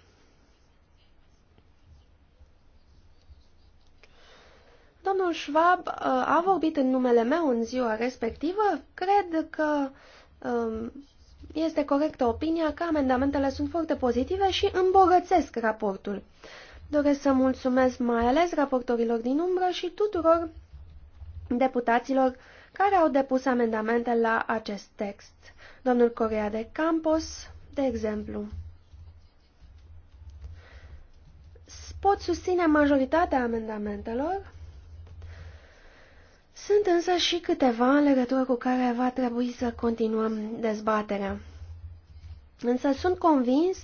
Domnul Schwab uh, a vorbit în numele meu în ziua respectivă. Cred că um, este corectă opinia că amendamentele sunt foarte pozitive și îmbogățesc raportul. Doresc să mulțumesc mai ales raportorilor din umbră și tuturor deputaților care au depus amendamente la acest text. Domnul Corea de Campos, de exemplu. pot susține majoritatea amendamentelor. Sunt însă și câteva în legătură cu care va trebui să continuăm dezbaterea. Însă sunt convins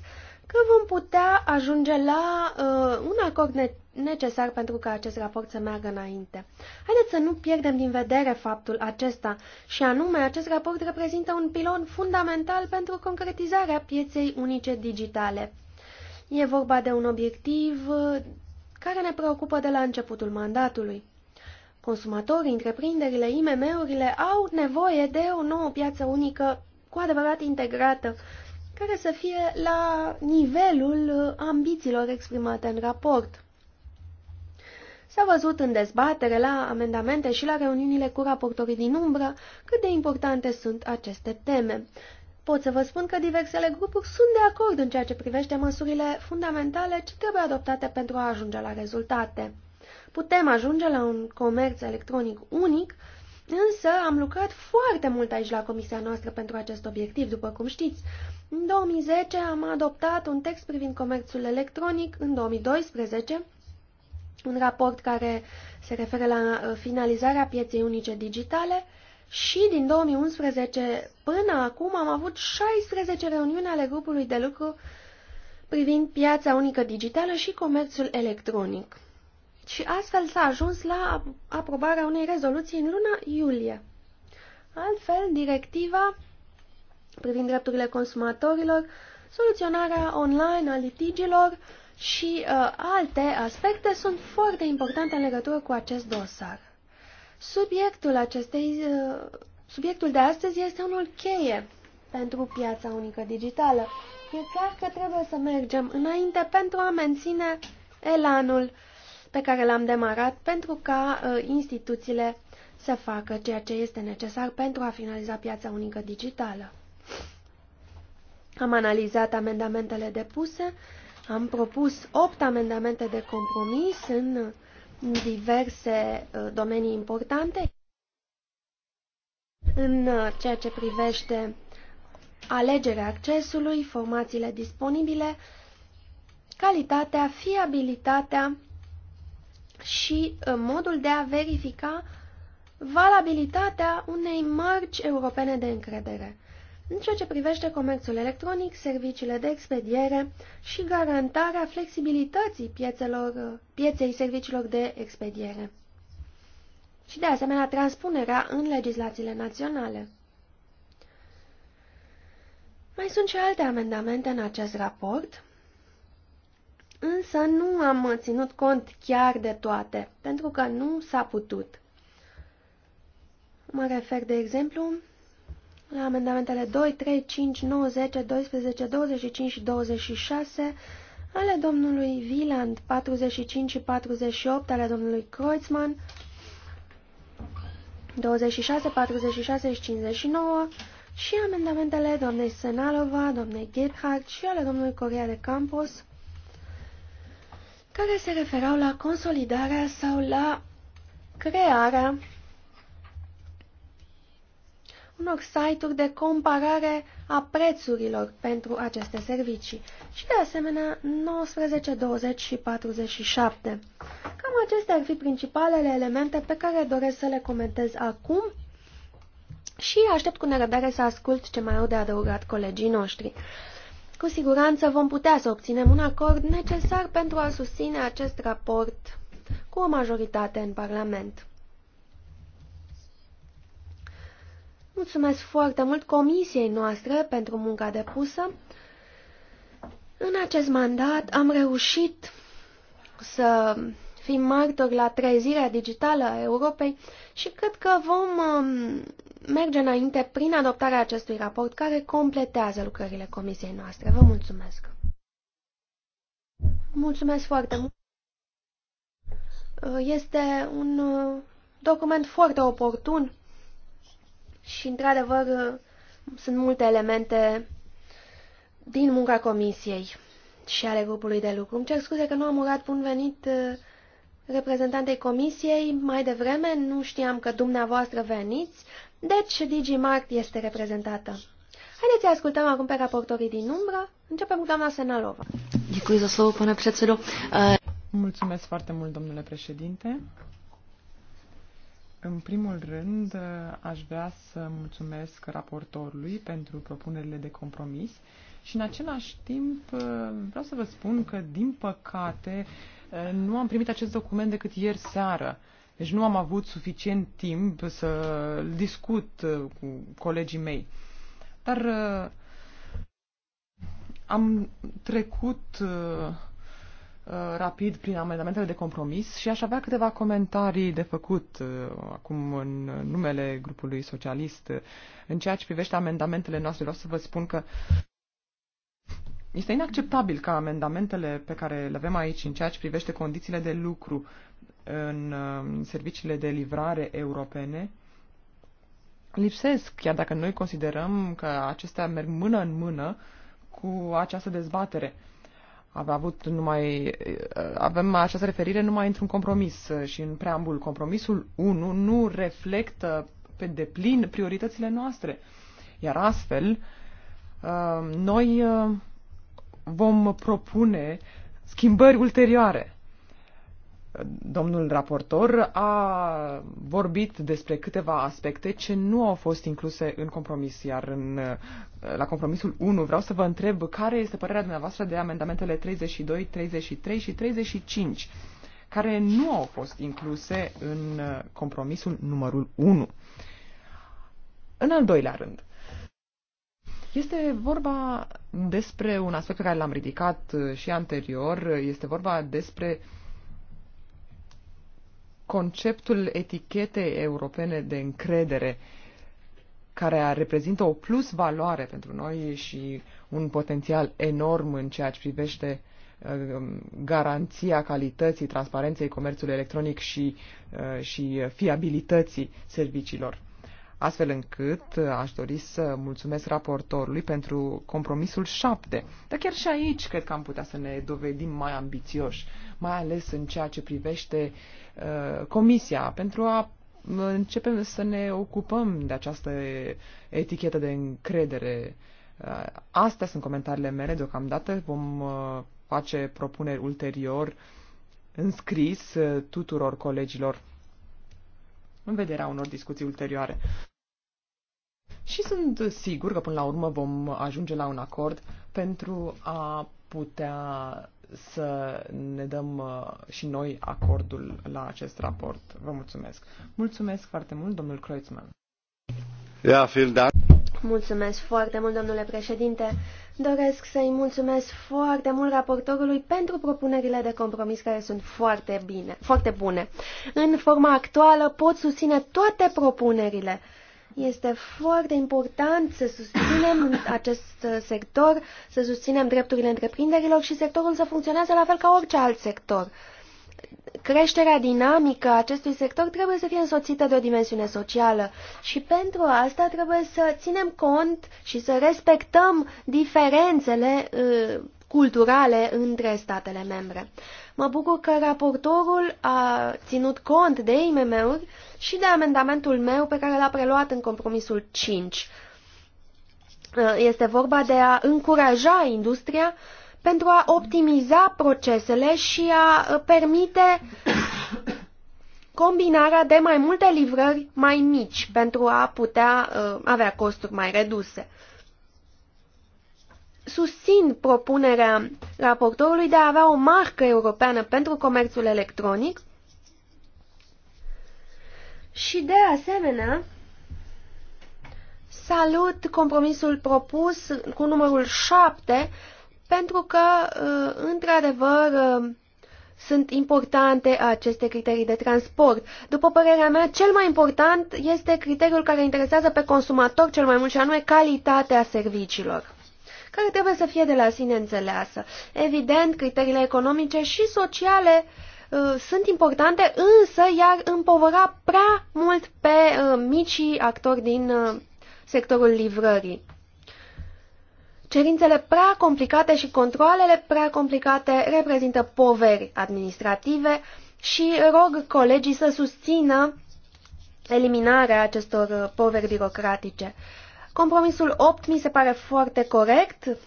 că vom putea ajunge la uh, un acord ne necesar pentru ca acest raport să meargă înainte. Haideți să nu pierdem din vedere faptul acesta și anume acest raport reprezintă un pilon fundamental pentru concretizarea pieței unice digitale E vorba de un obiectiv uh, care ne preocupă de la începutul mandatului. Consumatorii, întreprinderile, IMM-urile au nevoie de o nouă piață unică cu adevărat integrată, care să fie la nivelul uh, ambițiilor exprimate în raport. S-a văzut în dezbatere, la amendamente și la reuniunile cu raportorii din umbră cât de importante sunt aceste teme pot să vă spun că diversele grupuri sunt de acord în ceea ce privește măsurile fundamentale ce trebuie adoptate pentru a ajunge la rezultate. Putem ajunge la un comerț electronic unic, însă am lucrat foarte mult aici la comisia noastră pentru acest obiectiv, după cum știți. În 2010 am adoptat un text privind comerțul electronic, în 2012 un raport care se referă la uh, finalizarea pieței unice digitale, și din 2011 până acum am avut 16 reuniuni ale grupului de lucru privind piața unică digitală și comerțul electronic. Și astfel s-a ajuns la aprobarea unei rezoluții în luna iulie. Altfel, directiva privind drepturile consumatorilor, soluționarea online a litigilor și uh, alte aspecte sunt foarte importante în legătură cu acest dosar. Subiectul, acestei, uh, subiectul de astăzi este unul cheie pentru piața unică digitală. E clar că trebuie să mergem înainte pentru a menține elanul pe care l-am demarat pentru ca uh, instituțiile să facă ceea ce este necesar pentru a finaliza piața unică digitală. Am analizat amendamentele depuse, am propus opt amendamente de compromis în uh, în diverse uh, domenii importante în uh, ceea ce privește alegerea accesului, formațiile disponibile, calitatea, fiabilitatea și uh, modul de a verifica valabilitatea unei mărci europene de încredere în ceea ce privește comerțul electronic, serviciile de expediere și garantarea flexibilității piețelor, pieței serviciilor de expediere și de asemenea transpunerea în legislațiile naționale. Mai sunt și alte amendamente în acest raport, însă nu am ținut cont chiar de toate, pentru că nu s-a putut. Mă refer, de exemplu, la amendamentele 2, 3, 5, 9, 10, 12, 25 și 26 ale domnului Wieland, 45 și 48 ale domnului Kreutzmann, 26, 46 și 59 și amendamentele doamnei Senalova, doamnei Gebhardt și ale domnului Coria de Campos, care se referau la consolidarea sau la crearea unor site-uri de comparare a prețurilor pentru aceste servicii și de asemenea 19, 20 și 47. Cam acestea ar fi principalele elemente pe care doresc să le comentez acum și aștept cu nerăbdare să ascult ce mai au de adăugat colegii noștri. Cu siguranță vom putea să obținem un acord necesar pentru a susține acest raport cu o majoritate în Parlament. Mulțumesc foarte mult comisiei noastre pentru munca depusă. În acest mandat am reușit să fim martori la trezirea digitală a Europei și cred că vom um, merge înainte prin adoptarea acestui raport care completează lucrările comisiei noastre. Vă mulțumesc! Mulțumesc foarte mult! Este un uh, document foarte oportun și, într-adevăr, sunt multe elemente din munca comisiei și ale grupului de lucru. Îmi cer scuze că nu am urat bun venit uh, reprezentantei comisiei mai devreme, nu știam că dumneavoastră veniți, deci DigiMart este reprezentată. Haideți să ascultăm acum pe raportorii din umbră. Începem cu doamna Senalova. Děkuji za slovo, pane předsedo. Mulțumesc foarte mult, domnule președinte. În primul rând, aș vrea să mulțumesc raportorului pentru propunerile de compromis și în același timp vreau să vă spun că, din păcate, nu am primit acest document decât ieri seară. Deci nu am avut suficient timp să discut cu colegii mei. Dar am trecut Uh, rapid prin amendamentele de compromis și aș avea câteva comentarii de făcut uh, acum în numele grupului socialist. În ceea ce privește amendamentele noastre, vreau să vă spun că este inacceptabil ca amendamentele pe care le avem aici în ceea ce privește condițiile de lucru în uh, serviciile de livrare europene lipsesc, chiar dacă noi considerăm că acestea merg mână în mână cu această dezbatere avea avut numai, avem această referire numai într-un compromis și în preambul. Compromisul 1 nu reflectă pe deplin prioritățile noastre. Iar astfel, uh, noi uh, vom propune schimbări ulterioare domnul raportor a vorbit despre câteva aspecte ce nu au fost incluse în compromis, iar în, la compromisul 1 vreau să vă întreb care este părerea dumneavoastră de amendamentele 32, 33 și 35, care nu au fost incluse în compromisul numărul 1. În al doilea rând, este vorba despre un aspect pe care l-am ridicat și anterior, este vorba despre uh, conceptul etichetei europene de încredere, care reprezintă o plus valoare pentru noi și un potențial enorm în ceea ce privește um, garanția calității, transparenței comerțului electronic și, uh, și fiabilității serviciilor astfel încât uh, aș dori să mulțumesc raportorului pentru compromisul 7. Dar chiar și aici cred că am putea să ne dovedim mai ambițioși, mai ales în ceea ce privește uh, comisia, pentru a uh, începem să ne ocupăm de această etichetă de încredere. Uh, astea sunt comentariile mele deocamdată. Vom uh, face propuneri ulterior înscris uh, tuturor colegilor în vederea unor discuții ulterioare și sunt sigur că până la urmă vom ajunge la un acord pentru a putea să ne dăm uh, și noi acordul la acest raport. Vă mulțumesc. Mulțumesc foarte mult, domnul Kreutzmann. Yeah, feel that. Mulțumesc foarte mult, domnule președinte. Doresc să-i mulțumesc foarte mult raportorului pentru propunerile de compromis care sunt foarte bine, foarte bune. În forma actuală pot susține toate propunerile este foarte important să susținem acest sector, să susținem drepturile întreprinderilor și sectorul să funcționeze la fel ca orice alt sector. Creșterea dinamică a acestui sector trebuie să fie însoțită de o dimensiune socială și pentru asta trebuie să ținem cont și să respectăm diferențele uh, culturale între statele membre. Mă bucur că raportorul a ținut cont de IMM-uri și de amendamentul meu pe care l-a preluat în compromisul 5. Uh, este vorba de a încuraja industria pentru a optimiza procesele și a uh, permite combinarea de mai multe livrări mai mici pentru a putea uh, avea costuri mai reduse susțin propunerea raportorului de a avea o marcă europeană pentru comerțul electronic și de asemenea salut compromisul propus cu numărul 7 pentru că uh, într-adevăr uh, sunt importante aceste criterii de transport. După părerea mea, cel mai important este criteriul care interesează pe consumator cel mai mult și anume calitatea serviciilor care trebuie să fie de la sine înțeleasă. Evident, criteriile economice și sociale uh, sunt importante, însă iar împovăra prea mult pe uh, micii actori din uh, sectorul livrării. Cerințele prea complicate și controlele prea complicate reprezintă poveri administrative și rog colegii să susțină eliminarea acestor uh, poveri birocratice. Compromisul 8 mi se pare foarte corect,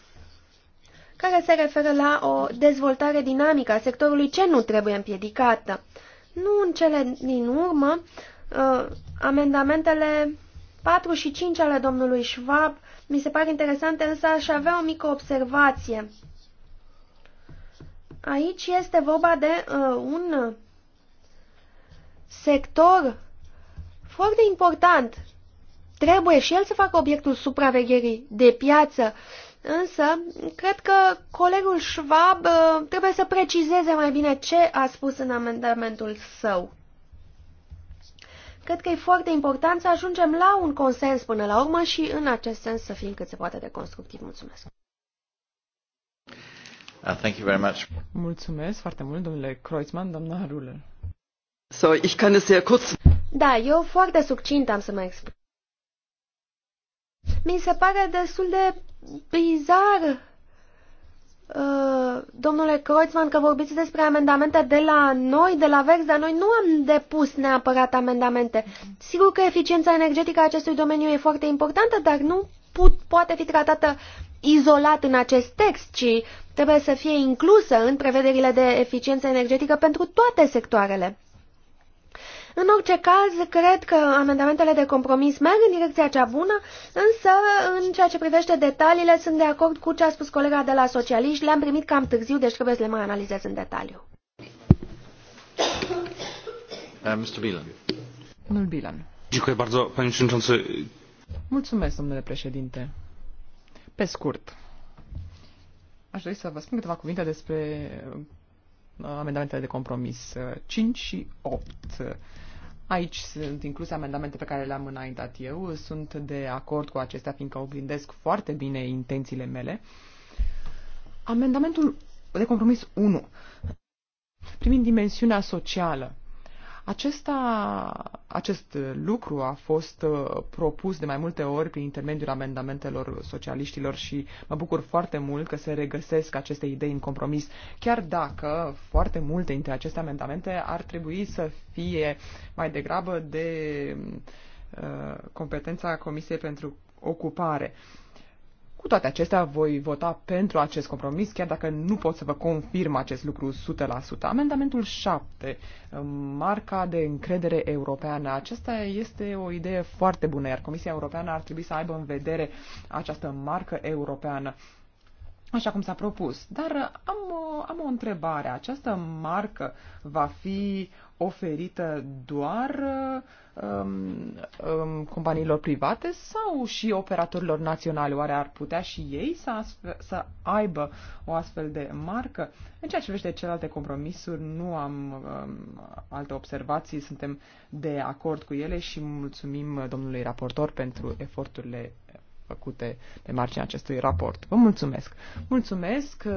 care se referă la o dezvoltare dinamică a sectorului ce nu trebuie împiedicată. Nu în cele din urmă, uh, amendamentele 4 și 5 ale domnului Schwab mi se par interesante, însă aș avea o mică observație. Aici este vorba de uh, un sector foarte important trebuie și el să facă obiectul supravegherii de piață, însă cred că colegul Schwab uh, trebuie să precizeze mai bine ce a spus în amendamentul său. Cred că e foarte important să ajungem la un consens până la urmă și în acest sens să fim cât se poate de constructiv. Mulțumesc! Uh, thank you very much. Mulțumesc foarte mult, domnule Kreuzmann, doamna Ruller. So, ich kann es sehr kurz... Da, eu foarte succint am să mă exprim. Mi se pare destul de bizar, uh, domnule Kreutzmann, că vorbiți despre amendamente de la noi, de la Verzi, dar noi nu am depus neapărat amendamente. Sigur că eficiența energetică a acestui domeniu e foarte importantă, dar nu put, poate fi tratată izolat în acest text, ci trebuie să fie inclusă în prevederile de eficiență energetică pentru toate sectoarele. În orice caz, cred că amendamentele de compromis merg în direcția cea bună, însă, în ceea ce privește detaliile, sunt de acord cu ce a spus colega de la socialiști. Le-am primit cam târziu, deci trebuie să le mai analizez în detaliu. Uh, Mr. Bilan. Domnul Bilan. Mulțumesc, domnule președinte. Pe scurt, aș dori să vă spun câteva cuvinte despre uh, amendamentele de compromis 5 uh, și 8. Aici sunt incluse amendamente pe care le-am înaintat eu. Sunt de acord cu acestea, fiindcă oglindesc foarte bine intențiile mele. Amendamentul de compromis 1. Primind dimensiunea socială, acesta, acest lucru a fost uh, propus de mai multe ori prin intermediul amendamentelor socialiștilor și mă bucur foarte mult că se regăsesc aceste idei în compromis, chiar dacă foarte multe dintre aceste amendamente ar trebui să fie mai degrabă de uh, competența Comisiei pentru Ocupare. Uh, cu toate acestea, voi vota pentru acest compromis, chiar dacă nu pot să vă confirm acest lucru 100%. Amendamentul 7, marca de încredere europeană. Aceasta este o idee foarte bună, iar Comisia Europeană ar trebui să aibă în vedere această marcă europeană așa cum s-a propus. Dar uh, am o, uh, am o întrebare. Această marcă va fi oferită doar uh, um, um, companiilor private sau și operatorilor naționale? Oare ar putea și ei să, astfel, să aibă o astfel de marcă? În ceea ce privește celelalte compromisuri, nu am um, alte observații, suntem de acord cu ele și mulțumim domnului raportor pentru eforturile făcute pe marginea acestui raport. Vă mulțumesc! Mulțumesc uh,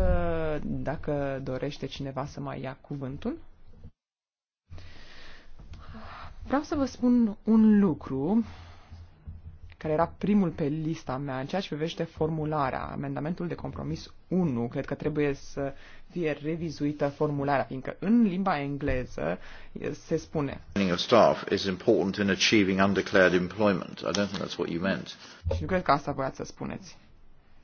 dacă dorește cineva să mai ia cuvântul. Vreau să vă spun un lucru care era primul pe lista mea, în ceea ce privește formularea, amendamentul de compromis 1, cred că trebuie să fie revizuită formularea, fiindcă în limba engleză se spune. of staff is important in achieving undeclared employment. I don't think that's what you meant. Și nu cred că asta voiați să spuneți.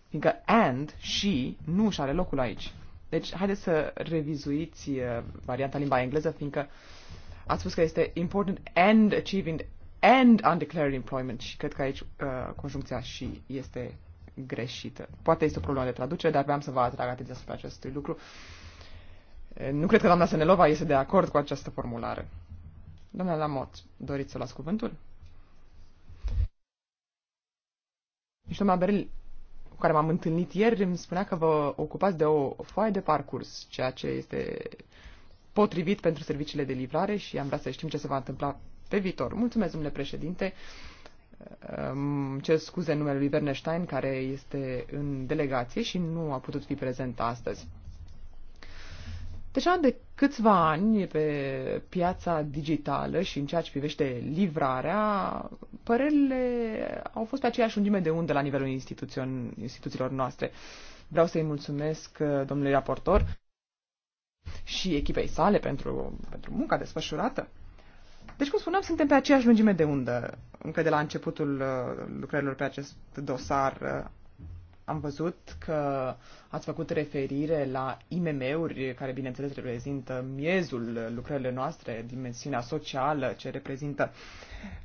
Fiindcă and și nu și are locul aici. Deci, haideți să revizuiți uh, varianta limba engleză, fiindcă ați spus că este important and achieving and undeclared employment și cred că aici uh, conjuncția și este greșită. Poate este o problemă de traducere, dar vreau să vă atrag atenția asupra acestui lucru. Uh, nu cred că doamna Senelova este de acord cu această formulare. Doamna Lamot, doriți să las cuvântul? Și doamna Beril, cu care m-am întâlnit ieri, îmi spunea că vă ocupați de o foaie de parcurs, ceea ce este potrivit pentru serviciile de livrare și am vrea să știm ce se va întâmpla pe viitor. Mulțumesc, domnule președinte. Ce scuze numele lui Bernstein, care este în delegație și nu a putut fi prezent astăzi. Deja de câțiva ani pe piața digitală și în ceea ce privește livrarea, părerile au fost pe aceeași lungime de undă la nivelul instituțiilor noastre. Vreau să-i mulțumesc uh, domnului raportor și echipei sale pentru, pentru munca desfășurată. Deci, cum spuneam, suntem pe aceeași lungime de undă. Încă de la începutul uh, lucrărilor pe acest dosar uh, am văzut că ați făcut referire la IMM-uri, care bineînțeles reprezintă miezul lucrărilor noastre, dimensiunea socială, ce reprezintă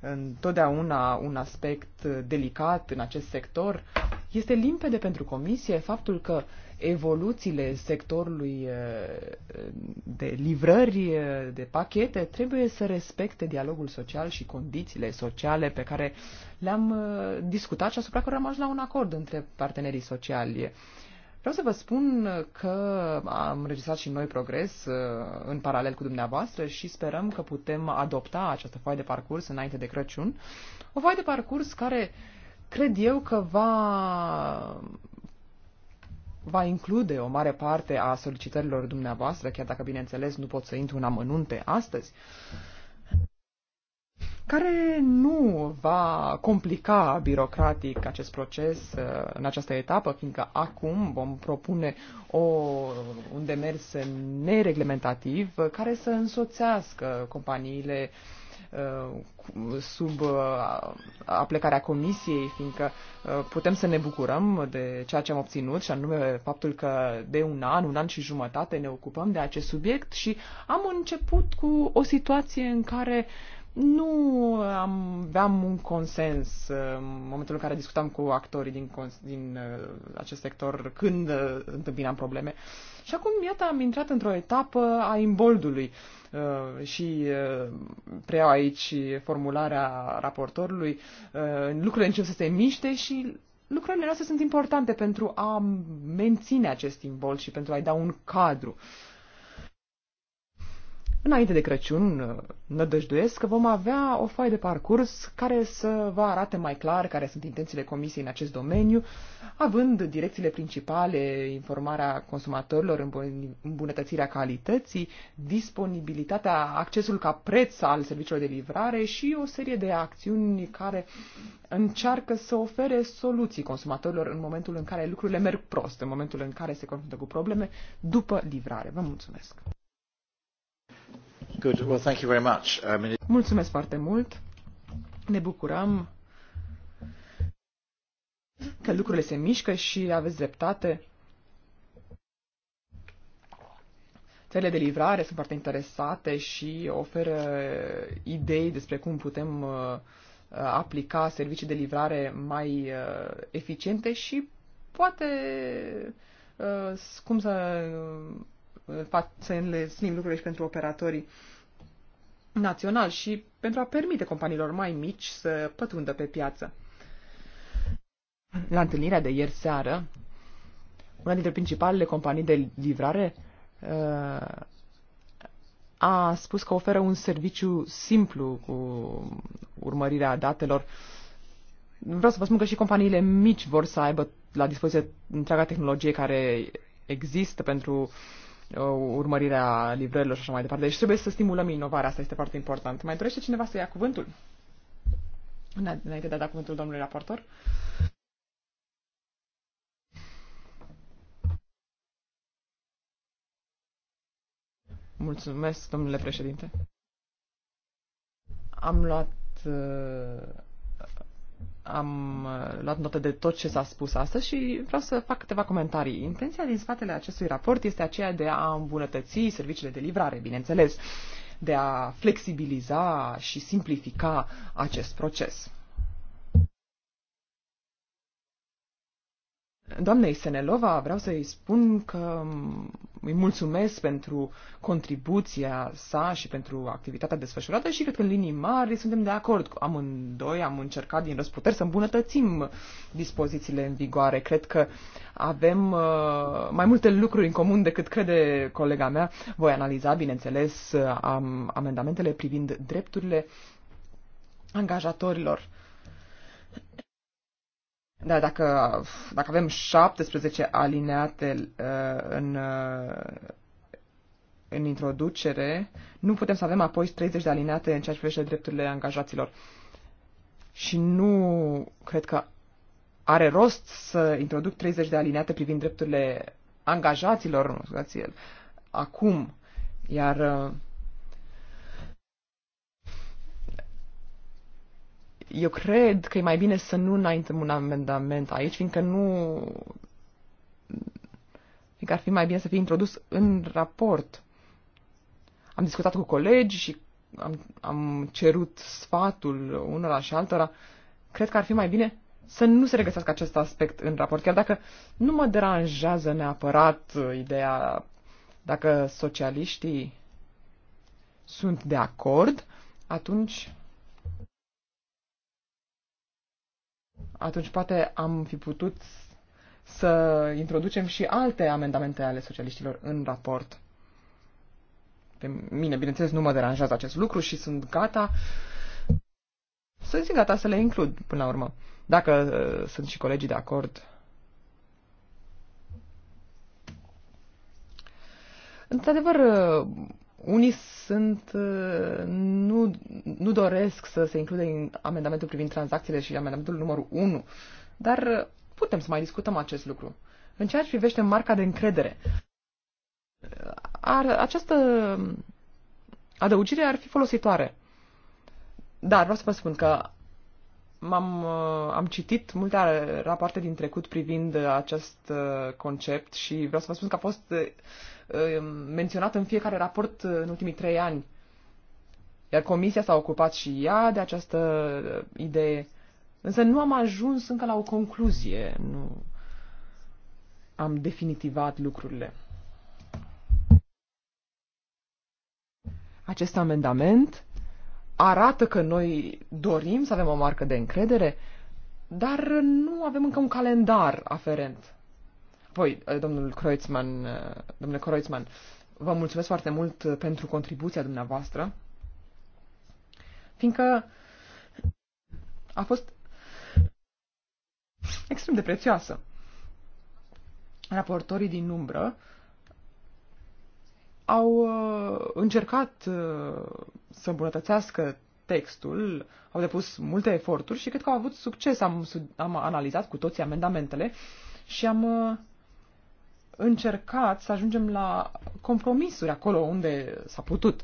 întotdeauna un aspect delicat în acest sector. Este limpede pentru comisie faptul că uh, evoluțiile sectorului eh, de livrări eh, de pachete trebuie să respecte dialogul social și condițiile sociale pe care le-am eh, discutat și asupra care am ajuns la un acord între partenerii sociali. Vreau să vă spun că am registrat și noi progres în paralel cu dumneavoastră și sperăm că putem adopta această foaie de parcurs înainte de Crăciun. O foaie de parcurs care cred eu că va va include o mare parte a solicitărilor dumneavoastră, chiar dacă, bineînțeles, nu pot să intru în amănunte astăzi, care nu va complica birocratic acest proces uh, în această etapă, fiindcă acum vom propune o, un demers nereglementativ uh, care să însoțească companiile uh, Uh, sub uh, aplecarea comisiei, fiindcă uh, putem să ne bucurăm de ceea ce am obținut și anume faptul că de un an, un an și jumătate ne ocupăm de acest subiect și am început cu o situație în care uh, nu am, aveam un consens uh, în momentul în care discutam cu actorii din, din uh, acest sector când uh, întâmpinam probleme. Și acum, iată, am intrat într-o etapă a imboldului și preiau aici formularea raportorului. Lucrurile încep să se miște și lucrurile noastre sunt importante pentru a menține acest imbold și pentru a-i da un cadru. Înainte de Crăciun, uh, nădăjduiesc că vom avea o foaie de parcurs care să vă arate mai clar care sunt intențiile Comisiei în acest domeniu, având direcțiile principale, informarea consumatorilor, îmbunătățirea calității, disponibilitatea, accesul ca preț al serviciilor de livrare și o serie de acțiuni care încearcă să ofere soluții consumatorilor în momentul în care lucrurile merg prost, în momentul în care se confruntă cu probleme după livrare. Vă mulțumesc! Um, Mulțumesc foarte mult. Ne bucurăm că lucrurile se mișcă și aveți dreptate. Țările de livrare sunt foarte interesate și oferă idei despre cum putem uh, aplica servicii de livrare mai uh, eficiente și poate uh, cum să Uh, să înlesnim lucrurile și pentru operatorii naționali și pentru a permite companiilor mai mici să pătrundă pe piață. La întâlnirea de ieri seară, una dintre principalele companii de livrare uh, a spus că oferă un serviciu simplu cu urmărirea datelor. Vreau să vă spun că și companiile mici vor să aibă la dispoziție întreaga tehnologie care există pentru urmărirea livrărilor și așa mai departe. Deci trebuie să stimulăm inovarea, asta este foarte important. Mai dorește cineva să ia cuvântul? Înainte de a da cuvântul domnului raportor. Mulțumesc, domnule președinte. Am luat uh, am uh, luat notă de tot ce s-a spus astăzi și vreau să fac câteva comentarii. Intenția din spatele acestui raport este aceea de a îmbunătăți serviciile de livrare, bineînțeles, de a flexibiliza și simplifica acest proces. Doamnei Senelova, vreau să-i spun că îi mulțumesc pentru contribuția sa și pentru activitatea desfășurată și cred că în linii mari suntem de acord. Amândoi am încercat din răsputeri să îmbunătățim dispozițiile în vigoare. Cred că avem uh, mai multe lucruri în comun decât crede colega mea. Voi analiza, bineînțeles, uh, am, amendamentele privind drepturile angajatorilor. Da, dacă, dacă avem 17 alineate uh, în, uh, în introducere, nu putem să avem apoi 30 de alineate în ceea ce privește drepturile angajaților. Și nu cred că are rost să introduc 30 de alineate privind drepturile angajaților, nu scuzați el, acum. Iar uh, eu cred că e mai bine să nu înaintăm un amendament aici, fiindcă nu... fiindcă ar fi mai bine să fie introdus în raport. Am discutat cu colegi și am, am cerut sfatul unora și altora. Cred că ar fi mai bine să nu se regăsească acest aspect în raport, chiar dacă nu mă deranjează neapărat ideea dacă socialiștii sunt de acord, atunci atunci poate am fi putut să introducem și alte amendamente ale socialiștilor în raport. Pe mine, bineînțeles, nu mă deranjează acest lucru și sunt gata sunt gata să le includ până la urmă. Dacă uh, sunt și colegii de acord. Într-adevăr, uh, unii sunt, uh, nu, nu doresc să se include în amendamentul privind tranzacțiile și amendamentul numărul 1, dar uh, putem să mai discutăm acest lucru. În ceea ce privește marca de încredere, ar, această adăugire ar fi folositoare. Dar vreau să vă spun că am uh, am citit multe rapoarte din trecut privind acest concept și vreau să vă spun că a fost Uh, menționat în fiecare raport uh, în ultimii trei ani. Iar comisia s-a ocupat și ea de această uh, idee. Însă nu am ajuns încă la o concluzie. Nu am definitivat lucrurile. Acest amendament arată că noi dorim să avem o marcă de încredere, dar nu avem încă un calendar aferent. Voi, eh, domnul Kreutzmann, eh, domnule Kreutzmann, vă mulțumesc foarte mult eh, pentru contribuția dumneavoastră, fiindcă a fost extrem de prețioasă. Raportorii din umbră au încercat să îmbunătățească textul, au depus multe eforturi și cred că au avut succes. Am, am analizat cu toții amendamentele și am încercat să ajungem la compromisuri acolo unde s-a putut.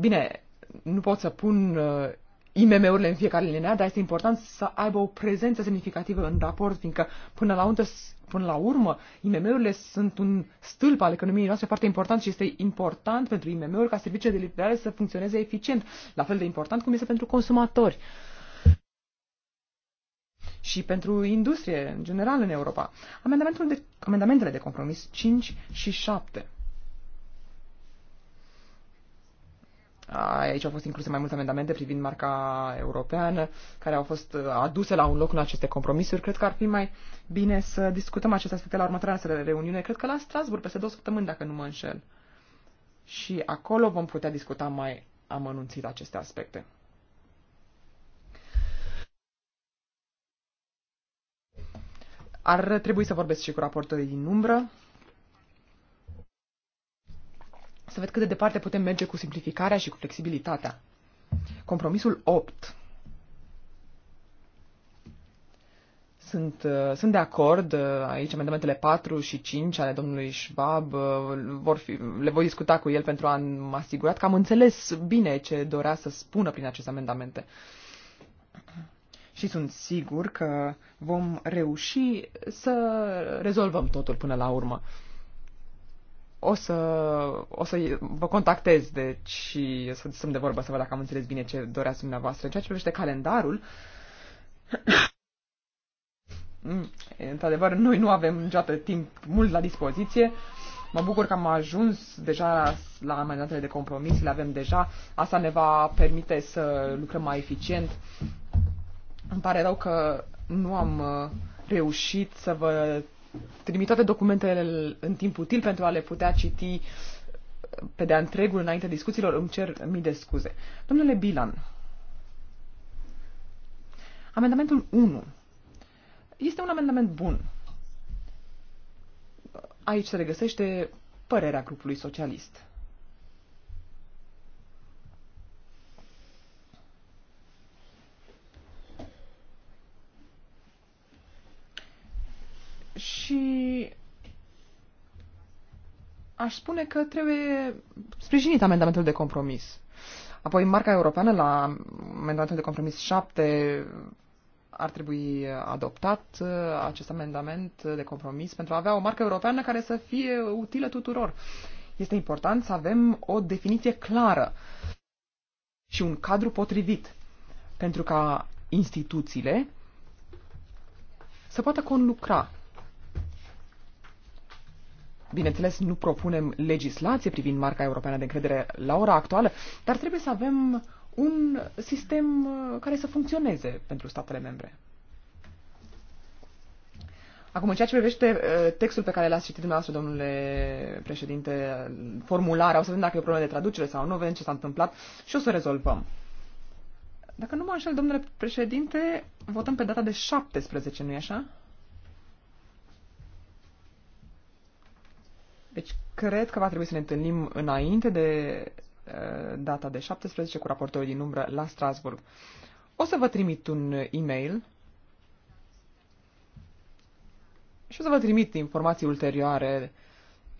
Bine, nu pot să pun uh, IMM-urile în fiecare linie, dar este important să aibă o prezență semnificativă în raport, fiindcă până la, unde, până la urmă IMM-urile sunt un stâlp al economiei noastre foarte important și este important pentru IMM-uri ca serviciile de livrare să funcționeze eficient, la fel de important cum este pentru consumatori. Uh, și pentru industrie în general în Europa. Amendamentul de, amendamentele de compromis 5 și 7. Aici au fost incluse mai multe amendamente privind marca europeană, care au fost uh, aduse la un loc în aceste compromisuri. Cred că ar fi mai bine să discutăm aceste aspecte la următoarea reuniune, cred că la Strasburg, peste două săptămâni, dacă nu mă înșel. Și acolo vom putea discuta mai amănunțit aceste aspecte. Ar trebui să vorbesc și cu raportorii din umbră. Să văd cât de departe putem merge cu simplificarea și cu flexibilitatea. Compromisul 8. Sunt, uh, sunt de acord. Uh, aici amendamentele 4 și 5 ale domnului Schwab uh, vor fi, le voi discuta cu el pentru a mă asigura că am înțeles bine ce dorea să spună prin aceste amendamente și sunt sigur că vom reuși să rezolvăm totul până la urmă. O să, o să vă contactez, deci, și să sunt de vorbă să văd dacă am înțeles bine ce doreați dumneavoastră. În ceea ce privește calendarul, într-adevăr, noi nu avem niciodată timp mult la dispoziție. Mă bucur că am ajuns deja la amendamentele de compromis, le avem deja. Asta ne va permite să lucrăm mai eficient îmi pare rău că nu am uh, reușit să vă trimit toate documentele în timp util pentru a le putea citi uh, pe de-a întregul înainte discuțiilor. Îmi cer mii de scuze. Domnule Bilan, amendamentul 1 este un amendament bun. Aici se regăsește părerea grupului socialist. și aș spune că trebuie sprijinit amendamentul de compromis. Apoi, marca europeană la amendamentul de compromis 7 ar trebui adoptat acest amendament de compromis pentru a avea o marcă europeană care să fie utilă tuturor. Este important să avem o definiție clară și un cadru potrivit pentru ca instituțiile să poată conlucra Bineînțeles, nu propunem legislație privind marca europeană de încredere la ora actuală, dar trebuie să avem un sistem uh, care să funcționeze pentru statele membre. Acum, în ceea ce privește uh, textul pe care l-ați citit dumneavoastră, domnule președinte, formularea, o să vedem dacă e o problemă de traducere sau nu, vedem ce s-a întâmplat și o să rezolvăm. Dacă nu mă înșel, domnule președinte, votăm pe data de 17, nu-i așa? Deci, cred că va trebui să ne întâlnim înainte de uh, data de 17 cu raportorul din umbră la Strasburg. O să vă trimit un e-mail și o să vă trimit informații ulterioare.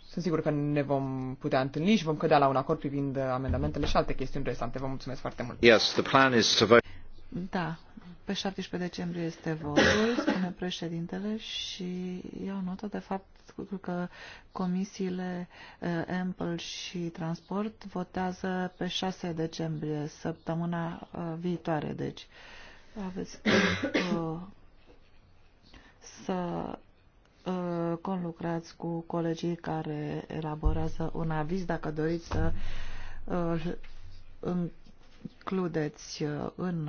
Sunt sigur că ne vom putea întâlni și vom cădea la un acord privind amendamentele și alte chestiuni interesante. Vă mulțumesc foarte mult. Yes, the plan is to vote. Da, pe 17 decembrie este votul, spune președintele, și iau notă de fapt faptul că comisiile eh, Ample și Transport votează pe 6 decembrie, săptămâna eh, viitoare, deci aveți timp eh, să conlucrați cu colegii care elaborează un aviz, dacă doriți să includeți în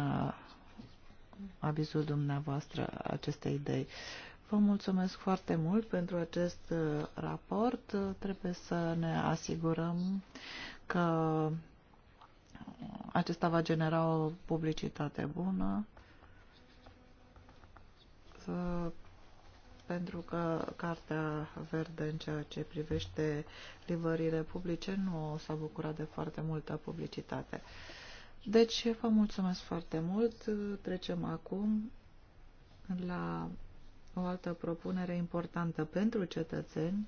avizul dumneavoastră aceste idei. Vă mulțumesc foarte mult pentru acest uh, raport. Uh, trebuie să ne asigurăm că uh, acesta va genera o publicitate bună pentru că Cartea Verde în ceea ce privește livrările publice nu s-a bucurat de foarte multă publicitate. Deci vă mulțumesc foarte mult. Trecem acum la o altă propunere importantă pentru cetățeni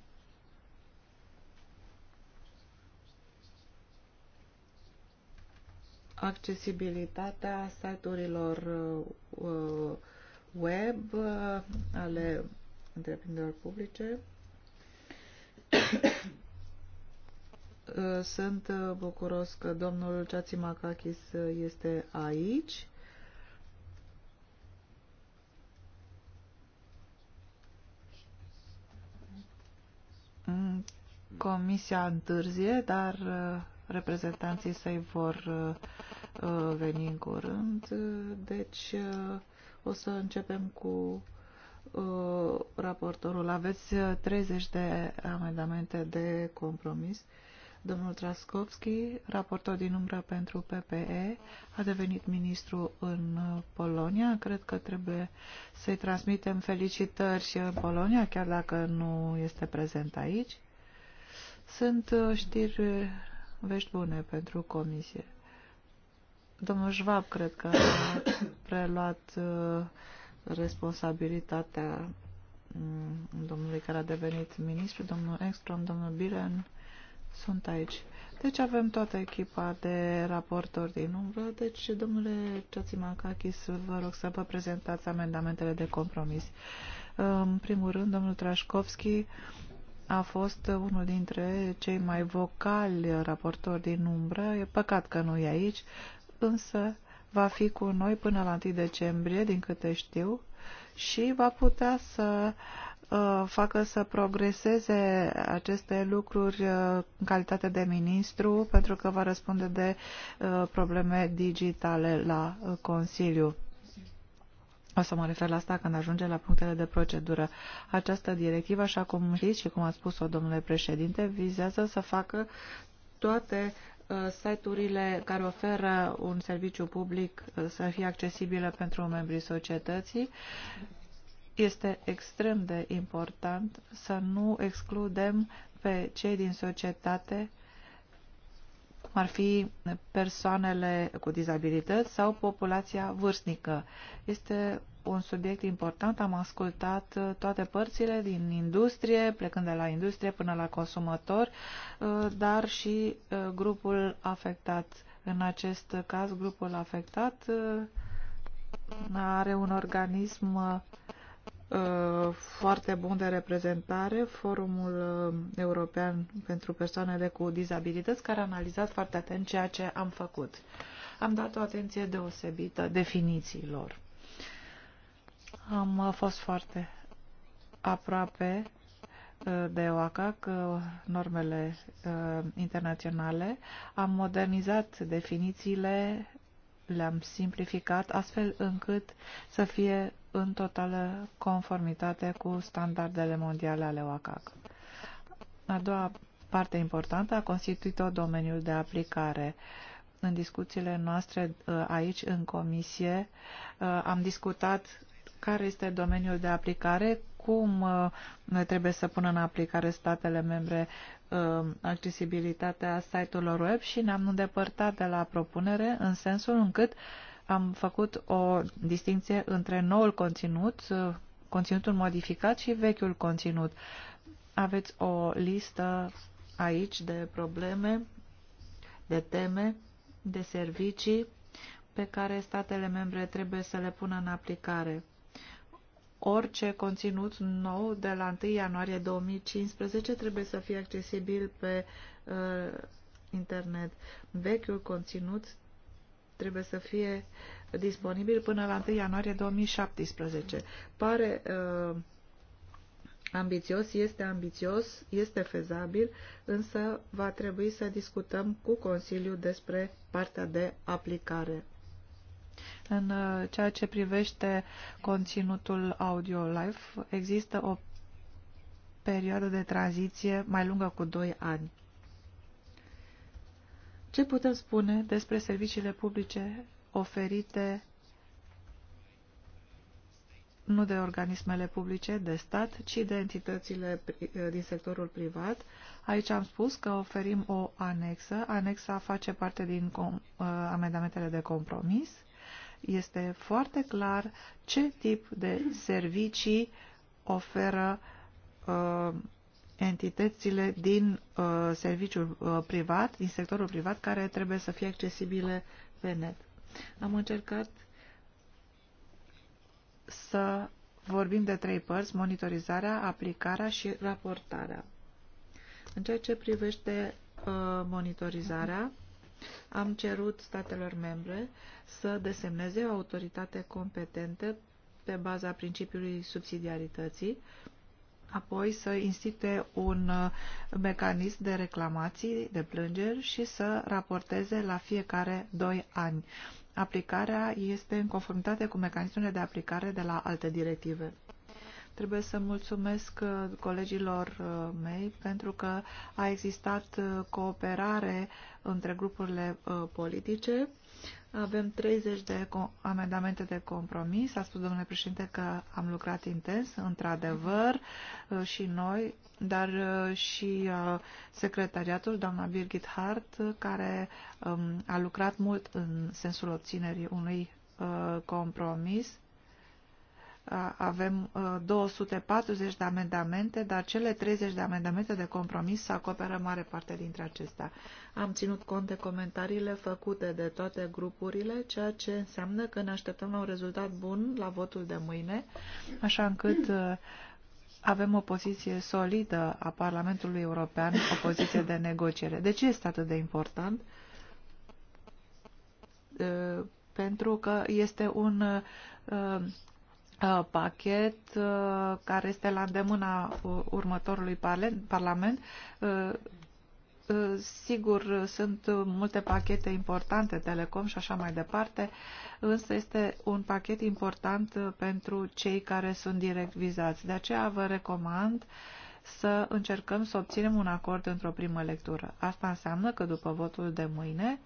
accesibilitatea site-urilor uh, web uh, ale întreprinderilor publice. Uh, sunt bucuros că domnul Macachis este aici Mm, comisia întârzie, dar uh, reprezentanții săi vor uh, uh, veni în curând. Deci o să începem cu raportorul. Aveți 30 de amendamente de compromis. Domnul Traskovski, raportor din umbră pentru PPE, a devenit ministru în uh, Polonia. Cred că trebuie să-i transmitem felicitări și în Polonia, chiar dacă nu este prezent aici. Sunt uh, știri uh, vești bune pentru comisie. Domnul Schwab, cred că a preluat responsabilitatea mm, domnului care a devenit ministru, domnul Engstrom, domnul Biren, sunt aici. Deci avem toată echipa de raportori din umbră. Deci, domnule Ciocimancachis, vă rog să vă prezentați amendamentele de compromis. În primul rând, domnul Trașkovski a fost unul dintre cei mai vocali raportori din umbră. E păcat că nu e aici, însă va fi cu noi până la 1 decembrie, din câte știu, și va putea să uh, Uh, facă să progreseze aceste lucruri uh, în calitate de ministru, pentru că va răspunde de uh, probleme digitale la Consiliu. O să mă refer la asta când ajunge la punctele de procedură. Această directivă, așa cum știți și cum a spus-o domnule președinte, vizează să facă toate site-urile care oferă un serviciu public să fie accesibile pentru membrii societății este extrem de important să nu excludem pe cei din societate cum ar fi persoanele cu dizabilități sau populația vârstnică. Este un subiect important, am ascultat toate părțile din industrie, plecând de la industrie până la consumator, dar și uh, grupul afectat. În acest caz, grupul afectat uh, are un organism uh, Uh, foarte bun de reprezentare, Forumul uh, European pentru Persoanele cu Dizabilități, care a analizat foarte atent ceea ce am făcut. Am dat o atenție deosebită definițiilor. Am uh, fost foarte aproape de că normele internaționale. Am modernizat definițiile le-am simplificat astfel încât să fie în totală conformitate cu standardele mondiale ale OACAC. A doua parte importantă a constituit-o domeniul de aplicare. În discuțiile noastre uh, aici, în comisie, uh, am discutat care este domeniul de aplicare, cum uh, trebuie să pună în aplicare statele membre Um, accesibilitatea site-urilor web și ne-am îndepărtat de la propunere în sensul încât am făcut o distinție între noul conținut, uh, conținutul modificat și vechiul conținut. Aveți o listă aici de probleme, de teme, de servicii pe care statele membre trebuie să le pună în aplicare orice conținut nou de la 1 ianuarie 2015 trebuie să fie accesibil pe uh, internet. Vechiul conținut trebuie să fie disponibil până la 1 ianuarie 2017. Pare uh, ambițios, este ambițios, este fezabil, însă va trebui să discutăm cu Consiliul despre partea de aplicare. În uh, ceea ce privește conținutul audio live, există o perioadă de tranziție mai lungă cu 2 ani. Ce putem spune despre serviciile publice oferite nu de organismele publice, de stat, ci de entitățile uh, din sectorul privat. Aici am spus că oferim o anexă. Anexa face parte din uh, amendamentele de compromis este foarte clar ce tip de servicii oferă uh, entitățile din uh, serviciul uh, privat, din sectorul privat, care trebuie să fie accesibile pe net. Am încercat să vorbim de trei părți, monitorizarea, aplicarea și raportarea. În ceea ce privește uh, monitorizarea, am cerut statelor membre să desemneze o autoritate competentă pe baza principiului subsidiarității, apoi să instite un uh, mecanism de reclamații, de plângeri și să raporteze la fiecare doi ani. Aplicarea este în conformitate cu mecanismele de aplicare de la alte directive. Trebuie să mulțumesc uh, colegilor uh, mei pentru că a existat uh, cooperare între grupurile politice. Avem 30 de amendamente de compromis. A spus domnule președinte că am lucrat intens, într-adevăr, și noi, dar și secretariatul, doamna Birgit Hart, care um, a lucrat mult în sensul obținerii unui compromis avem 240 ă, de amendamente, dar cele 30 de amendamente de compromis acoperă mare parte dintre acestea. Am ținut cont de comentariile făcute de toate grupurile, ceea ce înseamnă că ne așteptăm la un rezultat bun la votul de mâine, așa încât ă, avem o poziție solidă a Parlamentului European, o poziție de negociere. De ce este atât de important? Ă, pentru că este un Uh, pachet uh, care este la îndemâna uh, următorului Parlament. Sigur, sunt multe pachete importante, Telecom și așa mai departe, însă este un pachet important pentru cei care sunt direct vizați. De aceea vă recomand să încercăm să obținem un acord într-o primă lectură. Asta înseamnă că după votul de mâine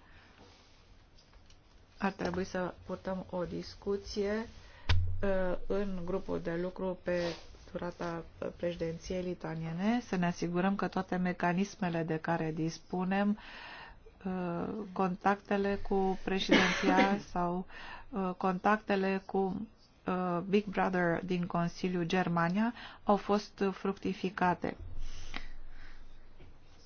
ar trebui să purtăm o discuție Uh, în grupul de lucru pe durata președinției litaniene să ne asigurăm că toate mecanismele de care dispunem, uh, contactele cu președinția sau uh, contactele cu Big Brother din Consiliul Germania au fost fructificate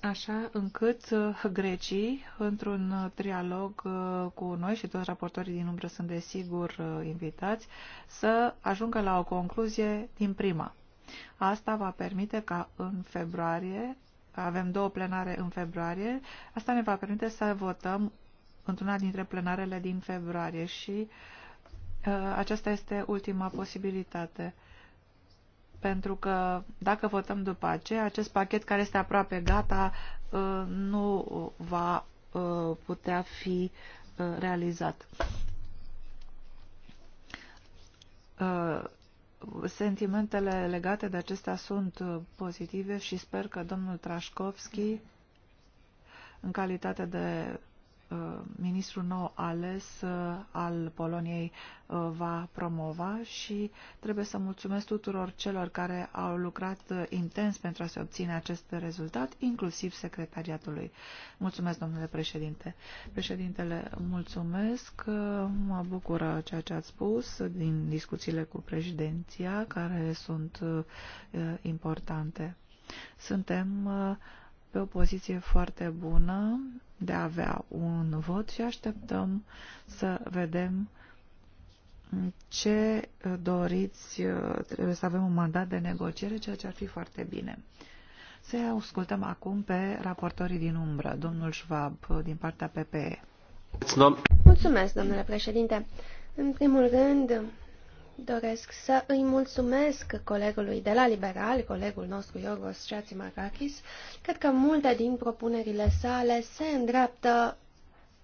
așa încât uh, grecii, într-un uh, trialog uh, cu noi și toți raportorii din umbră sunt desigur invitați, să ajungă la o concluzie din prima. Asta va permite ca în februarie, avem două plenare în februarie, asta ne va permite să votăm într-una dintre plenarele din februarie și uh, aceasta este ultima posibilitate. Uh, pentru că dacă votăm după aceea, acest pachet care este aproape gata uh, nu va uh, putea fi uh, realizat. Sentimentele legate de acestea sunt pozitive și sper că domnul Trașkovski, în calitate de Uh, ministrul nou ales uh, al Poloniei uh, va promova și trebuie să mulțumesc tuturor celor care au lucrat intens pentru a se obține acest rezultat, inclusiv secretariatului. Mulțumesc, domnule președinte. Președintele, mulțumesc. Mă bucură ceea ce ați spus din discuțiile cu președinția, care sunt importante. Suntem pe o poziție foarte bună de a avea un vot și așteptăm să vedem ce doriți, trebuie să avem un mandat de negociere, ceea ce ar fi foarte bine. Să ascultăm acum pe raportorii din umbră, domnul Schwab, din partea PPE. Mulțumesc, domnule președinte. În primul rând, Doresc să îi mulțumesc colegului de la Liberal, colegul nostru Iorgos Chatsimarakis. Cred că multe din propunerile sale se îndreaptă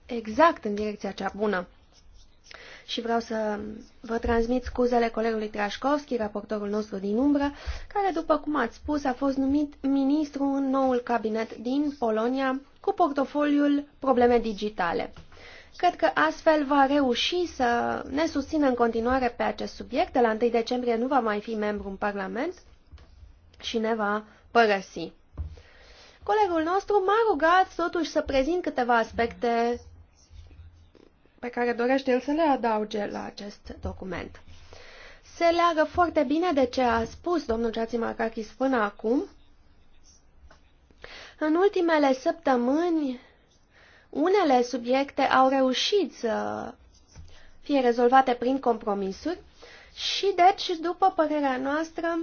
exact în direcția cea bună. Și vreau să vă transmit scuzele colegului Trașkovski, raportorul nostru din umbră, care, după cum ați spus, a fost numit ministru în noul cabinet din Polonia cu portofoliul probleme digitale. Cred că astfel va reuși să ne susțină în continuare pe acest subiect. De la 1 decembrie nu va mai fi membru în Parlament și ne va părăsi. Colegul nostru m-a rugat totuși să prezint câteva aspecte pe care dorește el să le adauge la acest document. Se leagă foarte bine de ce a spus domnul Marcachis până acum. În ultimele săptămâni, unele subiecte au reușit să fie rezolvate prin compromisuri și deci, după părerea noastră,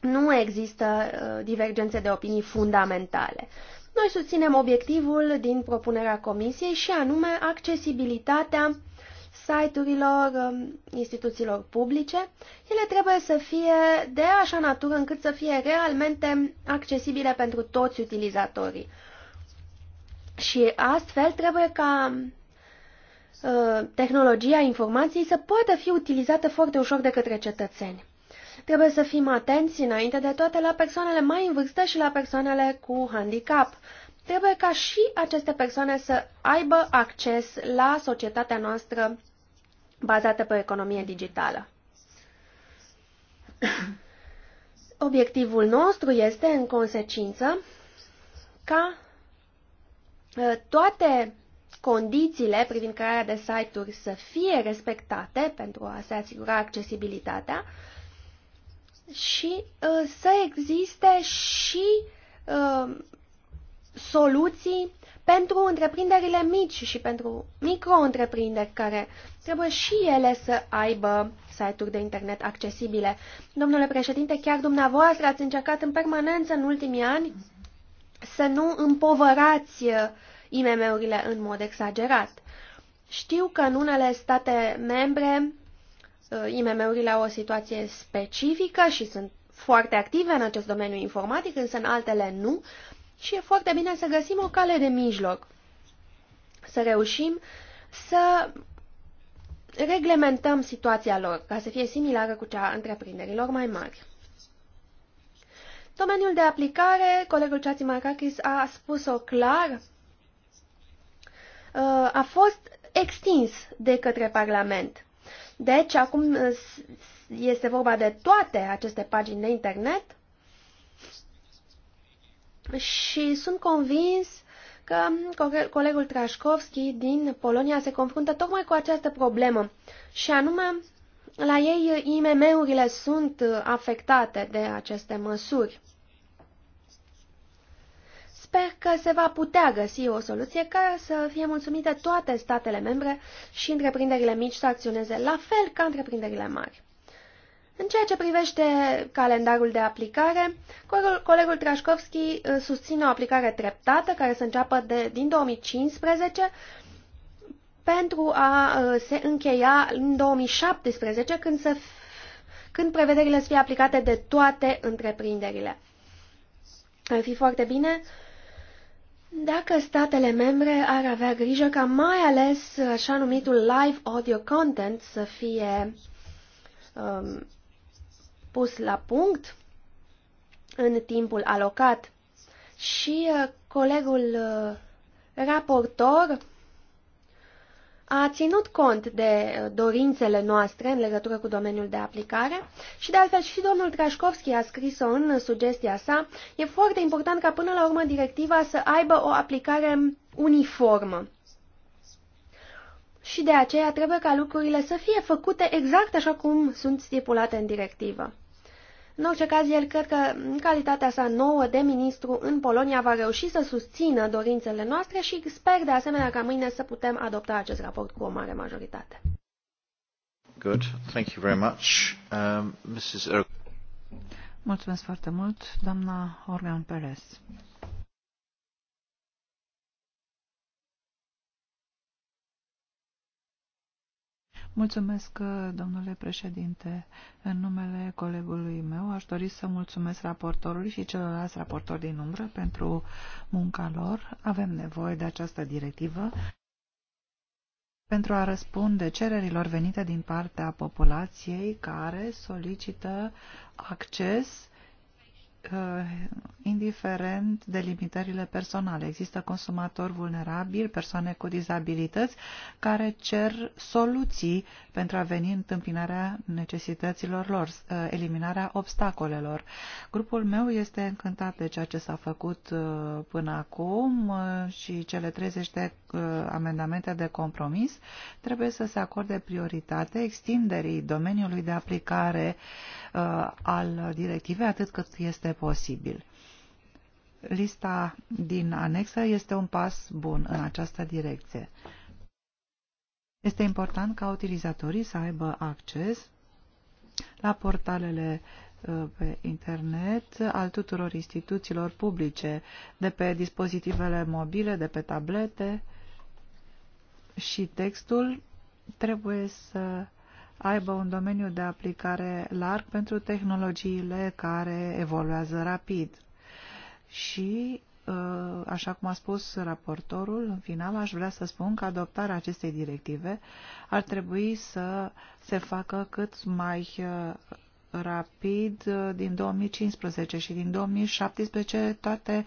nu există uh, divergențe de opinii fundamentale. Noi susținem obiectivul din propunerea comisiei și anume accesibilitatea site-urilor um, instituțiilor publice. Ele trebuie să fie de așa natură încât să fie realmente accesibile pentru toți utilizatorii. Și astfel trebuie ca uh, tehnologia informației să poată fi utilizată foarte ușor de către cetățeni. Trebuie să fim atenți înainte de toate la persoanele mai în vârstă și la persoanele cu handicap. Trebuie ca și aceste persoane să aibă acces la societatea noastră bazată pe economie digitală. Obiectivul nostru este, în consecință, ca toate condițiile privind crearea de site-uri să fie respectate pentru a se asigura accesibilitatea și uh, să existe și uh, soluții pentru întreprinderile mici și pentru micro-întreprinderi care trebuie și ele să aibă site-uri de internet accesibile. Domnule președinte, chiar dumneavoastră ați încercat în permanență în ultimii ani să nu împovărați uh, IMM-urile în mod exagerat. Știu că în unele state membre uh, IMM-urile au o situație specifică și sunt foarte active în acest domeniu informatic, însă în altele nu și e foarte bine să găsim o cale de mijloc, să reușim să reglementăm situația lor ca să fie similară cu cea a întreprinderilor mai mari. Domeniul de aplicare, colegul Ceații Marcachis a spus-o clar, a fost extins de către Parlament. Deci, acum uh, este vorba de toate aceste pagini de internet și sunt convins că colegul Trașkovski din Polonia se confruntă tocmai cu această problemă și anume la ei uh, IMM-urile sunt uh, afectate de aceste măsuri. Sper că se va putea găsi o soluție care să fie mulțumită toate statele membre și întreprinderile mici să acționeze la fel ca întreprinderile mari. În ceea ce privește calendarul de aplicare, colegul Trașkovski uh, susține o aplicare treptată care să înceapă de, din 2015 pentru a uh, se încheia în 2017 când, să, când prevederile să fie aplicate de toate întreprinderile. Ar fi foarte bine uh, dacă statele membre ar avea grijă ca mai ales așa numitul live audio content să fie um, pus la punct în timpul alocat și uh, colegul uh, raportor a ținut cont de uh, dorințele noastre în legătură cu domeniul de aplicare și de altfel și domnul Trașcovski a scris-o în sugestia sa. E foarte important ca până la urmă directiva să aibă o aplicare uniformă. Și de aceea trebuie ca lucrurile să fie făcute exact așa cum sunt stipulate în directivă. În orice caz, el cred că, în calitatea sa nouă de ministru în Polonia, va reuși să susțină dorințele noastre și sper de asemenea ca mâine să putem adopta acest raport cu o mare majoritate. Good. Thank you very much. Um, Mrs. Er- Mulțumesc foarte mult, doamna Organ Perez. Mulțumesc, uh, domnule președinte. În numele colegului meu aș dori să mulțumesc raportorului și celorlalți raportori din umbră pentru munca lor. Avem nevoie de această directivă pentru a răspunde cererilor venite din partea populației care solicită acces indiferent de limitările personale. Există consumatori vulnerabili, persoane cu dizabilități, care cer soluții pentru a veni întâmpinarea necesităților lor, ă, eliminarea obstacolelor. Grupul meu este încântat de ceea ce s-a făcut ă, până acum ă, și cele 30 de amendamente de compromis trebuie să se acorde prioritate extinderii domeniului de aplicare al directivei atât cât este posibil. Lista din anexă este un pas bun în această direcție. Este important ca utilizatorii să aibă acces la portalele uh, pe internet al tuturor instituțiilor publice, de pe dispozitivele mobile, de pe tablete și textul trebuie să aibă un domeniu de aplicare larg pentru tehnologiile care evoluează rapid. Și, uh, așa cum a spus raportorul, în final aș vrea să spun că adoptarea acestei directive ar trebui să se facă cât mai uh, rapid uh, din 2015 și din 2017 toate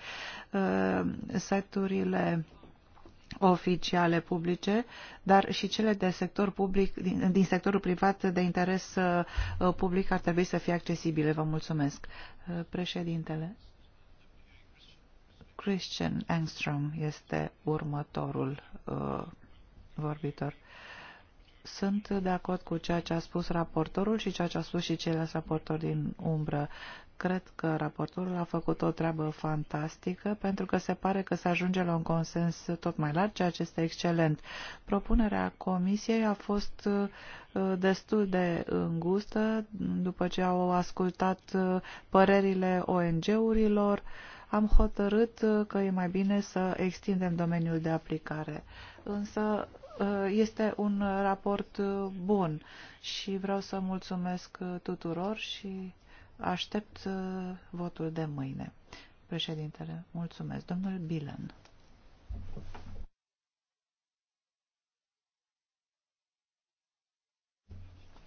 uh, site-urile oficiale publice, dar și cele de sector public, din, din sectorul privat de interes uh, public ar trebui să fie accesibile. Vă mulțumesc. Uh, președintele. Christian Engstrom este următorul uh, vorbitor. Sunt de acord cu ceea ce a spus raportorul și ceea ce a spus și ceilalți raportori din umbră. Cred că raportorul a făcut o treabă fantastică pentru că se pare că se ajunge la un consens tot mai larg, ceea ce este excelent. Propunerea comisiei a fost uh, destul de îngustă după ce au ascultat uh, părerile ONG-urilor. Am hotărât uh, că e mai bine să extindem domeniul de aplicare. Însă este un raport bun și vreau să mulțumesc tuturor și Aștept uh, votul de mâine. Președintele, mulțumesc. Domnul Bilan.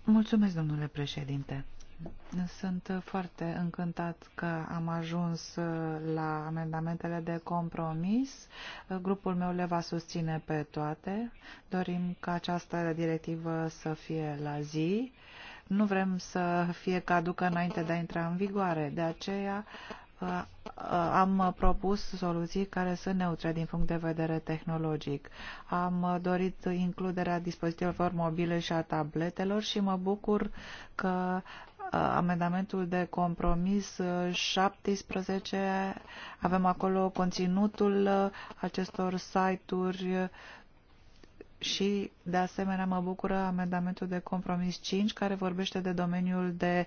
Mulțumesc, domnule președinte. Sunt foarte încântat că am ajuns uh, la amendamentele de compromis. Uh, grupul meu le va susține pe toate. Dorim ca această directivă să fie la zi. Nu vrem să fie caducă înainte de a intra în vigoare. De aceea uh, uh, am propus soluții care sunt neutre din punct de vedere tehnologic. Am dorit includerea dispozitivelor mobile și a tabletelor și mă bucur că uh, amendamentul de compromis 17, avem acolo conținutul acestor site-uri și, de asemenea, mă bucură amendamentul de compromis 5, care vorbește de domeniul de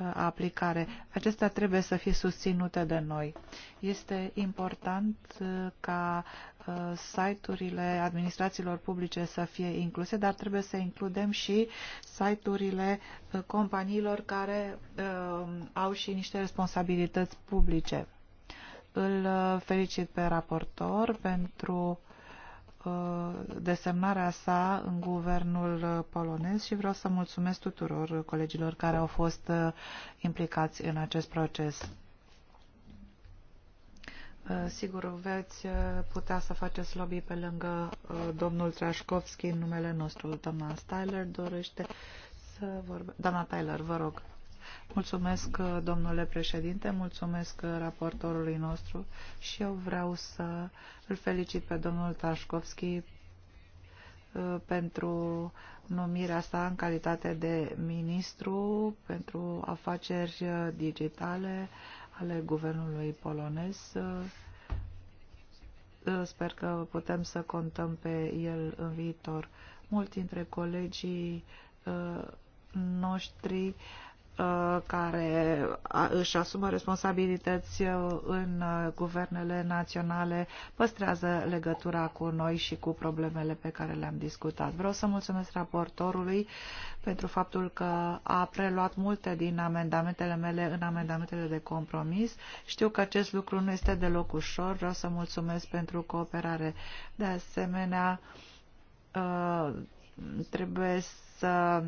uh, aplicare. Acestea trebuie să fie susținute de noi. Este important uh, ca uh, site-urile administrațiilor publice să fie incluse, dar trebuie să includem și site-urile companiilor care au și niște responsabilități publice. Îl felicit pe raportor pentru uh, desemnarea sa în guvernul uh, polonez și vreau să mulțumesc tuturor colegilor care au fost uh, implicați în acest proces. Uh, sigur, veți putea să faceți lobby pe lângă domnul Trașkovski în numele nostru. Doamna Tyler dorește să vorbească. Doamna Tyler, vă rog. Mulțumesc, domnule președinte, mulțumesc raportorului nostru și eu vreau să îl felicit pe domnul Tașkovski uh, pentru numirea sa în calitate de ministru pentru afaceri uh, digitale ale guvernului polonez. Uh, sper că putem să contăm pe el în viitor. Mulți dintre colegii noștri Uh, care își asumă responsabilități uh, în uh, guvernele naționale păstrează legătura cu noi și cu problemele pe care le-am discutat. Vreau să mulțumesc raportorului pentru faptul că a preluat multe din amendamentele mele în amendamentele de compromis. Știu că acest lucru nu este deloc ușor. Vreau să mulțumesc pentru cooperare. De asemenea, trebuie să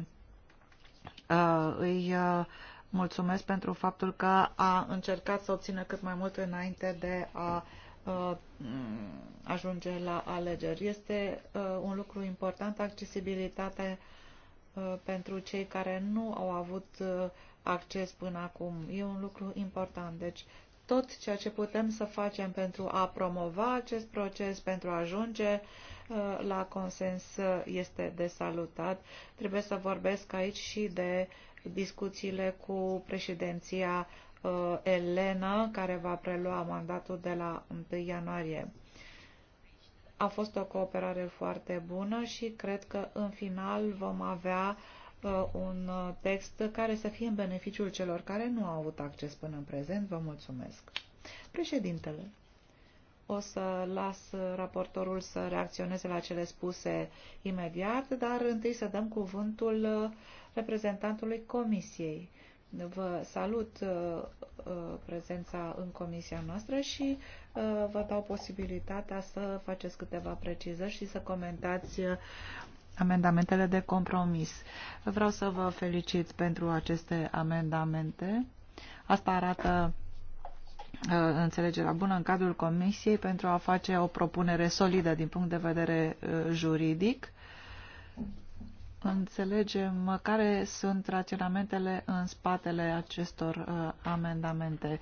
Uh, îi uh, mulțumesc pentru faptul că a încercat să obțină cât mai mult înainte de a uh, mm, ajunge la alegeri. Este un lucru important, accesibilitate pentru cei care nu au avut acces până acum. E un lucru important. Deci tot ceea ce putem să facem pentru a promova acest proces, pentru a ajunge uh, Uh, la consens uh, este de salutat. Trebuie să vorbesc aici și de discuțiile cu președinția uh, Elena, care va prelua mandatul de la 1 ianuarie. A fost o cooperare foarte bună și cred că în final vom avea un text care să fie în beneficiul celor care nu au avut acces până în prezent. Vă mulțumesc. Președintele. O să las raportorul să reacționeze la cele spuse imediat, dar întâi să dăm cuvântul reprezentantului Comisiei. Vă salut uh, uh, prezența în comisia noastră și uh, vă dau posibilitatea să faceți câteva precizări și să comentați amendamentele de compromis. Vreau să vă felicit pentru aceste amendamente. Asta arată Uh, înțelegerea bună în cadrul Comisiei pentru a face o propunere solidă din punct de vedere uh, juridic. Înțelegem care sunt raționamentele în spatele acestor uh, amendamente.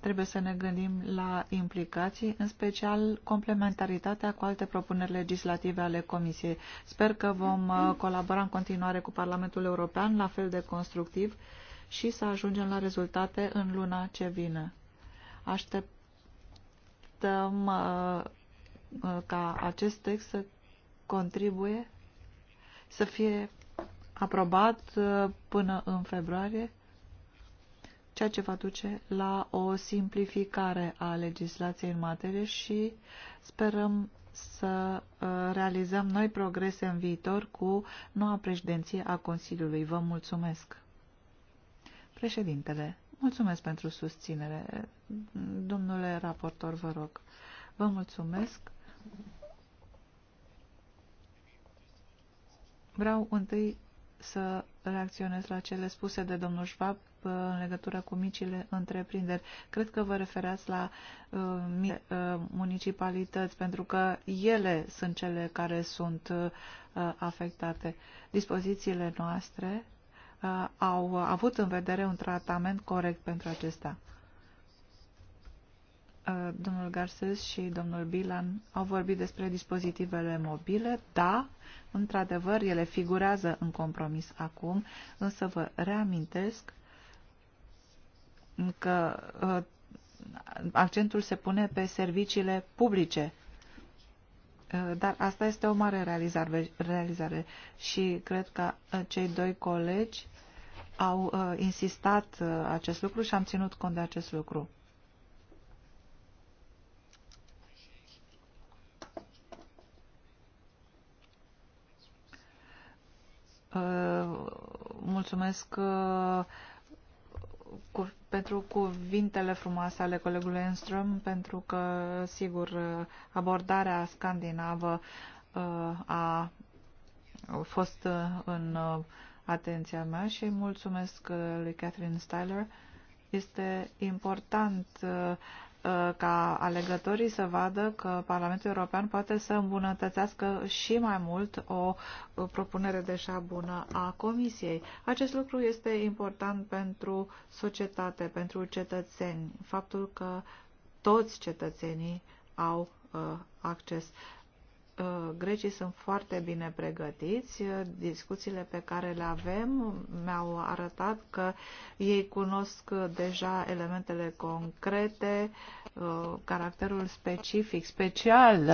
Trebuie să ne gândim la implicații, în special complementaritatea cu alte propuneri legislative ale Comisiei. Sper că vom colabora în continuare cu Parlamentul European, la fel de constructiv, și să ajungem la rezultate în luna ce vine. Așteptăm uh, uh, ca acest text să contribuie să fie aprobat uh, până în februarie, ceea ce va duce la o simplificare a legislației în materie și sperăm să realizăm noi progrese în viitor cu noua președinție a Consiliului. Vă mulțumesc! Președintele Mulțumesc pentru susținere. Domnule raportor, vă rog. Vă mulțumesc. Vreau întâi să reacționez la cele spuse de domnul Schwab uh, în legătură cu micile întreprinderi. Cred că vă referați la uh, uh, municipalități, pentru că ele sunt cele care sunt uh, afectate. Dispozițiile noastre Uh, au avut în vedere un tratament corect pentru acesta. Uh, domnul Garces și domnul Bilan au vorbit despre dispozitivele mobile. Da, într-adevăr, ele figurează în compromis acum, însă vă reamintesc că uh, accentul se pune pe serviciile publice. Dar asta este o mare realizare, realizare și cred că cei doi colegi au uh, insistat uh, acest lucru și am ținut cont de acest lucru. Uh, mulțumesc cu, pentru cuvintele frumoase ale colegului Enström, pentru că, sigur, abordarea scandinavă a fost în atenția mea și mulțumesc uh, lui Catherine Styler. Este important uh, uh, ca alegătorii să vadă că Parlamentul European poate să îmbunătățească și mai mult o propunere deja bună a Comisiei. Acest lucru este important pentru societate, pentru cetățeni, faptul că toți cetățenii au acces. Uh, grecii sunt foarte bine pregătiți. Uh, discuțiile pe care le avem mi-au arătat că ei cunosc deja elementele concrete, uh, caracterul specific, special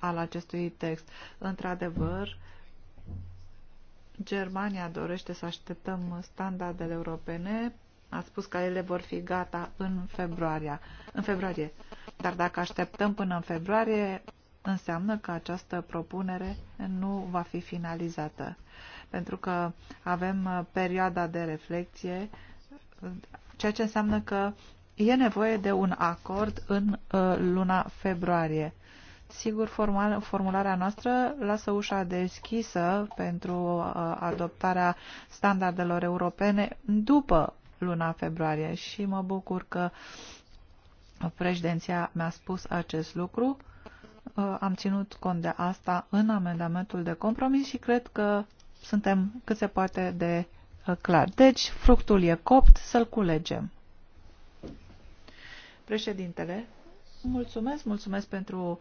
al acestui text. Într-adevăr, Germania dorește să așteptăm standardele europene. A spus că ele vor fi gata în februarie. În februarie. Dar dacă așteptăm până în februarie, înseamnă că această propunere nu va fi finalizată, pentru că avem uh, perioada de reflexie, ceea ce înseamnă că e nevoie de un acord în uh, luna februarie. Sigur, formularea noastră lasă ușa deschisă pentru uh, adoptarea standardelor europene după luna februarie și mă bucur că președinția mi-a spus acest lucru Uh, am ținut cont de asta în amendamentul de compromis și cred că suntem cât se poate de uh, clar. Deci, fructul e copt, să-l culegem. Președintele, mulțumesc, mulțumesc pentru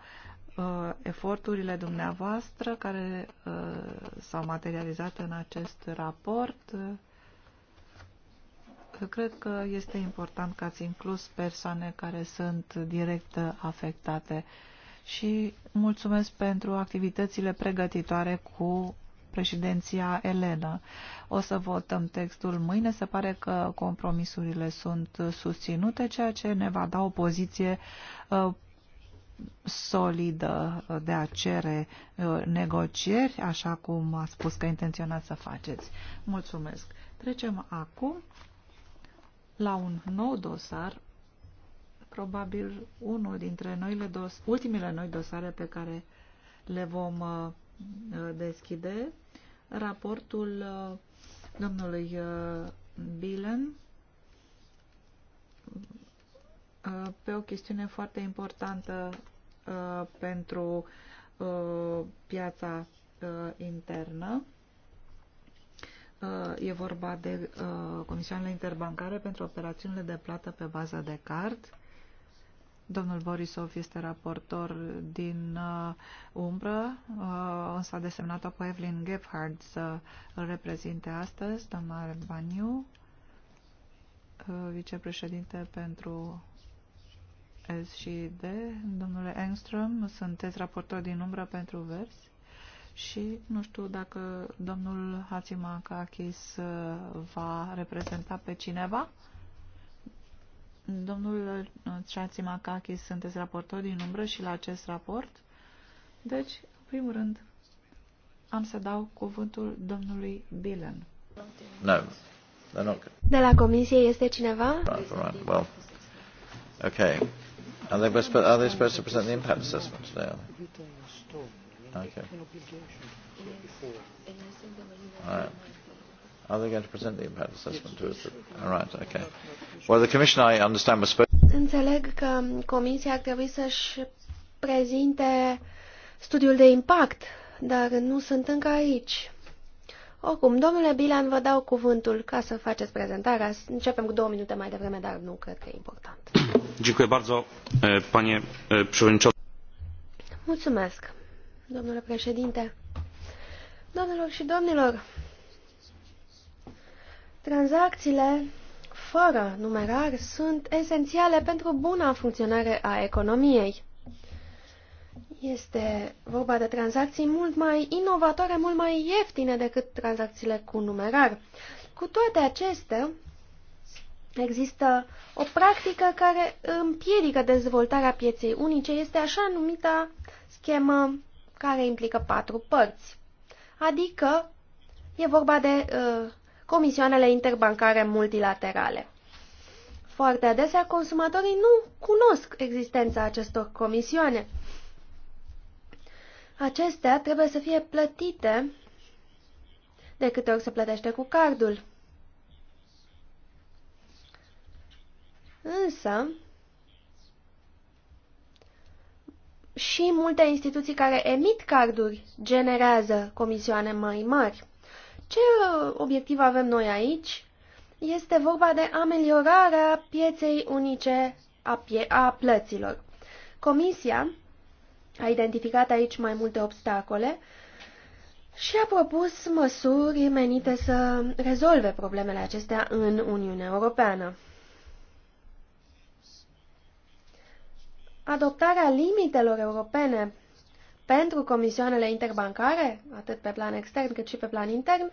uh, eforturile dumneavoastră care uh, s-au materializat în acest raport. Cred că este important că ați inclus persoane care sunt direct afectate uh, și mulțumesc pentru activitățile pregătitoare cu președinția Elena. O să votăm textul mâine. Se pare că compromisurile sunt susținute, ceea ce ne va da o poziție uh, solidă de a cere uh, negocieri, așa cum a spus că intenționați să faceți. Mulțumesc. Trecem acum la un nou dosar probabil unul dintre noile dos ultimele noi dosare pe care le vom uh, uh, deschide, raportul uh, domnului Bilen pe o chestiune foarte importantă pentru piața internă. E vorba de comisioanele interbancare pentru operațiunile de plată pe bază de card Domnul Borisov este raportor din uh, umbră, uh, însă a desemnat pe Evelyn Gephardt să îl reprezinte astăzi, doamna Baniu, uh, vicepreședinte pentru S și D. Domnule Engström, sunteți raportor din umbră pentru vers, și nu știu dacă domnul Hatzimakakis uh, va reprezenta pe cineva. Domnul Makakis, sunteți raportor din umbră și la acest raport. Deci, în primul rând, am să dau cuvântul domnului Bilen. No. De la comisie este cineva? Right, right. Well, okay. Are they, are they supposed to present the impact assessment today? Okay. right. Are they going to present the impact assessment to us? All right, okay. Well, the Commission, I understand, was supposed Înțeleg că Comisia ar trebui să-și prezinte studiul de impact, dar nu sunt încă aici. Oricum, domnule Bilan, vă dau cuvântul ca să faceți prezentarea. Începem cu două minute mai devreme, dar nu cred că e important. Mulțumesc, domnule președinte. Domnilor și domnilor, Tranzacțiile fără numerar sunt esențiale pentru buna funcționare a economiei. Este vorba de tranzacții mult mai inovatoare, mult mai ieftine decât tranzacțiile cu numerar. Cu toate acestea, există o practică care împiedică dezvoltarea pieței unice, este așa numita schemă care implică patru părți. Adică e vorba de uh, comisioanele interbancare multilaterale. Foarte adesea, consumatorii nu cunosc existența acestor comisioane. Acestea trebuie să fie plătite de câte ori se plătește cu cardul. Însă, și multe instituții care emit carduri generează comisioane mai mari. Ce uh, obiectiv avem noi aici? Este vorba de ameliorarea pieței unice a, pie a plăților. Comisia a identificat aici mai multe obstacole și a propus măsuri menite să rezolve problemele acestea în Uniunea Europeană. Adoptarea limitelor europene pentru comisioanele interbancare, atât pe plan extern cât și pe plan intern,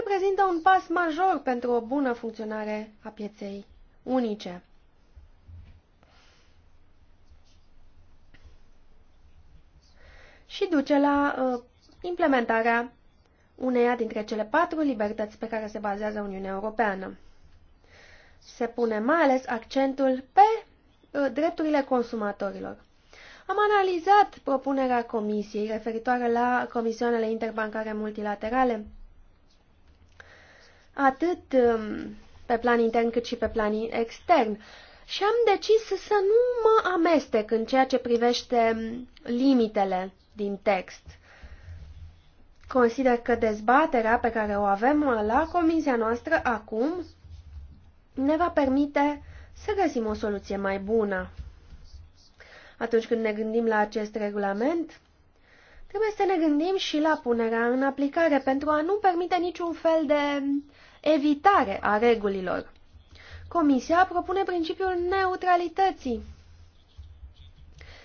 reprezintă un pas major pentru o bună funcționare a pieței unice. Și duce la uh, implementarea uneia dintre cele patru libertăți pe care se bazează Uniunea Europeană. Se pune mai ales accentul pe uh, drepturile consumatorilor. Am analizat propunerea Comisiei referitoare la comisioanele interbancare multilaterale, atât um, pe plan intern cât și pe plan extern. Și am decis să nu mă amestec în ceea ce privește um, limitele din text. Consider că dezbaterea pe care o avem la comisia noastră acum ne va permite să găsim o soluție mai bună atunci când ne gândim la acest regulament? Trebuie să ne gândim și la punerea în aplicare pentru a nu permite niciun fel de evitare a regulilor. Comisia propune principiul neutralității,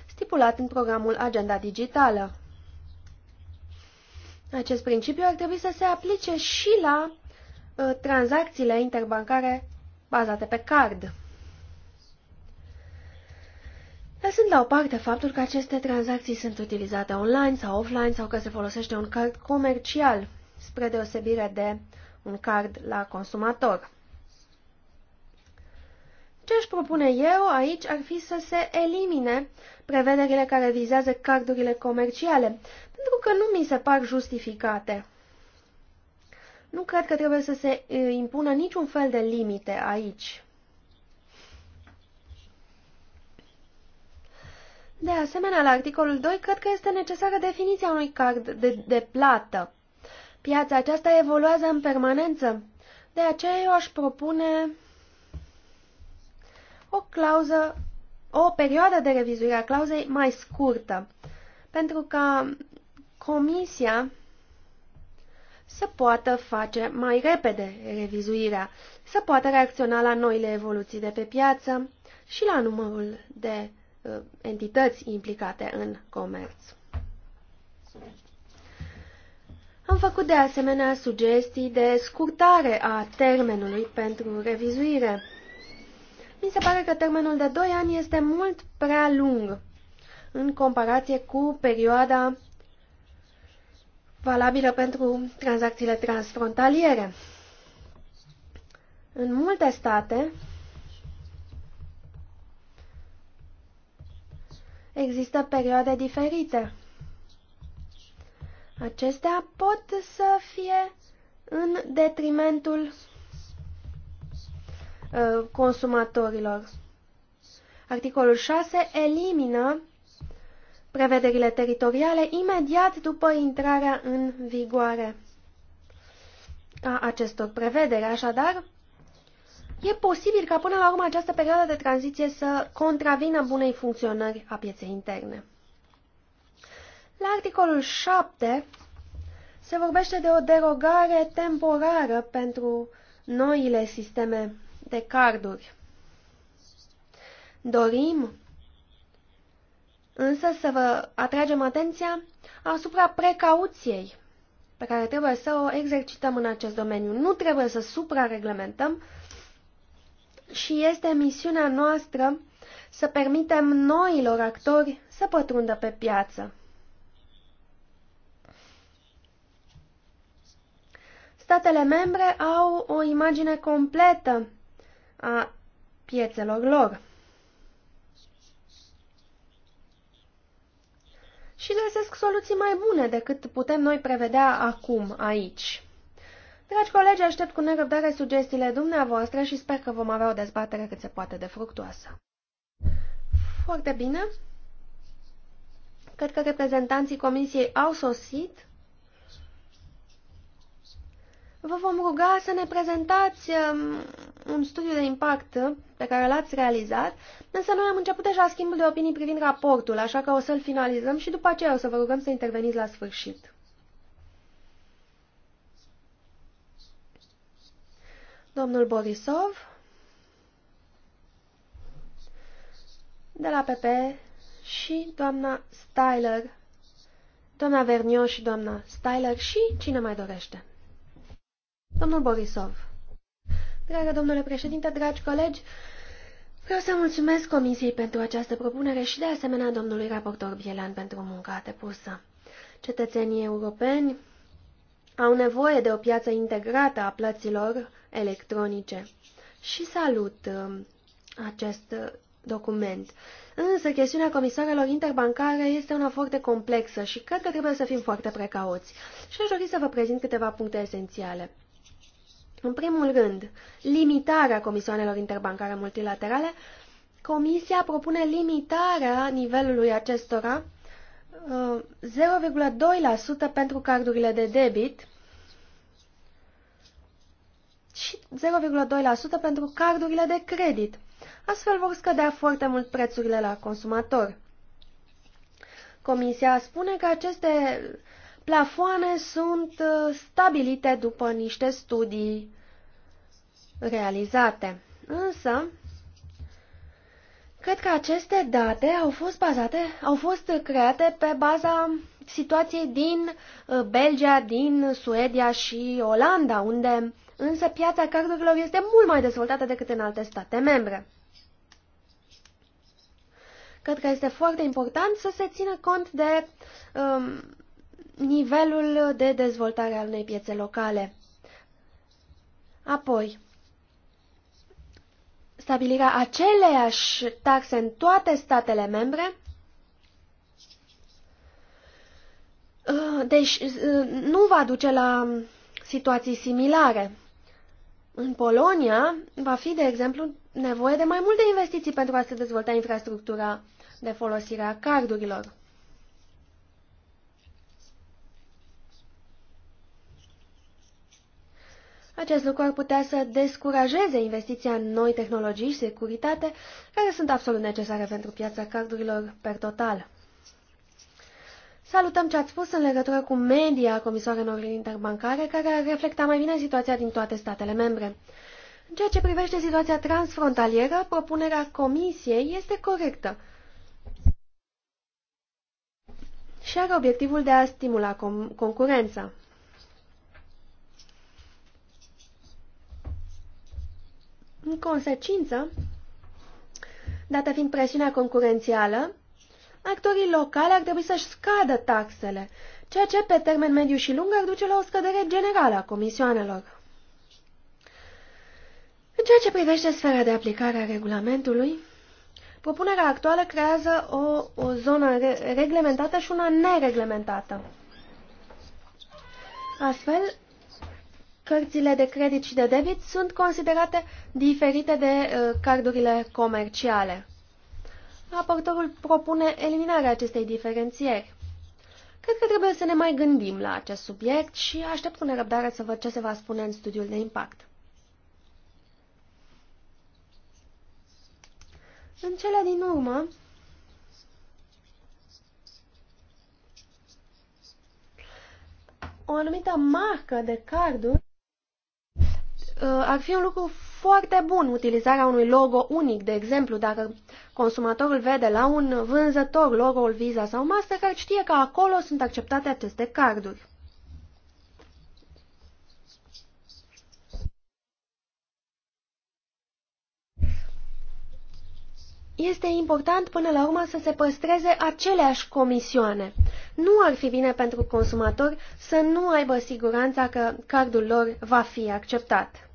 stipulat în programul Agenda Digitală. Acest principiu ar trebui să se aplice și la uh, tranzacțiile interbancare bazate pe card. Lăsând la o parte faptul că aceste tranzacții sunt utilizate online sau offline sau că se folosește un card comercial, spre deosebire de un card la consumator. Ce își propune eu aici ar fi să se elimine prevederile care vizează cardurile comerciale, pentru că nu mi se par justificate. Nu cred că trebuie să se eh, impună niciun fel de limite aici. De asemenea, la articolul 2, cred că este necesară definiția unui card de, de plată. Piața aceasta evoluează în permanență, de aceea eu aș propune o clauză, o perioadă de revizuire a clauzei mai scurtă, pentru ca comisia să poată face mai repede revizuirea, să poată reacționa la noile evoluții de pe piață și la numărul de Uh, entități implicate în comerț. Am făcut de asemenea sugestii de scurtare a termenului pentru revizuire. Mi se pare că termenul de 2 ani este mult prea lung în comparație cu perioada valabilă pentru tranzacțiile transfrontaliere. În multe state, Există perioade diferite. Acestea pot să fie în detrimentul uh, consumatorilor. Articolul 6 elimină prevederile teritoriale imediat după intrarea în vigoare a acestor prevederi. Așadar, E posibil ca până la urmă această perioadă de tranziție să contravină bunei funcționări a pieței interne. La articolul 7 se vorbește de o derogare temporară pentru noile sisteme de carduri. Dorim însă să vă atragem atenția asupra precauției pe care trebuie să o exercităm în acest domeniu. Nu trebuie să suprareglementăm, și este misiunea noastră să permitem noilor actori să pătrundă pe piață. Statele membre au o imagine completă a piețelor lor. Și găsesc soluții mai bune decât putem noi prevedea acum, aici. Dragi colegi, aștept cu nerăbdare sugestiile dumneavoastră și sper că vom avea o dezbatere cât se poate de fructuoasă. Foarte bine. Cred că reprezentanții comisiei au sosit. Vă vom ruga să ne prezentați um, un studiu de impact pe care l-ați realizat, însă noi am început deja schimbul de opinii privind raportul, așa că o să-l finalizăm și după aceea o să vă rugăm să interveniți la sfârșit. Domnul Borisov, de la PP și doamna Styler, doamna Vernio și doamna Styler și cine mai dorește. Domnul Borisov. Dragă domnule președinte, dragi colegi, vreau să mulțumesc Comisiei pentru această propunere și de asemenea domnului raportor Bielan pentru munca depusă. Cetățenii europeni au nevoie de o piață integrată a plăților electronice și salut um, acest document. Însă, chestiunea comisarilor interbancare este una foarte complexă și cred că trebuie să fim foarte precauți. Și aș dori să vă prezint câteva puncte esențiale. În primul rând, limitarea comisioanelor interbancare multilaterale. Comisia propune limitarea nivelului acestora 0,2% uh, pentru cardurile de debit și 0,2% pentru cardurile de credit. Astfel vor scădea foarte mult prețurile la consumator. Comisia spune că aceste plafoane sunt uh, stabilite după niște studii realizate. Însă, cred că aceste date au fost bazate, au fost create pe baza situației din uh, Belgia, din Suedia și Olanda, unde însă piața cardurilor este mult mai dezvoltată decât în alte state membre. Cred că este foarte important să se țină cont de um, nivelul de dezvoltare al unei piețe locale. Apoi, stabilirea aceleiași taxe în toate statele membre uh, deci uh, nu va duce la situații similare. În Polonia va fi, de exemplu, nevoie de mai multe investiții pentru a se dezvolta infrastructura de folosire a cardurilor. Acest lucru ar putea să descurajeze investiția în noi tehnologii și securitate, care sunt absolut necesare pentru piața cardurilor per total. Salutăm ce ați spus în legătură cu media comisoarelor interbancare, care ar reflecta mai bine situația din toate statele membre. În ceea ce privește situația transfrontalieră, propunerea Comisiei este corectă și are obiectivul de a stimula com concurența. În consecință, dată fiind presiunea concurențială, actorii locali ar trebui să-și scadă taxele, ceea ce pe termen mediu și lung ar duce la o scădere generală a comisioanelor. În ceea ce privește sfera de aplicare a regulamentului, propunerea actuală creează o, o zonă re reglementată și una nereglementată. Astfel, cărțile de credit și de debit sunt considerate diferite de uh, cardurile comerciale. Raportorul propune eliminarea acestei diferențieri. Cred că trebuie să ne mai gândim la acest subiect și aștept cu nerăbdare să văd ce se va spune în studiul de impact. În cele din urmă, o anumită marcă de carduri uh, ar fi un lucru foarte bun utilizarea unui logo unic. De exemplu, dacă consumatorul vede la un vânzător logo-ul Visa sau Mastercard, știe că acolo sunt acceptate aceste carduri. Este important până la urmă să se păstreze aceleași comisioane. Nu ar fi bine pentru consumator să nu aibă siguranța că cardul lor va fi acceptat.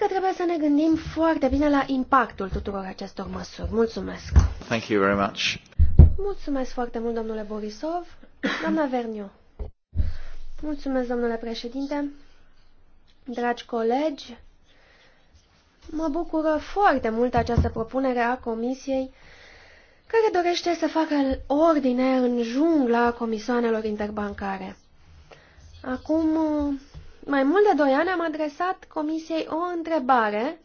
că trebuie să ne gândim foarte bine la impactul tuturor acestor măsuri. Mulțumesc! Thank you very much. Mulțumesc foarte mult, domnule Borisov. Doamna Verniu. Mulțumesc, domnule președinte. Dragi colegi, mă bucură foarte mult această propunere a Comisiei care dorește să facă ordine în jungla comisoanelor interbancare. Acum mai mult de doi ani am adresat Comisiei o întrebare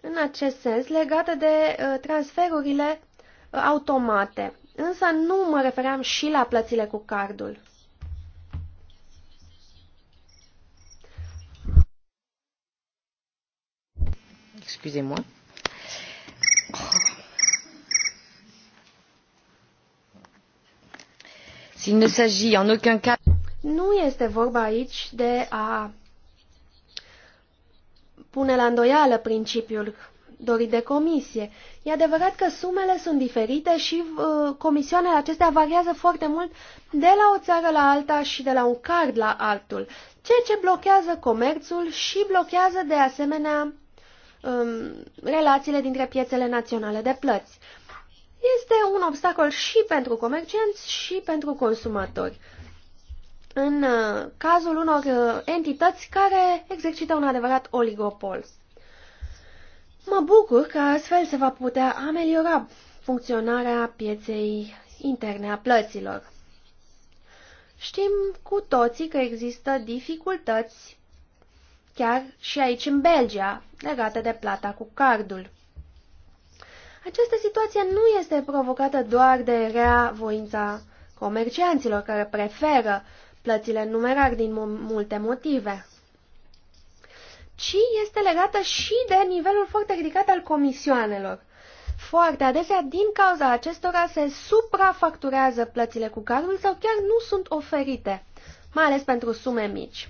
în acest sens legată de uh, transferurile uh, automate, însă nu mă refeream și la plățile cu cardul. Excusez-moi. S'il ne s'agit en aucun cas nu este vorba aici de a pune la îndoială principiul dorit de comisie. E adevărat că sumele sunt diferite și uh, comisioanele acestea variază foarte mult de la o țară la alta și de la un card la altul, ceea ce blochează comerțul și blochează de asemenea um, relațiile dintre piețele naționale de plăți. Este un obstacol și pentru comercianți și pentru consumatori în uh, cazul unor uh, entități care exercită un adevărat oligopol. Mă bucur că astfel se va putea ameliora funcționarea pieței interne a plăților. Știm cu toții că există dificultăți chiar și aici în Belgia legate de plata cu cardul. Această situație nu este provocată doar de rea voința comercianților care preferă plățile în numerar din multe motive, ci este legată și de nivelul foarte ridicat al comisioanelor. Foarte adesea, din cauza acestora, se suprafacturează plățile cu cardul sau chiar nu sunt oferite, mai ales pentru sume mici.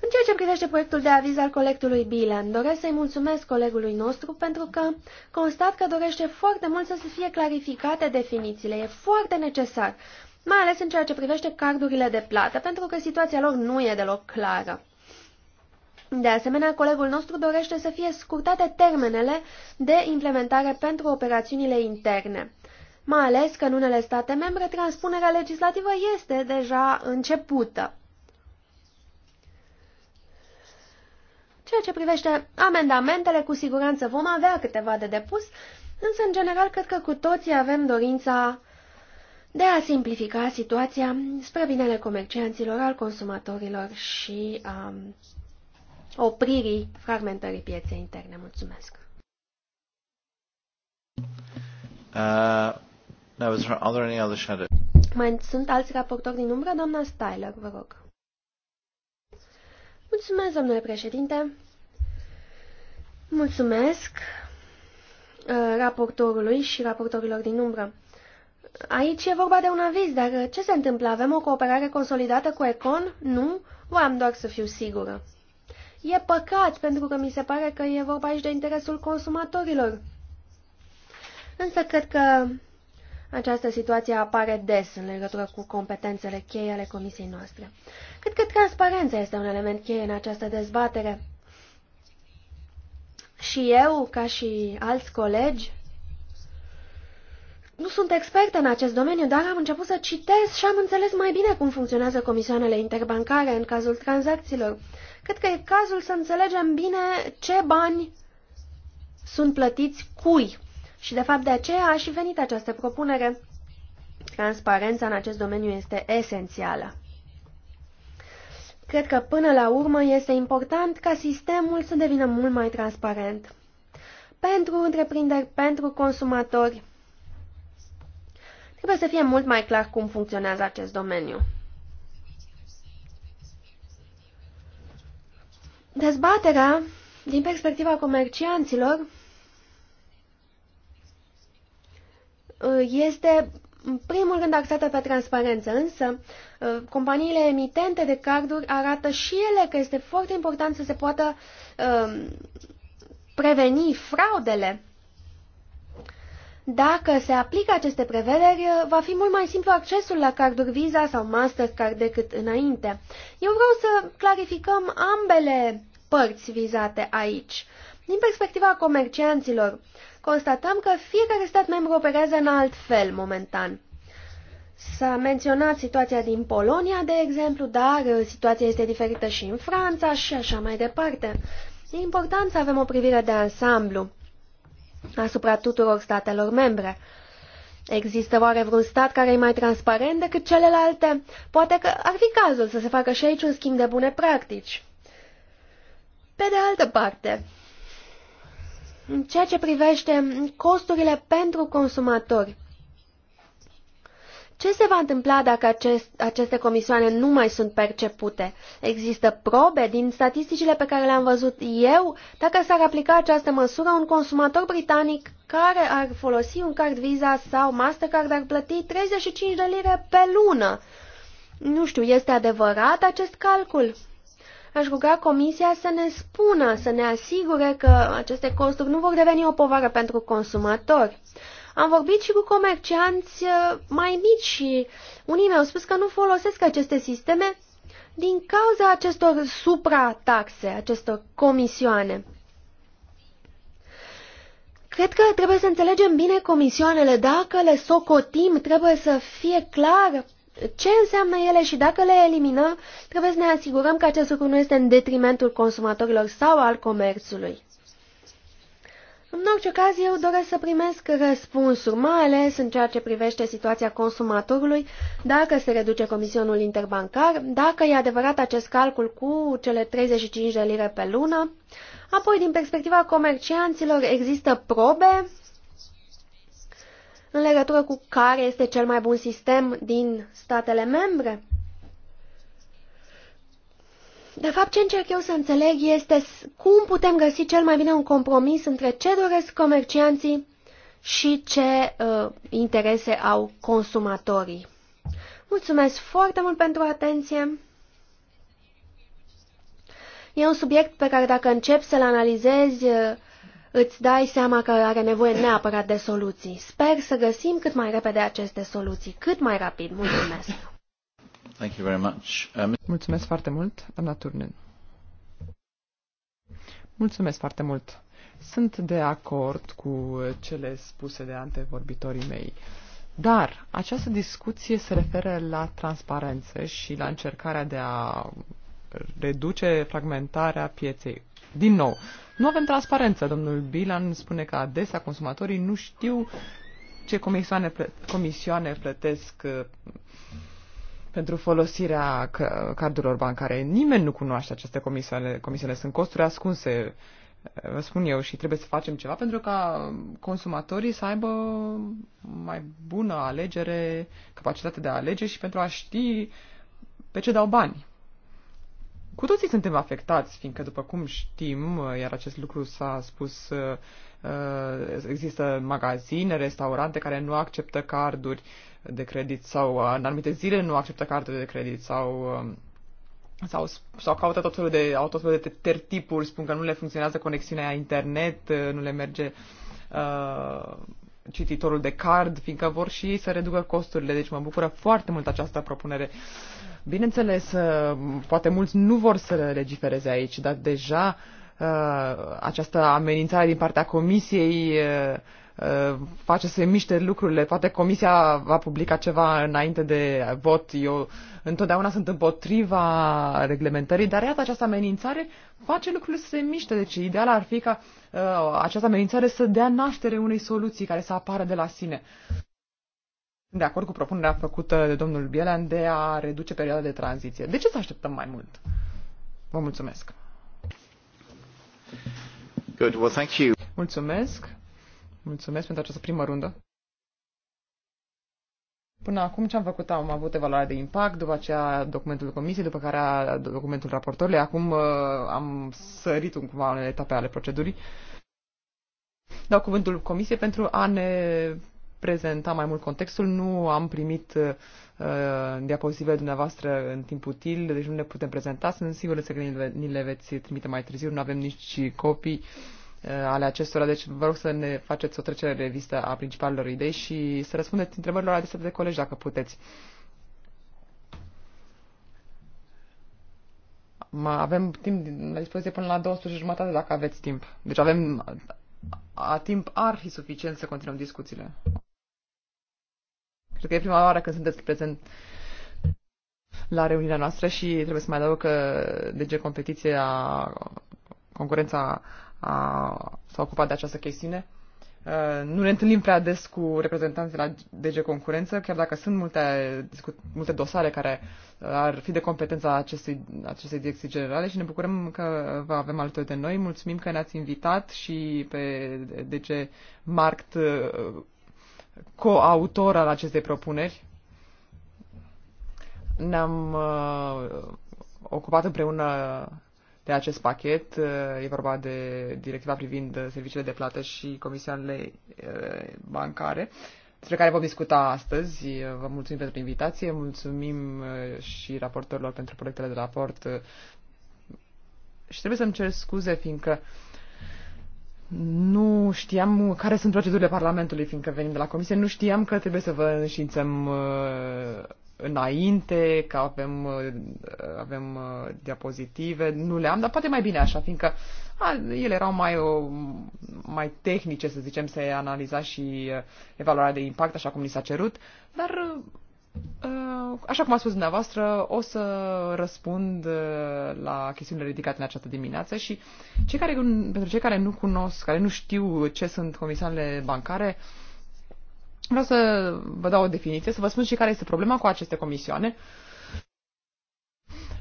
În ceea ce privește proiectul de aviz al colectului Bilan, doresc să-i mulțumesc colegului nostru pentru că constat că dorește foarte mult să se fie clarificate definițiile. E foarte necesar mai ales în ceea ce privește cardurile de plată, pentru că situația lor nu e deloc clară. De asemenea, colegul nostru dorește să fie scurtate termenele de implementare pentru operațiunile interne, mai ales că în unele state membre transpunerea legislativă este deja începută. Ceea ce privește amendamentele, cu siguranță vom avea câteva de depus, însă, în general, cred că cu toții avem dorința de a simplifica situația spre binele comercianților, al consumatorilor și a um, opririi fragmentării pieței interne. Mulțumesc! Uh, no, there, are any other Mai sunt alți raportori din umbră? Doamna Styler, vă rog. Mulțumesc, domnule președinte. Mulțumesc uh, raportorului și raportorilor din umbră. Aici e vorba de un aviz, dar uh, ce se întâmplă? Avem o cooperare consolidată cu Econ? Nu? Voiam doar să fiu sigură. E păcat, pentru că mi se pare că e vorba aici de interesul consumatorilor. Însă cred că această situație apare des în legătură cu competențele cheie ale comisiei noastre. Cred că transparența este un element cheie în această dezbatere. Și eu, ca și alți colegi, nu sunt expertă în acest domeniu, dar am început să citesc și am înțeles mai bine cum funcționează comisioanele interbancare în cazul tranzacțiilor. Cred că e cazul să înțelegem bine ce bani sunt plătiți cui. Și de fapt de aceea a și venit această propunere. Transparența în acest domeniu este esențială. Cred că până la urmă este important ca sistemul să devină mult mai transparent. Pentru întreprinderi, pentru consumatori, Trebuie să fie mult mai clar cum funcționează acest domeniu. Dezbaterea, din perspectiva comercianților, este în primul rând axată pe transparență, însă companiile emitente de carduri arată și ele că este foarte important să se poată um, preveni fraudele dacă se aplică aceste prevederi, va fi mult mai simplu accesul la carduri Visa sau Mastercard decât înainte. Eu vreau să clarificăm ambele părți vizate aici. Din perspectiva comercianților, constatăm că fiecare stat membru operează în alt fel momentan. S-a menționat situația din Polonia, de exemplu, dar situația este diferită și în Franța și așa mai departe. E important să avem o privire de ansamblu asupra tuturor statelor membre. Există oare vreun stat care e mai transparent decât celelalte? Poate că ar fi cazul să se facă și aici un schimb de bune practici. Pe de altă parte, în ceea ce privește costurile pentru consumatori, ce se va întâmpla dacă acest, aceste comisioane nu mai sunt percepute? Există probe din statisticile pe care le-am văzut eu dacă s-ar aplica această măsură un consumator britanic care ar folosi un card Visa sau Mastercard ar plăti 35 de lire pe lună. Nu știu, este adevărat acest calcul? Aș ruga Comisia să ne spună, să ne asigure că aceste costuri nu vor deveni o povară pentru consumatori. Am vorbit și cu comercianți uh, mai mici și unii mi-au spus că nu folosesc aceste sisteme din cauza acestor suprataxe, acestor comisioane. Cred că trebuie să înțelegem bine comisioanele. Dacă le socotim, trebuie să fie clar ce înseamnă ele și dacă le eliminăm, trebuie să ne asigurăm că acest lucru nu este în detrimentul consumatorilor sau al comerțului. În orice caz, eu doresc să primesc răspunsuri, mai ales în ceea ce privește situația consumatorului, dacă se reduce comisionul interbancar, dacă e adevărat acest calcul cu cele 35 de lire pe lună. Apoi, din perspectiva comercianților, există probe în legătură cu care este cel mai bun sistem din statele membre? De fapt, ce încerc eu să înțeleg este cum putem găsi cel mai bine un compromis între ce doresc comercianții și ce uh, interese au consumatorii. Mulțumesc foarte mult pentru atenție! E un subiect pe care dacă începi să-l analizezi, uh, îți dai seama că are nevoie neapărat de soluții. Sper să găsim cât mai repede aceste soluții, cât mai rapid. Mulțumesc! Uh, Mulțumesc foarte mult, doamna Turnen. Mulțumesc foarte mult. Sunt de acord cu cele spuse de antevorbitorii mei. Dar această discuție se referă la transparență și la încercarea de a reduce fragmentarea pieței. Din nou, nu avem transparență. Domnul Bilan spune că adesea consumatorii nu știu ce comisioane, plă- comisioane plătesc uh, pentru folosirea cardurilor bancare. Nimeni nu cunoaște aceste comisioane. Comisiile sunt costuri ascunse, vă spun eu, și trebuie să facem ceva pentru ca consumatorii să aibă mai bună alegere, capacitate de a alege și pentru a ști pe ce dau bani. Cu toții suntem afectați, fiindcă, după cum știm, iar acest lucru s-a spus, uh, există magazine, restaurante care nu acceptă carduri, de credit sau uh, în anumite zile nu acceptă carte de credit sau um, sau, sau caută tot felul de, au tot felul de tertipuri, spun că nu le funcționează conexiunea internet, uh, nu le merge uh, cititorul de card, fiindcă vor și ei să reducă costurile. Deci mă bucură foarte mult această propunere. Bineînțeles, uh, poate mulți nu vor să legifereze aici, dar deja uh, această amenințare din partea comisiei uh, Uh, face să se miște lucrurile. Poate comisia va publica ceva înainte de vot. Eu întotdeauna sunt împotriva reglementării, dar iată această amenințare face lucrurile să se miște. Deci ideal ar fi ca uh, această amenințare să dea naștere unei soluții care să apară de la sine. De acord cu propunerea făcută de domnul Bielan de a reduce perioada de tranziție. De ce să așteptăm mai mult? Vă mulțumesc. Good. Well, thank you. Mulțumesc. Mulțumesc pentru această primă rundă. Până acum ce am făcut? Am avut evaluarea de impact, după aceea documentul comisiei, după care documentul raportorului. Acum uh, am sărit un cumva în etape ale procedurii. Dau cuvântul comisiei pentru a ne prezenta mai mult contextul. Nu am primit uh, uh diapozitivele dumneavoastră în timp util, deci nu le putem prezenta. Sunt sigură că ni le veți trimite mai târziu, nu avem nici copii. Uh, Eh, ale acestora. Deci vă rog să ne faceți o trecere revistă a principalelor idei și să răspundeți întrebărilor adesea de colegi dacă puteți. avem timp la dispoziție până la și jumătate dacă aveți timp. Deci avem a timp ar fi suficient să continuăm discuțiile. Cred că e prima oară când sunteți prezent la reuniunea noastră și trebuie să mai adaug că DG Competiție a concurența s-a ocupat de această chestiune. Nu ne întâlnim prea des cu reprezentanții la DG Concurență, chiar dacă sunt multe, multe dosare care ar fi de competența acestei, acestei direcții generale și ne bucurăm că vă avem alături de noi. Mulțumim că ne-ați invitat și pe DG Markt coautor al acestei propuneri. Ne-am ocupat împreună de acest pachet. Uh, e vorba de directiva privind uh, serviciile de plată și comisioanele uh, bancare, despre care vom discuta astăzi. Vă mulțumim pentru invitație, mulțumim și raportorilor pentru proiectele de raport și trebuie să-mi cer scuze, fiindcă nu știam care sunt procedurile Parlamentului, fiindcă venim de la Comisie, nu știam că trebuie să vă înștiințăm uh, înainte, că avem, uh, avem uh, diapozitive, nu le am, dar poate mai bine așa, fiindcă a, ele erau mai, o, uh, mai tehnice, să zicem, să analiza și evaluarea de impact, așa cum ni s-a cerut, dar Așa cum a spus dumneavoastră, o să răspund la chestiunile ridicate în această dimineață și cei care, pentru cei care nu cunosc, care nu știu ce sunt comisioanele bancare, Vreau să vă dau o definiție, să vă spun și care este problema cu aceste comisioane.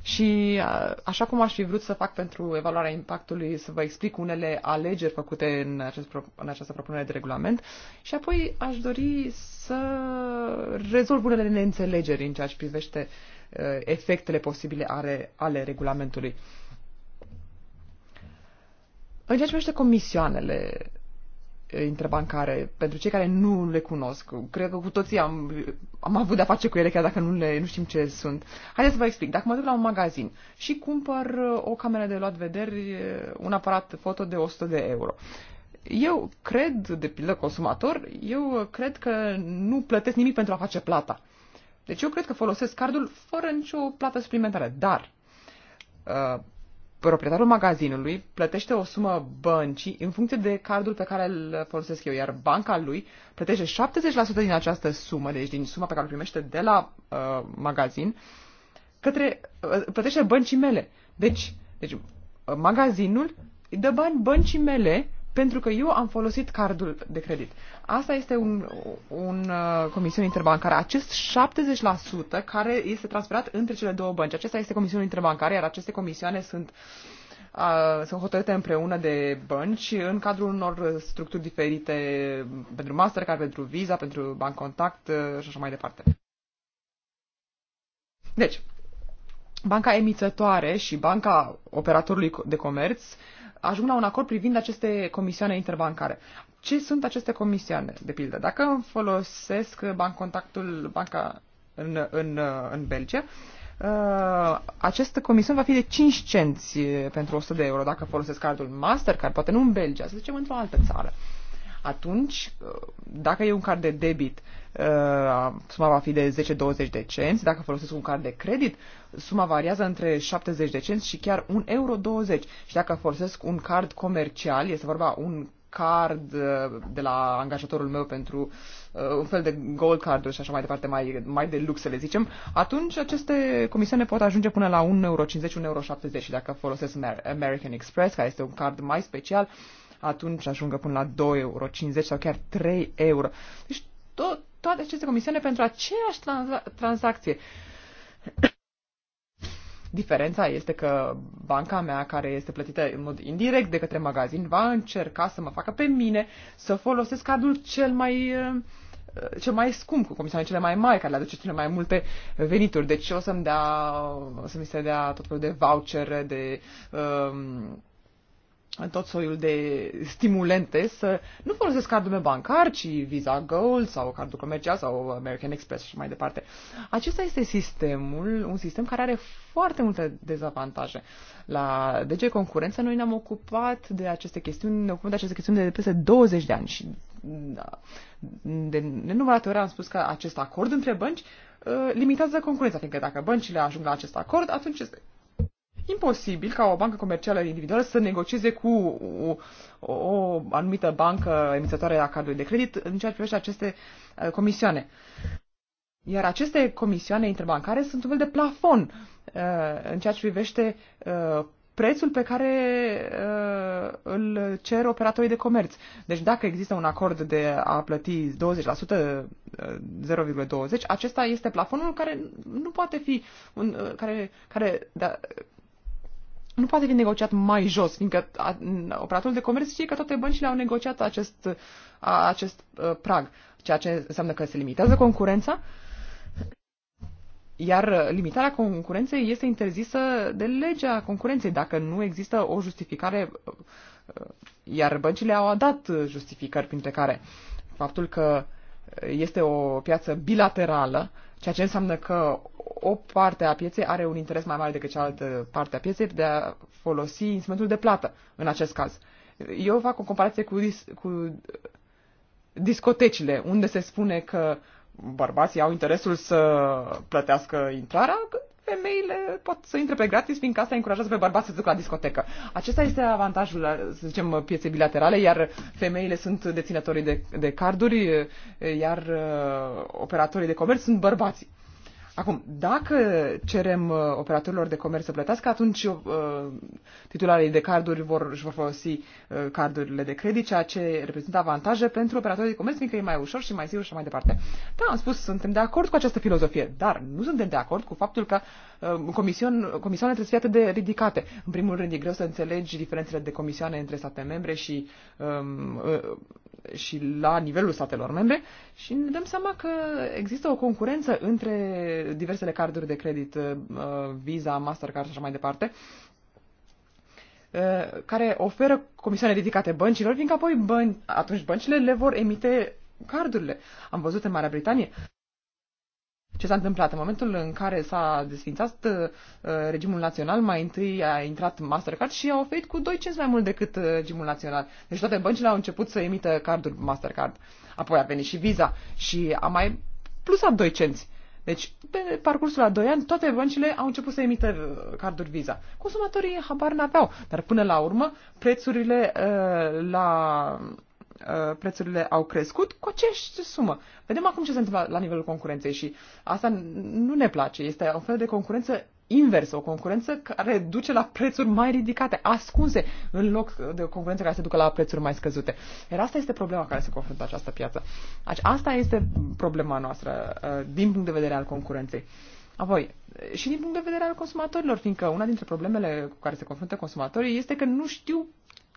Și așa cum aș fi vrut să fac pentru evaluarea impactului, să vă explic unele alegeri făcute în, acest, în această propunere de regulament și apoi aș dori să rezolv unele neînțelegeri în ceea ce privește uh, efectele posibile ale, ale regulamentului. În ceea ce privește comisioanele, interbancare, pentru cei care nu le cunosc, cred că cu toții am, am avut de-a face cu ele, chiar dacă nu, le, nu știm ce sunt. Haideți să vă explic. Dacă mă duc la un magazin și cumpăr o cameră de luat vederi, un aparat foto de 100 de euro, eu cred, de pildă consumator, eu cred că nu plătesc nimic pentru a face plata. Deci eu cred că folosesc cardul fără nicio plată suplimentară. Dar uh, proprietarul magazinului plătește o sumă băncii în funcție de cardul pe care îl folosesc eu, iar banca lui plătește 70% din această sumă, deci din suma pe care o primește de la uh, magazin, către, uh, plătește băncii mele. Deci, deci uh, magazinul îi dă bani băncii mele pentru că eu am folosit cardul de credit. Asta este un, un uh, comision interbancară Acest 70% care este transferat între cele două bănci. Acesta este comisionul interbancară iar aceste comisioane sunt uh, sunt hotărâte împreună de bănci în cadrul unor structuri diferite pentru Mastercard, pentru Visa, pentru Bank Contact uh, și așa mai departe. Deci, banca emițătoare și banca operatorului de comerț ajung la un acord privind aceste comisioane interbancare. Ce sunt aceste comisioane, de pildă? Dacă folosesc bancontactul banca în, în, în Belgia, Uh, această comisiune va fi de 5 cenți uh, pentru 100 de euro dacă folosesc cardul Mastercard, poate nu în Belgia, să zicem într-o altă țară atunci, uh, dacă e un card de debit, uh, suma va fi de 10-20 de cenți, dacă folosesc un card de credit, suma variază între 70 de cenți și chiar 1,20 euro. Și dacă folosesc un card comercial, este vorba un card uh, de la angajatorul meu pentru uh, un fel de gold card și așa mai departe, mai, mai de lux să le zicem, atunci aceste comisiune pot ajunge până la 1,50 euro, 1,70 euro și dacă folosesc American Express, care este un card mai special, uh, atunci ajungă până la 2 euro, 50 sau chiar 3 euro. Deci to- toate aceste comisioane pentru aceeași tranza- tranzacție. Diferența este că banca mea, care este plătită în mod indirect de către magazin, va încerca să mă facă pe mine să folosesc cardul cel mai uh, cel mai scump, cu comisioane cele mai mari, care le aduce cele mai multe venituri. Deci o să-mi dea, o să mi se dea tot felul de voucher, de um, tot soiul de stimulente să nu folosesc meu bancar, ci Visa Gold sau cardul comercial sau American Express și mai departe. Acesta este sistemul, un sistem care are foarte multe dezavantaje. La DG Concurență noi ne-am ocupat de aceste chestiuni, ne ocupăm de aceste chestiuni de peste 20 de ani și da, de nenumărate ori am spus că acest acord între bănci uh, limitează concurența, fiindcă dacă băncile ajung la acest acord, atunci este imposibil ca o bancă comercială individuală să negocieze cu o, o anumită bancă emițătoare a cardului de credit în ceea ce privește aceste uh, comisioane. Iar aceste comisioane interbancare sunt un fel de plafon uh, în ceea ce privește uh, prețul pe care uh, îl cer operatorii de comerț. Deci dacă există un acord de a plăti 20%, uh, 0,20, acesta este plafonul care nu poate fi, un, uh, care, care, da, nu poate fi negociat mai jos, fiindcă operatorul de comerț știe că toate băncile au negociat acest, acest prag, ceea ce înseamnă că se limitează concurența, iar limitarea concurenței este interzisă de legea concurenței, dacă nu există o justificare, iar băncile au dat justificări, printre care faptul că este o piață bilaterală, Ceea ce înseamnă că o parte a pieței are un interes mai mare decât cealaltă parte a pieței de a folosi instrumentul de plată în acest caz. Eu fac o comparație cu, dis- cu discotecile, unde se spune că bărbații au interesul să plătească intrarea, femeile pot să intre pe gratis, fiindcă asta încurajează pe bărbați să ducă la discotecă. Acesta este avantajul, să zicem, pieței bilaterale, iar femeile sunt deținătorii de, de carduri, iar uh, operatorii de comerț sunt bărbații. Acum, dacă cerem uh, operatorilor de comerț să plătească, atunci uh, titularii de carduri vor, își vor folosi uh, cardurile de credit, ceea ce reprezintă avantaje pentru operatorii de comerț, fiindcă e mai ușor și mai sigur și mai departe. Da, am spus, suntem de acord cu această filozofie, dar nu suntem de acord cu faptul că uh, comisioane trebuie să fie atât de ridicate. În primul rând, e greu să înțelegi diferențele de comisioane între state membre și um, uh, și la nivelul statelor membre și ne dăm seama că există o concurență între diversele carduri de credit, uh, Visa, Mastercard și așa mai departe, uh, care oferă comisioane ridicate băncilor, fiindcă apoi băn- atunci băncile le vor emite cardurile. Am văzut în Marea Britanie ce s-a întâmplat. În momentul în care s-a desfințat uh, regimul național, mai întâi a intrat Mastercard și a oferit cu 2 mai mult decât uh, regimul național. Deci toate băncile au început să emită carduri Mastercard. Apoi a venit și Visa și a mai plusat 2 cenți. Deci, pe parcursul a 2 ani, toate băncile au început să emită uh, carduri Visa. Consumatorii habar n-aveau, dar până la urmă, prețurile uh, la Uh, prețurile au crescut cu aceeași sumă. Vedem acum ce se întâmplă la nivelul concurenței și asta nu ne place. Este o fel de concurență inversă, o concurență care duce la prețuri mai ridicate, ascunse, în loc de o concurență care se ducă la prețuri mai scăzute. Iar asta este problema care se confruntă această piață. Deci, asta este problema noastră uh, din punct de vedere al concurenței. Apoi, și din punct de vedere al consumatorilor, fiindcă una dintre problemele cu care se confruntă consumatorii este că nu știu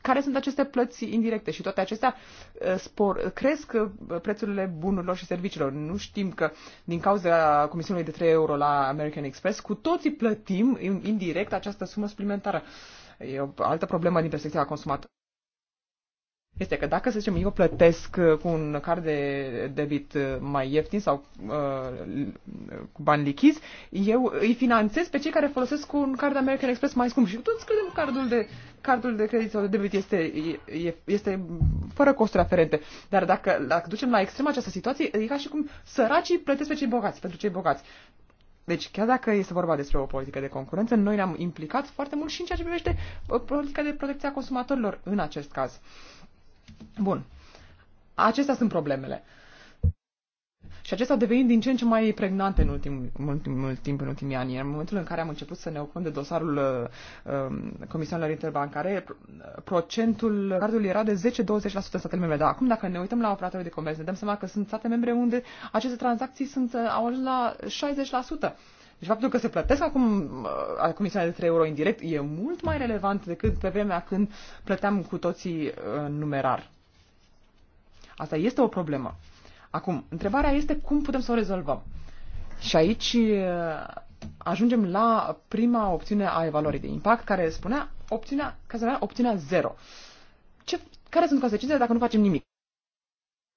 care sunt aceste plăți indirecte și toate acestea uh, spor, cresc uh, prețurile bunurilor și serviciilor. Nu știm că din cauza comisiunii de 3 euro la American Express cu toții plătim indirect această sumă suplimentară. E o altă problemă din perspectiva consumatorului este că dacă, să zicem, eu plătesc uh, cu un card de debit uh, mai ieftin sau uh, cu bani lichizi, eu îi finanțez pe cei care folosesc cu un card American Express mai scump. Și toți credem că cardul de, cardul de credit sau de debit este, este fără costuri aferente. Dar dacă, dacă ducem la extrem această situație, e ca și cum săracii plătesc pe cei bogați, pentru cei bogați. Deci, chiar dacă este vorba despre o politică de concurență, noi ne-am implicat foarte mult și în ceea ce privește uh, politica de protecție a consumatorilor în acest caz. Uh, Bun. Acestea sunt problemele. Și acestea au devenit din ce în ce mai pregnante în ultimul, ultim, timp, în ultimii ani. În momentul în care am început să ne ocupăm de dosarul uh, um, Comisiunilor interbancare, procentul cardului era de 10-20% în statele membre. Dar acum, dacă ne uităm la operatorii de comerț, ne dăm seama că sunt state membre unde aceste tranzacții sunt, uh, au ajuns la 60%. Deci faptul că se plătesc acum uh, comisiunea de 3 euro indirect e mult mai relevant decât pe vremea când plăteam cu toții uh, numerar. Asta este o problemă. Acum, întrebarea este cum putem să o rezolvăm. Și aici uh, ajungem la prima opțiune a evaluării de impact, care spunea opțiunea, care spunea opțiunea 0. Ce, care sunt consecințele dacă nu facem nimic?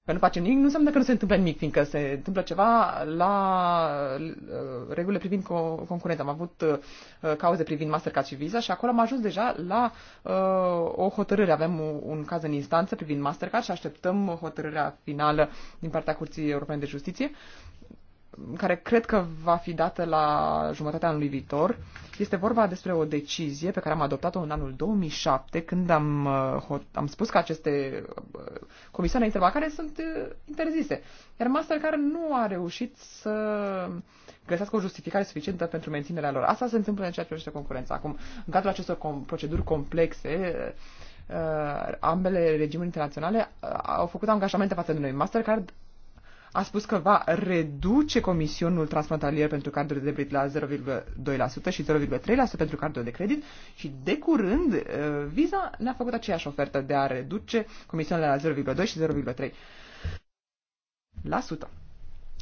că nu facem nimic, nu înseamnă că nu se întâmplă nimic, fiindcă se întâmplă ceva la uh, regulile privind co- concurența. Am avut uh, cauze privind Mastercard și Visa și acolo am ajuns deja la uh, o hotărâre. Avem un caz în instanță privind Mastercard și așteptăm hotărârea finală din partea Curții Europene de Justiție care cred că va fi dată la jumătatea anului viitor. Este vorba despre o decizie pe care am adoptat-o în anul 2007, când am, uh, am spus că aceste uh, comisioane interbancare sunt uh, interzise. Iar Mastercard nu a reușit să găsească o justificare suficientă pentru menținerea lor. Asta se întâmplă în ceea ce privește concurența. Acum, în cadrul acestor com- proceduri complexe, uh, ambele regimuri internaționale au făcut angajamente față de noi. Mastercard a spus că va reduce comisionul transfrontalier pentru carduri de debit la 0,2% și 0,3% pentru carduri de credit și de curând uh, Visa ne-a făcut aceeași ofertă de a reduce comisionele la 0,2 și 0,3%.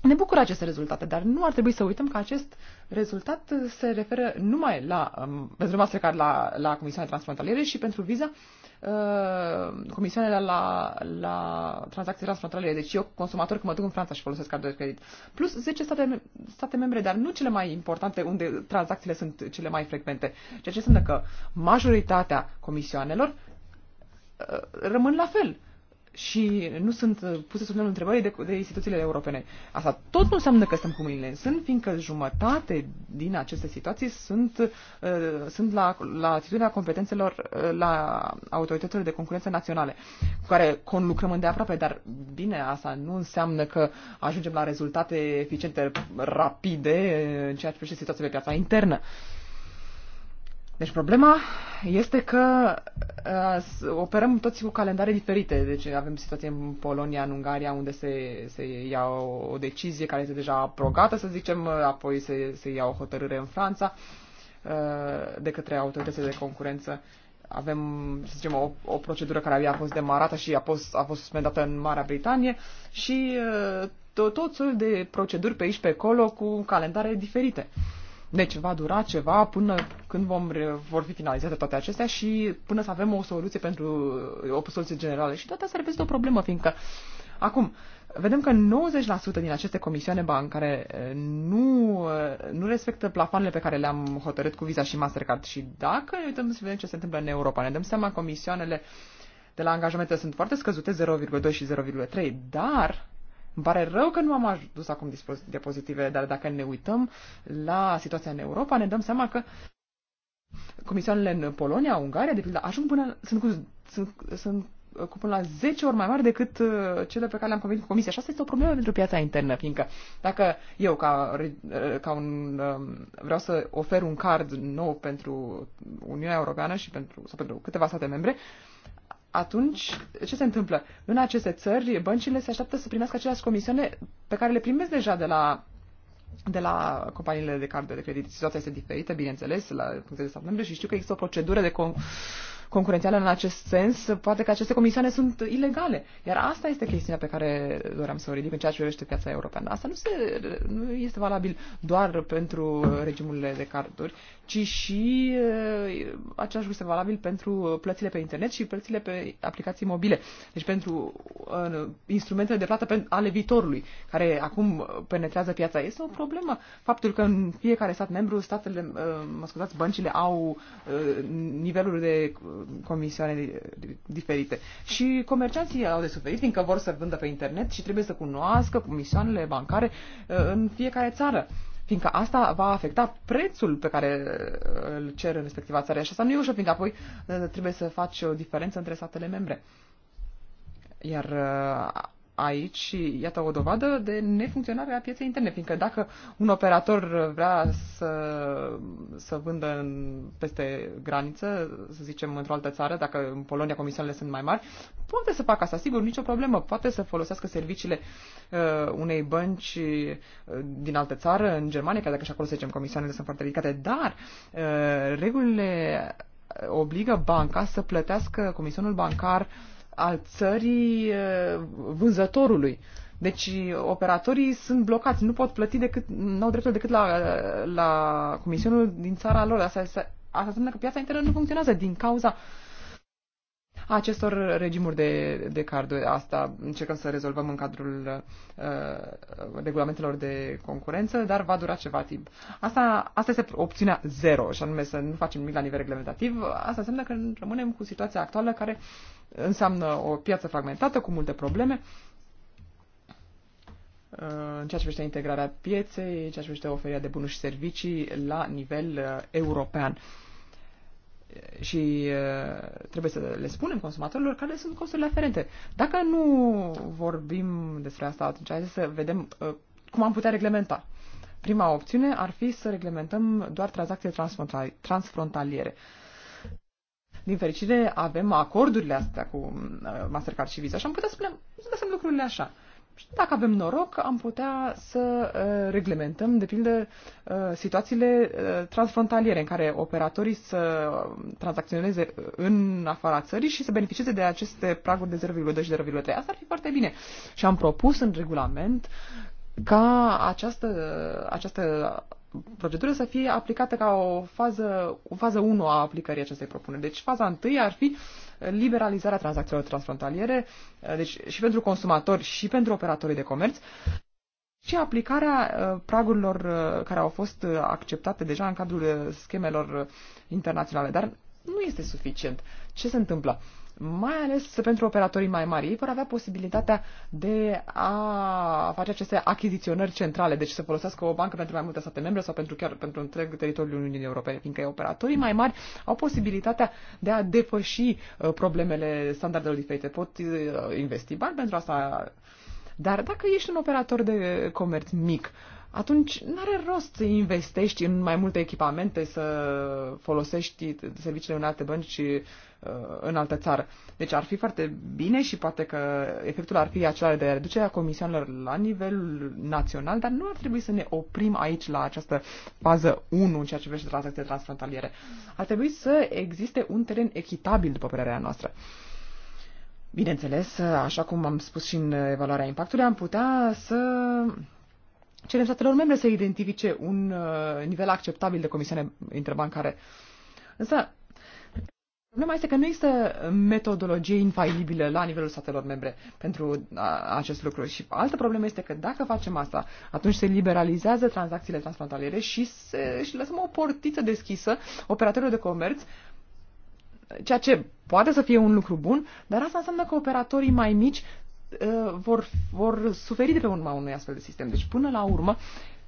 Ne bucură aceste rezultate, dar nu ar trebui să uităm că acest rezultat se referă numai la, um, pentru Mastercard la, la comisioane transfrontaliere și pentru Visa uh, comisioanele la, la tranzacții transfrontaliere. Deci eu, consumator, când mă duc în Franța și folosesc cardul de credit, plus 10 state, state membre, dar nu cele mai importante unde tranzacțiile sunt cele mai frecvente. Ceea ce înseamnă că majoritatea comisioanelor uh, rămân la fel. Uh, și nu sunt puse sub semnul întrebării de, de instituțiile europene. Asta tot nu înseamnă că stăm cu mâinile în sân, fiindcă jumătate din aceste situații sunt, uh, sunt la, la atitudinea competențelor uh, la autorităților de concurență naționale, cu care conlucrăm îndeaproape, dar bine, asta nu înseamnă că ajungem la rezultate eficiente, rapide, uh, în ceea ce privește situația pe piața internă. Uh, deci problema este că uh, operăm toți cu calendare diferite. Deci avem situație în Polonia, în Ungaria, unde se, se ia o, o decizie care este deja aprobată, să zicem, uh, apoi se, se ia o hotărâre în Franța uh, de către autoritățile de concurență. Avem, să zicem, o, o procedură care abia a fost demarată și a fost, a fost suspendată în Marea Britanie și uh, tot, soiul de proceduri pe aici, pe acolo, cu calendare diferite. Uh, deci va dura ceva până când vom, vor fi finalizate toate acestea și până să avem o soluție pentru o soluție generală. Și toate astea reprezintă o problemă, fiindcă acum vedem că 90% din aceste comisioane bancare nu, nu respectă plafoanele pe care le-am hotărât cu Visa și Mastercard. Și dacă ne uităm să vedem ce se întâmplă în Europa, ne dăm seama comisioanele de la angajamente sunt foarte scăzute, 0,2 și 0,3, dar îmi pare rău că nu am adus acum diapozitive, dar dacă ne uităm la situația în Europa, ne dăm seama că comisioanele în Polonia, Ungaria, de pildă, ajung până, sunt, cu, sunt, sunt cu până la 10 ori mai mari decât uh, cele pe care le-am convenit cu comisia. Și asta este o problemă pentru piața internă, fiindcă dacă eu ca, uh, ca un, um, vreau să ofer un card nou pentru Uniunea Europeană și pentru, sau pentru câteva state membre, uh, atunci, ce se întâmplă? În aceste țări, băncile se așteaptă să primească aceleași comisioane pe care le primesc deja de la, de la companiile de card de credit. Situația este diferită, bineînțeles, la puncte de stat și știu că există o procedură de, con- concurențială în acest sens, poate că aceste comisioane sunt ilegale. Iar asta este chestiunea pe care doream să o ridic în ceea ce privește piața europeană. Asta nu, se, nu este valabil doar pentru regimurile de carduri, ci și eh, același lucru este valabil pentru plățile pe internet și plățile pe aplicații mobile. Deci pentru uh, instrumentele de plată ale viitorului, care acum penetrează piața. Este o problemă faptul că în fiecare stat membru statele, uh, mă scuzați, băncile au uh, niveluri de comisioane diferite. Și comercianții au de suferit, fiindcă vor să vândă pe internet și trebuie să cunoască comisioanele bancare uh, în fiecare țară fiindcă asta va afecta prețul pe care uh, îl cer în respectiva țară. Și asta nu e ușor, fiindcă apoi uh, trebuie să faci o diferență între statele membre. Iar aici, iată, o dovadă de nefuncționare a pieței interne, fiindcă dacă un operator vrea să, să vândă în, peste graniță, să zicem într-o altă țară, dacă în Polonia comisioanele sunt mai mari, poate să facă asta, sigur, nicio problemă, poate să folosească serviciile uh, unei bănci uh, din altă țară, în Germania, chiar dacă și acolo, să zicem, comisioanele sunt foarte ridicate, dar uh, regulile obligă banca să plătească comisionul bancar uh, al țării vânzătorului. Deci operatorii sunt blocați, nu pot plăti decât, nu au dreptul decât la, la comisionul din țara lor. Asta, asta, asta înseamnă că piața internă nu funcționează din cauza acestor regimuri de, de carduri. Asta încercăm să rezolvăm în cadrul uh, regulamentelor de concurență, dar va dura ceva timp. Asta, asta este opțiunea zero, și anume să nu facem nimic la nivel reglementativ. Asta înseamnă că rămânem cu situația actuală care înseamnă o piață fragmentată cu multe probleme uh, în ceea ce privește integrarea pieței, în ceea ce privește oferirea de bunuri și servicii la nivel uh, european și trebuie să le spunem consumatorilor care sunt costurile aferente. Dacă nu vorbim despre asta, atunci hai să vedem cum am putea reglementa. Prima opțiune ar fi să reglementăm doar tranzacțiile transfrontaliere. Din fericire, avem acordurile astea cu Mastercard și Visa și am putea spune, să lăsăm lucrurile așa. Și dacă avem noroc, am putea să uh, reglementăm, de pildă, uh, situațiile uh, transfrontaliere în care operatorii să tranzacționeze în afara țării și să beneficieze de aceste praguri de 0,2 și 0,3. Asta ar fi foarte bine. Și am propus în regulament ca această, această procedură să fie aplicată ca o fază, o fază 1 a aplicării acestei propuneri. Deci faza 1 ar fi uh, liberalizarea tranzacțiilor transfrontaliere, uh, deci și pentru consumatori și pentru operatorii de comerț, și aplicarea uh, pragurilor uh, care au fost acceptate deja în cadrul schemelor internaționale. Dar nu este suficient. Ce se întâmplă? mai ales pentru operatorii mai mari. Ei vor avea posibilitatea de a face aceste achiziționări centrale, deci să folosească o bancă pentru mai multe state membre sau pentru chiar pentru întreg teritoriul Uniunii Europene, fiindcă operatorii mai mari au posibilitatea de a depăși uh, problemele standardelor diferite. Pot uh, investi bani pentru asta, dar dacă ești un operator de comerț mic, uh, atunci nu are rost să investești în mai multe echipamente, să folosești serviciile în alte bănci uh, în altă țară. Deci ar fi foarte bine și poate că efectul ar fi acela de reducerea comisiunilor la nivel național, dar nu ar trebui să ne oprim aici la această fază 1 în ceea ce privește tranzacțiile transfrontaliere. Ar trebui să existe un teren echitabil, după părerea noastră. Bineînțeles, așa cum am spus și în evaluarea impactului, am putea să cerem statelor membre să identifice un uh, nivel acceptabil de comisiune interbancare. Însă, problema este că nu există metodologie infailibilă la nivelul statelor membre pentru a, uh, acest lucru. Și altă problemă este că dacă facem asta, atunci se liberalizează tranzacțiile transfrontaliere și, se, și lăsăm o portiță deschisă operatorilor de comerț ceea ce poate să fie un lucru bun, dar asta înseamnă că operatorii mai mici Uh, vor, vor suferi de pe urma unui astfel de sistem. Deci, până la urmă,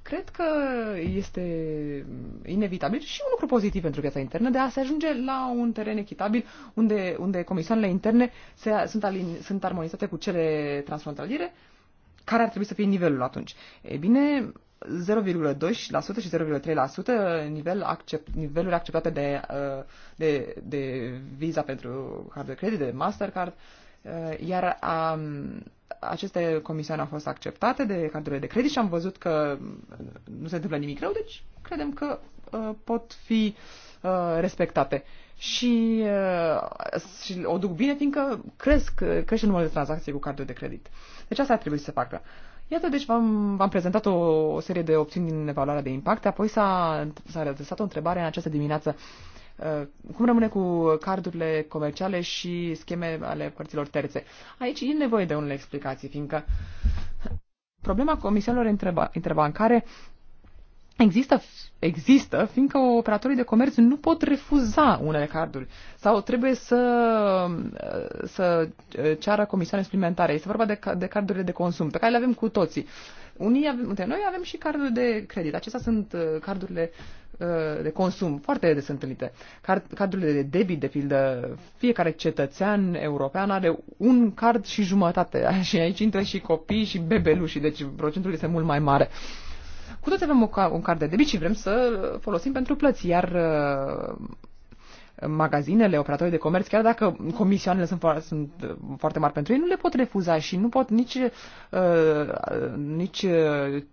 cred că este inevitabil și un lucru pozitiv pentru piața internă de a se ajunge la un teren echitabil unde, unde comisioanele interne se, sunt, alin, sunt armonizate cu cele transfrontaliere, care ar trebui să fie nivelul atunci. E bine, 0,2% și 0,3% nivel accept, niveluri acceptate de, uh, de, de Visa pentru card de credit, de Mastercard, uh, Eh, iar a, aceste comisioane au fost acceptate de cardurile de credit și am văzut că mm, nu se întâmplă nimic rău, deci credem că eh, pot fi eh, respectate. Și, și o duc bine fiindcă cresc, crește numărul de tranzacții cu cardul de credit. Deci asta ar trebui să se facă. Iată, deci v-am, v-am prezentat o, o serie de opțiuni din evaluarea de impact, apoi s-a, s-a adresat o întrebare în această dimineață uh, Uh, cum rămâne cu cardurile comerciale și scheme ale părților terțe. Aici e nevoie de unele explicații, fiindcă problema comisiunilor interbancare Există, există, fiindcă operatorii de comerț nu pot refuza unele carduri sau trebuie să, să ceară comisioane suplimentare. Este vorba de, de cardurile de consum pe care le avem cu toții. Unii avem, între noi avem și carduri de credit. Acestea sunt uh, cardurile uh, de consum foarte des întâlnite. Card, cardurile de debit, de pildă, fiecare cetățean european are un card și jumătate. Și aici intră și copii și bebeluși, deci procentul este mult mai mare. Uh, cu toți avem un card de debit și vrem să folosim pentru plăți, iar uh, magazinele, operatorii de comerț, chiar dacă comisioanele sunt, fo- sunt uh, foarte mari pentru ei, nu le pot refuza și nu pot nici, uh, nici uh,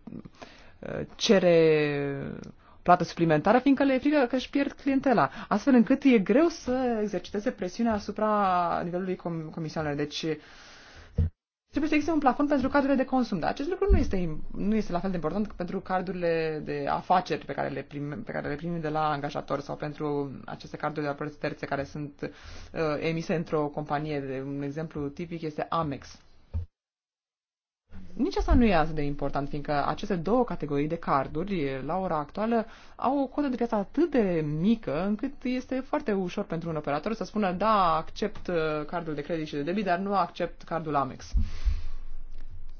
cere plată suplimentară, fiindcă le e frică că își pierd clientela, astfel încât e greu să exerciteze presiunea asupra nivelului com- comisioanelor. Deci, uh, Trebuie să existe un plafon pentru cardurile de consum, dar acest lucru nu este, nu este la fel de important ca pentru cardurile de afaceri pe care le, prim, pe care le primim de la angajator sau pentru aceste carduri de la părți terțe care sunt uh, emise într-o companie. De, un exemplu tipic este Amex. Nici asta nu e atât de important, fiindcă aceste două categorii de carduri, la ora actuală, au o cotă de piață atât de mică, încât este foarte ușor pentru un operator să spună, da, accept uh, cardul de credit și de debit, dar nu accept cardul Amex.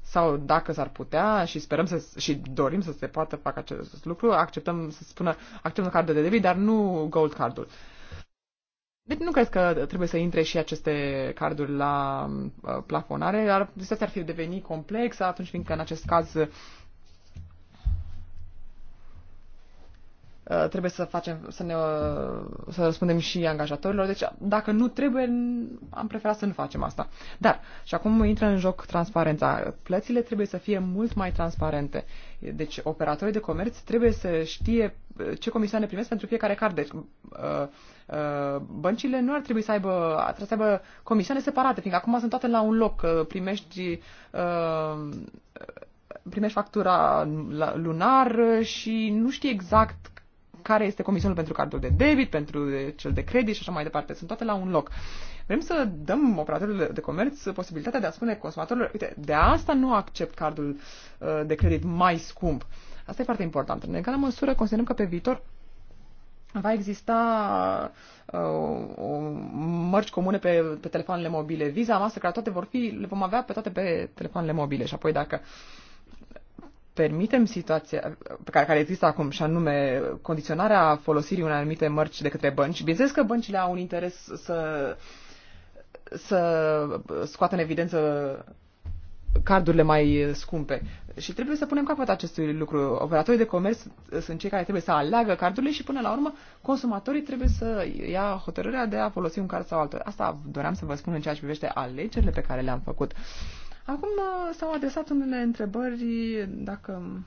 Sau dacă s-ar putea și sperăm să, și dorim să se poată face acest lucru, acceptăm să spună, acceptăm cardul de debit, dar nu gold cardul. Uh, deci nu cred că trebuie să intre și aceste carduri la uh, plafonare, dar situația ar fi devenit complexă atunci fiindcă în acest caz uh, trebuie să facem, să ne, uh, să răspundem și angajatorilor. Deci dacă nu trebuie, am preferat să nu facem asta. Dar, și acum intră în joc transparența. Plățile trebuie să fie mult mai transparente. Deci operatorii de comerț trebuie să știe ce comisioane primesc pentru fiecare card. Deci, uh, uh, băncile nu ar trebui să aibă, trebuie să aibă comisioane separate, fiindcă acum sunt toate la un loc. Uh, primești primești factura lunar și nu știi exact care este comisionul pentru cardul de debit, pentru cel de credit și așa mai departe. Sunt toate la un loc. Vrem să dăm operatorilor de comerț posibilitatea de a spune consumatorilor, uite, de asta nu accept cardul de credit mai scump. Uh, Asta e foarte important. În egală măsură, considerăm că pe viitor va exista uh, mărci comune pe, pe telefoanele mobile. Visa, Mastercard, toate vor fi, le vom avea pe toate pe telefoanele mobile. Și apoi dacă permitem situația pe care, care există acum, și anume condiționarea folosirii unei anumite mărci de către bănci, bineînțeles că băncile au un interes să, să scoată în evidență cardurile mai eh, scumpe. Și trebuie să punem capăt acestui lucru. Operatorii de comerț eh, sunt cei care trebuie să aleagă cardurile și până la urmă consumatorii trebuie să ia hotărârea de a folosi un card sau altul. Asta doream să vă spun în ceea ce privește alegerile pe care le-am făcut. Acum eh, s-au adresat unele întrebări, dacă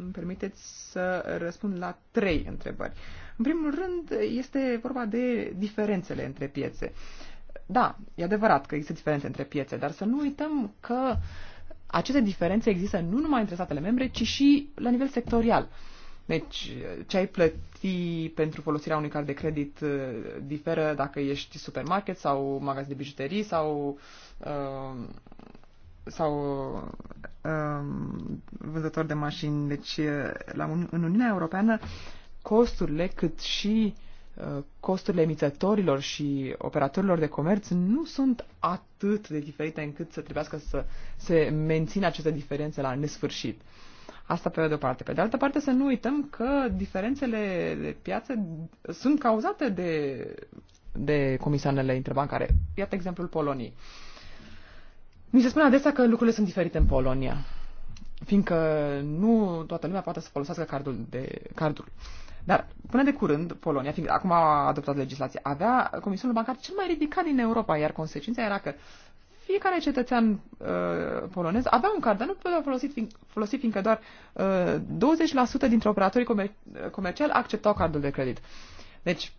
îmi permiteți să răspund la trei întrebări. În primul rând este vorba de diferențele între piețe. Uh, da, e adevărat că există diferențe între piețe, dar să nu uităm că aceste diferențe există nu numai între statele membre, ci și la nivel sectorial. Deci, ce ai plăti pentru folosirea unui card de credit uh, diferă dacă ești supermarket sau magazin de bijuterii sau, uh, sau uh, vânzător de mașini. Deci, uh, la un, în Uniunea Europeană, costurile cât și uh, costurile emițătorilor și operatorilor de comerț nu sunt atât de diferite încât să trebuiască să se mențină aceste diferențe la nesfârșit. Asta pe de o parte. Pe de altă parte să nu uităm că diferențele de piață sunt cauzate de, de comisioanele interbancare. Iată exemplul Poloniei. Mi se spune adesea că lucrurile sunt diferite în Polonia, fiindcă nu toată lumea poate să folosească cardul de, cardul dar până de curând, Polonia, fiind acum a adoptat legislație, avea comisionul bancar cel mai ridicat din Europa, iar consecința era că fiecare cetățean uh, polonez avea un card, dar nu putea folosi, fiind, folosi fiindcă doar uh, 20% dintre operatorii comer- comerciali acceptau cardul de credit. Deci,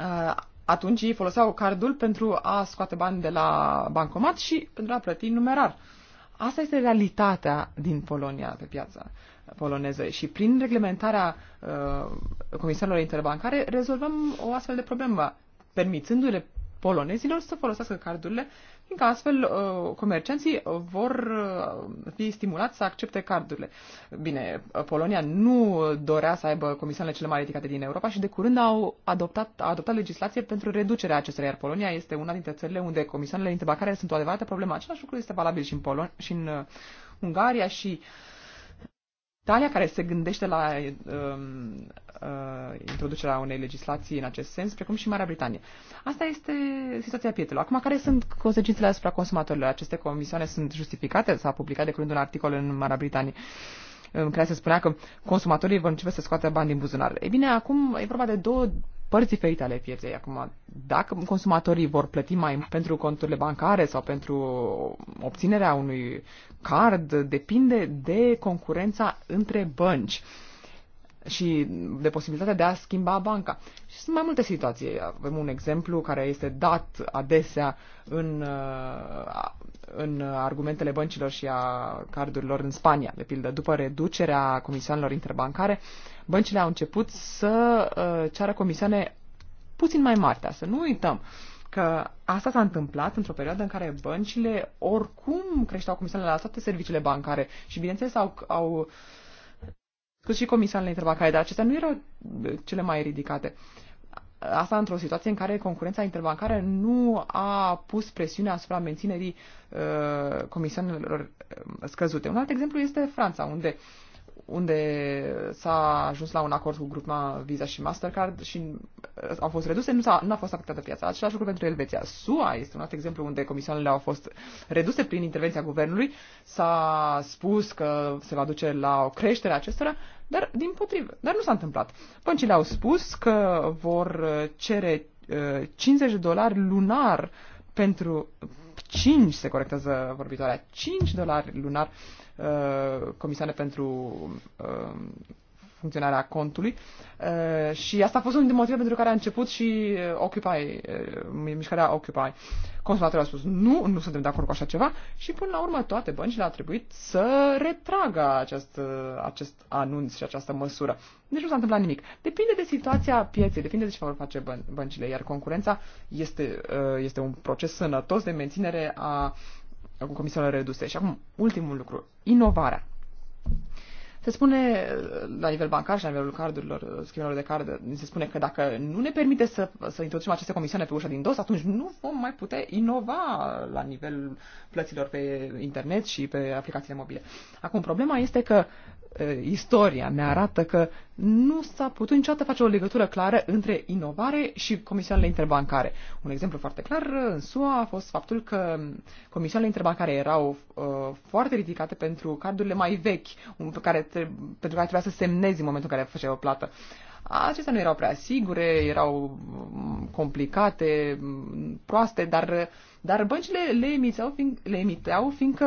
uh, atunci ei foloseau cardul pentru a scoate bani de la bancomat și pentru a plăti numerar. Asta este realitatea din Polonia pe piață poloneză și prin reglementarea uh, comisarilor interbancare rezolvăm o astfel de problemă, permițându-le polonezilor să folosească cardurile, fiindcă astfel uh, comercianții vor uh, fi stimulați să accepte cardurile. Bine, Polonia nu dorea să aibă comisioanele cele mai ridicate din Europa și de curând au adoptat, a adoptat legislație pentru reducerea acestora, iar Polonia este una dintre țările unde comisioanele interbancare sunt o adevărată problemă. Același lucru este valabil și în, Polon- și în uh, Ungaria și uh, Italia, care se gândește la uh, uh, introducerea unei legislații în acest sens, precum și Marea Britanie. Asta este situația pietelor. Acum, care sunt consecințele asupra consumatorilor? Aceste comisioane sunt justificate? S-a publicat de curând un articol în Marea Britanie în um, care se spunea că consumatorii vor începe să scoată bani din buzunar. Ei bine, acum e vorba de două părți diferite ale pieței. Acum, dacă consumatorii vor plăti mai pentru conturile bancare sau pentru obținerea unui card, depinde de concurența între bănci și de posibilitatea de a schimba banca. Și sunt mai multe situații. Avem un exemplu care este dat adesea în, uh, în argumentele băncilor și a cardurilor în Spania. De pildă, după reducerea comisioanelor interbancare, băncile au început să uh, ceară comisioane puțin mai mari. să nu uităm că asta s-a întâmplat într-o perioadă în care băncile oricum creșteau comisioanele la toate serviciile bancare și, bineînțeles, au, au uh, cât și comisarele interbancare, dar acestea nu erau uh, cele mai ridicate. Asta într-o situație în care concurența interbancară nu a pus presiune asupra menținerii uh, comisioanelor uh, scăzute. Un alt exemplu este Franța, unde uh, unde s-a ajuns la un acord cu grupul Visa și Mastercard și uh, au fost reduse, nu, s-a, nu a fost afectată piața. Același lucru pentru Elveția. SUA este un alt exemplu unde comisioanele au fost reduse prin intervenția guvernului. S-a spus că se va duce la o creștere a acestora, dar din potrivă. Dar nu s-a întâmplat. Băncile au spus că vor cere 50 uh, de dolari lunar pentru 5, se corectează vorbitoarea, 5 dolari lunar uh, Uh, comisioane pentru uh, funcționarea contului uh, și asta a fost unul din motivele pentru care a început și uh, Occupy, uh, mișcarea Occupy. Consumatorul a spus nu, nu suntem de acord cu așa ceva și până la urmă toate băncile au trebuit să retragă acest, uh, acest anunț și această măsură. Deci nu s-a întâmplat nimic. Depinde de situația pieței, depinde de ce vor face băncile, iar concurența este, uh, este un proces sănătos de menținere a uh, cu comisiile reduse. Și acum, ultimul lucru, inovarea. Se spune uh, la nivel bancar și la nivelul cardurilor, uh, schimbărilor de card, se spune că dacă nu ne permite să, să introducem aceste comisioane pe ușa din dos, atunci nu vom mai putea inova la nivelul plăților pe internet și pe aplicațiile mobile. Acum, problema este că istoria ne arată că nu s-a putut niciodată face o legătură clară între inovare și comisioanele interbancare. Un exemplu foarte clar în SUA a fost faptul că comisioanele interbancare erau uh, foarte ridicate pentru cardurile mai vechi, pe care, pentru care trebuia să semnezi în momentul în care făceai o plată. Acestea nu erau prea sigure, erau mm, complicate, mm, proaste, dar, dar băncile le emiteau, fiind, le emiteau fiindcă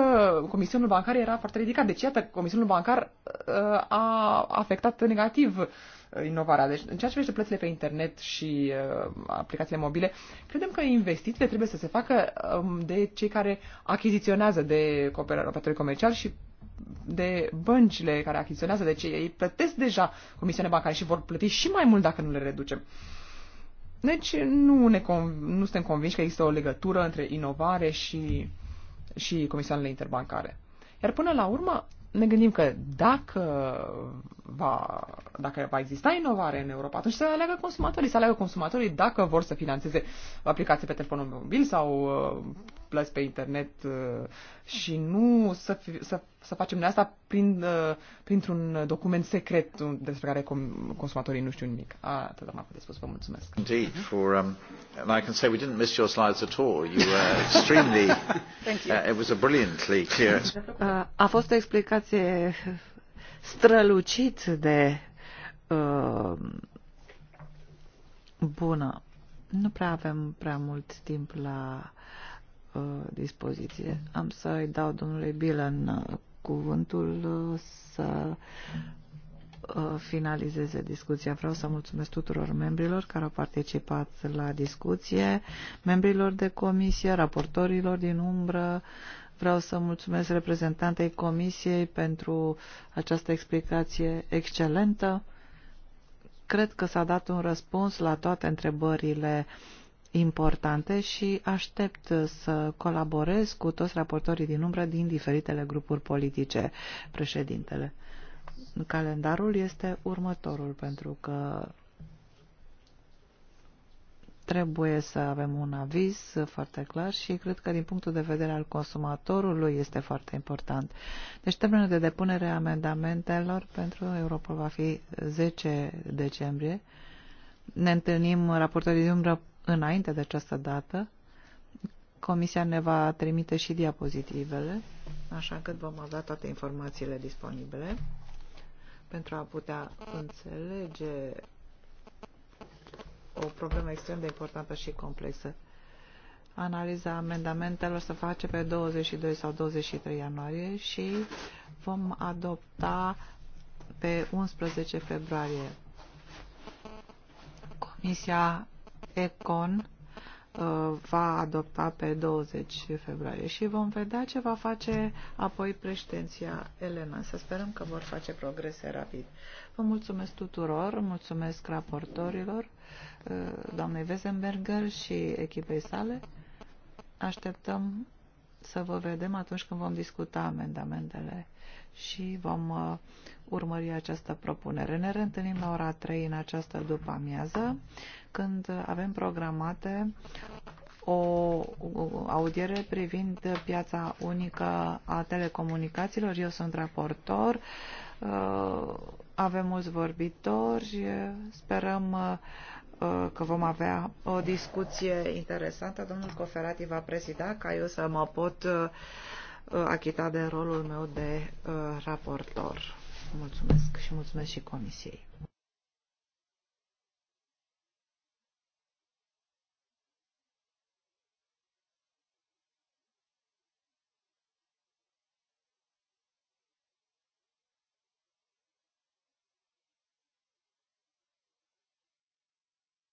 comisionul bancar era foarte ridicat. Deci, iată, comisionul bancar uh, a afectat negativ uh, inovarea. Deci, în ceea ce privește plățile pe internet și uh, aplicațiile mobile, credem că investițiile trebuie să se facă um, de cei care achiziționează de operatorii comerciali și de băncile care achiziționează, deci ei plătesc deja comisiune bancare și vor plăti și mai mult dacă nu le reducem. Deci nu, ne nu suntem convinși că există o legătură între inovare și, și comisioanele interbancare. Iar până la urmă, ne gândim că dacă va, dacă va exista inovare în Europa, atunci să aleagă consumatorii, să aleagă consumatorii dacă vor să financeze aplicații pe telefonul mobil sau uh, plăți pe internet uh, și nu să, fi, să, să facem de asta prin, uh, printr-un document secret despre care consumatorii nu știu nimic. Atât am avut de spus. Vă mulțumesc. Indeed, for, um, and I can say we didn't miss your slides at all. You were extremely, uh, it was a brilliantly clear. Uh, a fost o explicație strălucit de uh, bună. Nu prea avem prea mult timp la uh, dispoziție. Am să-i dau domnului Bilan uh, cuvântul uh, să uh, finalizeze discuția. Vreau să mulțumesc tuturor membrilor care au participat la discuție, membrilor de comisie, raportorilor din umbră. Vreau să mulțumesc reprezentantei comisiei pentru această explicație excelentă. Cred că s-a dat un răspuns la toate întrebările uh, importante și aștept să colaborez cu toți raportorii din umbră din diferitele grupuri politice, președintele. Calendarul este următorul, pentru că trebuie să avem un aviz foarte clar și cred că din punctul de vedere al consumatorului este foarte important. Deci termenul de depunere a amendamentelor pentru Europa va fi 10 decembrie. Ne întâlnim raportorii de umbră înainte de această dată. Comisia ne va trimite și diapozitivele, așa încât vom avea toate informațiile disponibile pentru a putea înțelege o problemă extrem de importantă și complexă. Analiza amendamentelor se face pe 22 sau 23 ianuarie și vom adopta pe 11 februarie. Comisia Econ uh, va adopta pe 20 februarie și vom vedea ce va face apoi președinția Elena. Să sperăm că vor face progrese rapid. Vă mulțumesc tuturor, mulțumesc raportorilor, uh, doamnei Wesenberger și echipei sale. Așteptăm să vă vedem atunci când vom discuta amendamentele și vom uh, urmări această propunere. Ne reîntâlnim la ora 3 în această după-amiază, când avem programate o audiere privind piața unică a telecomunicațiilor. Eu sunt raportor, uh, avem mulți vorbitori, sperăm uh, că vom avea o discuție interesantă. Domnul Coferati va prezida ca eu să mă pot Uh, achitat de rolul meu de uh, raportor. Mulțumesc și mulțumesc și Comisiei.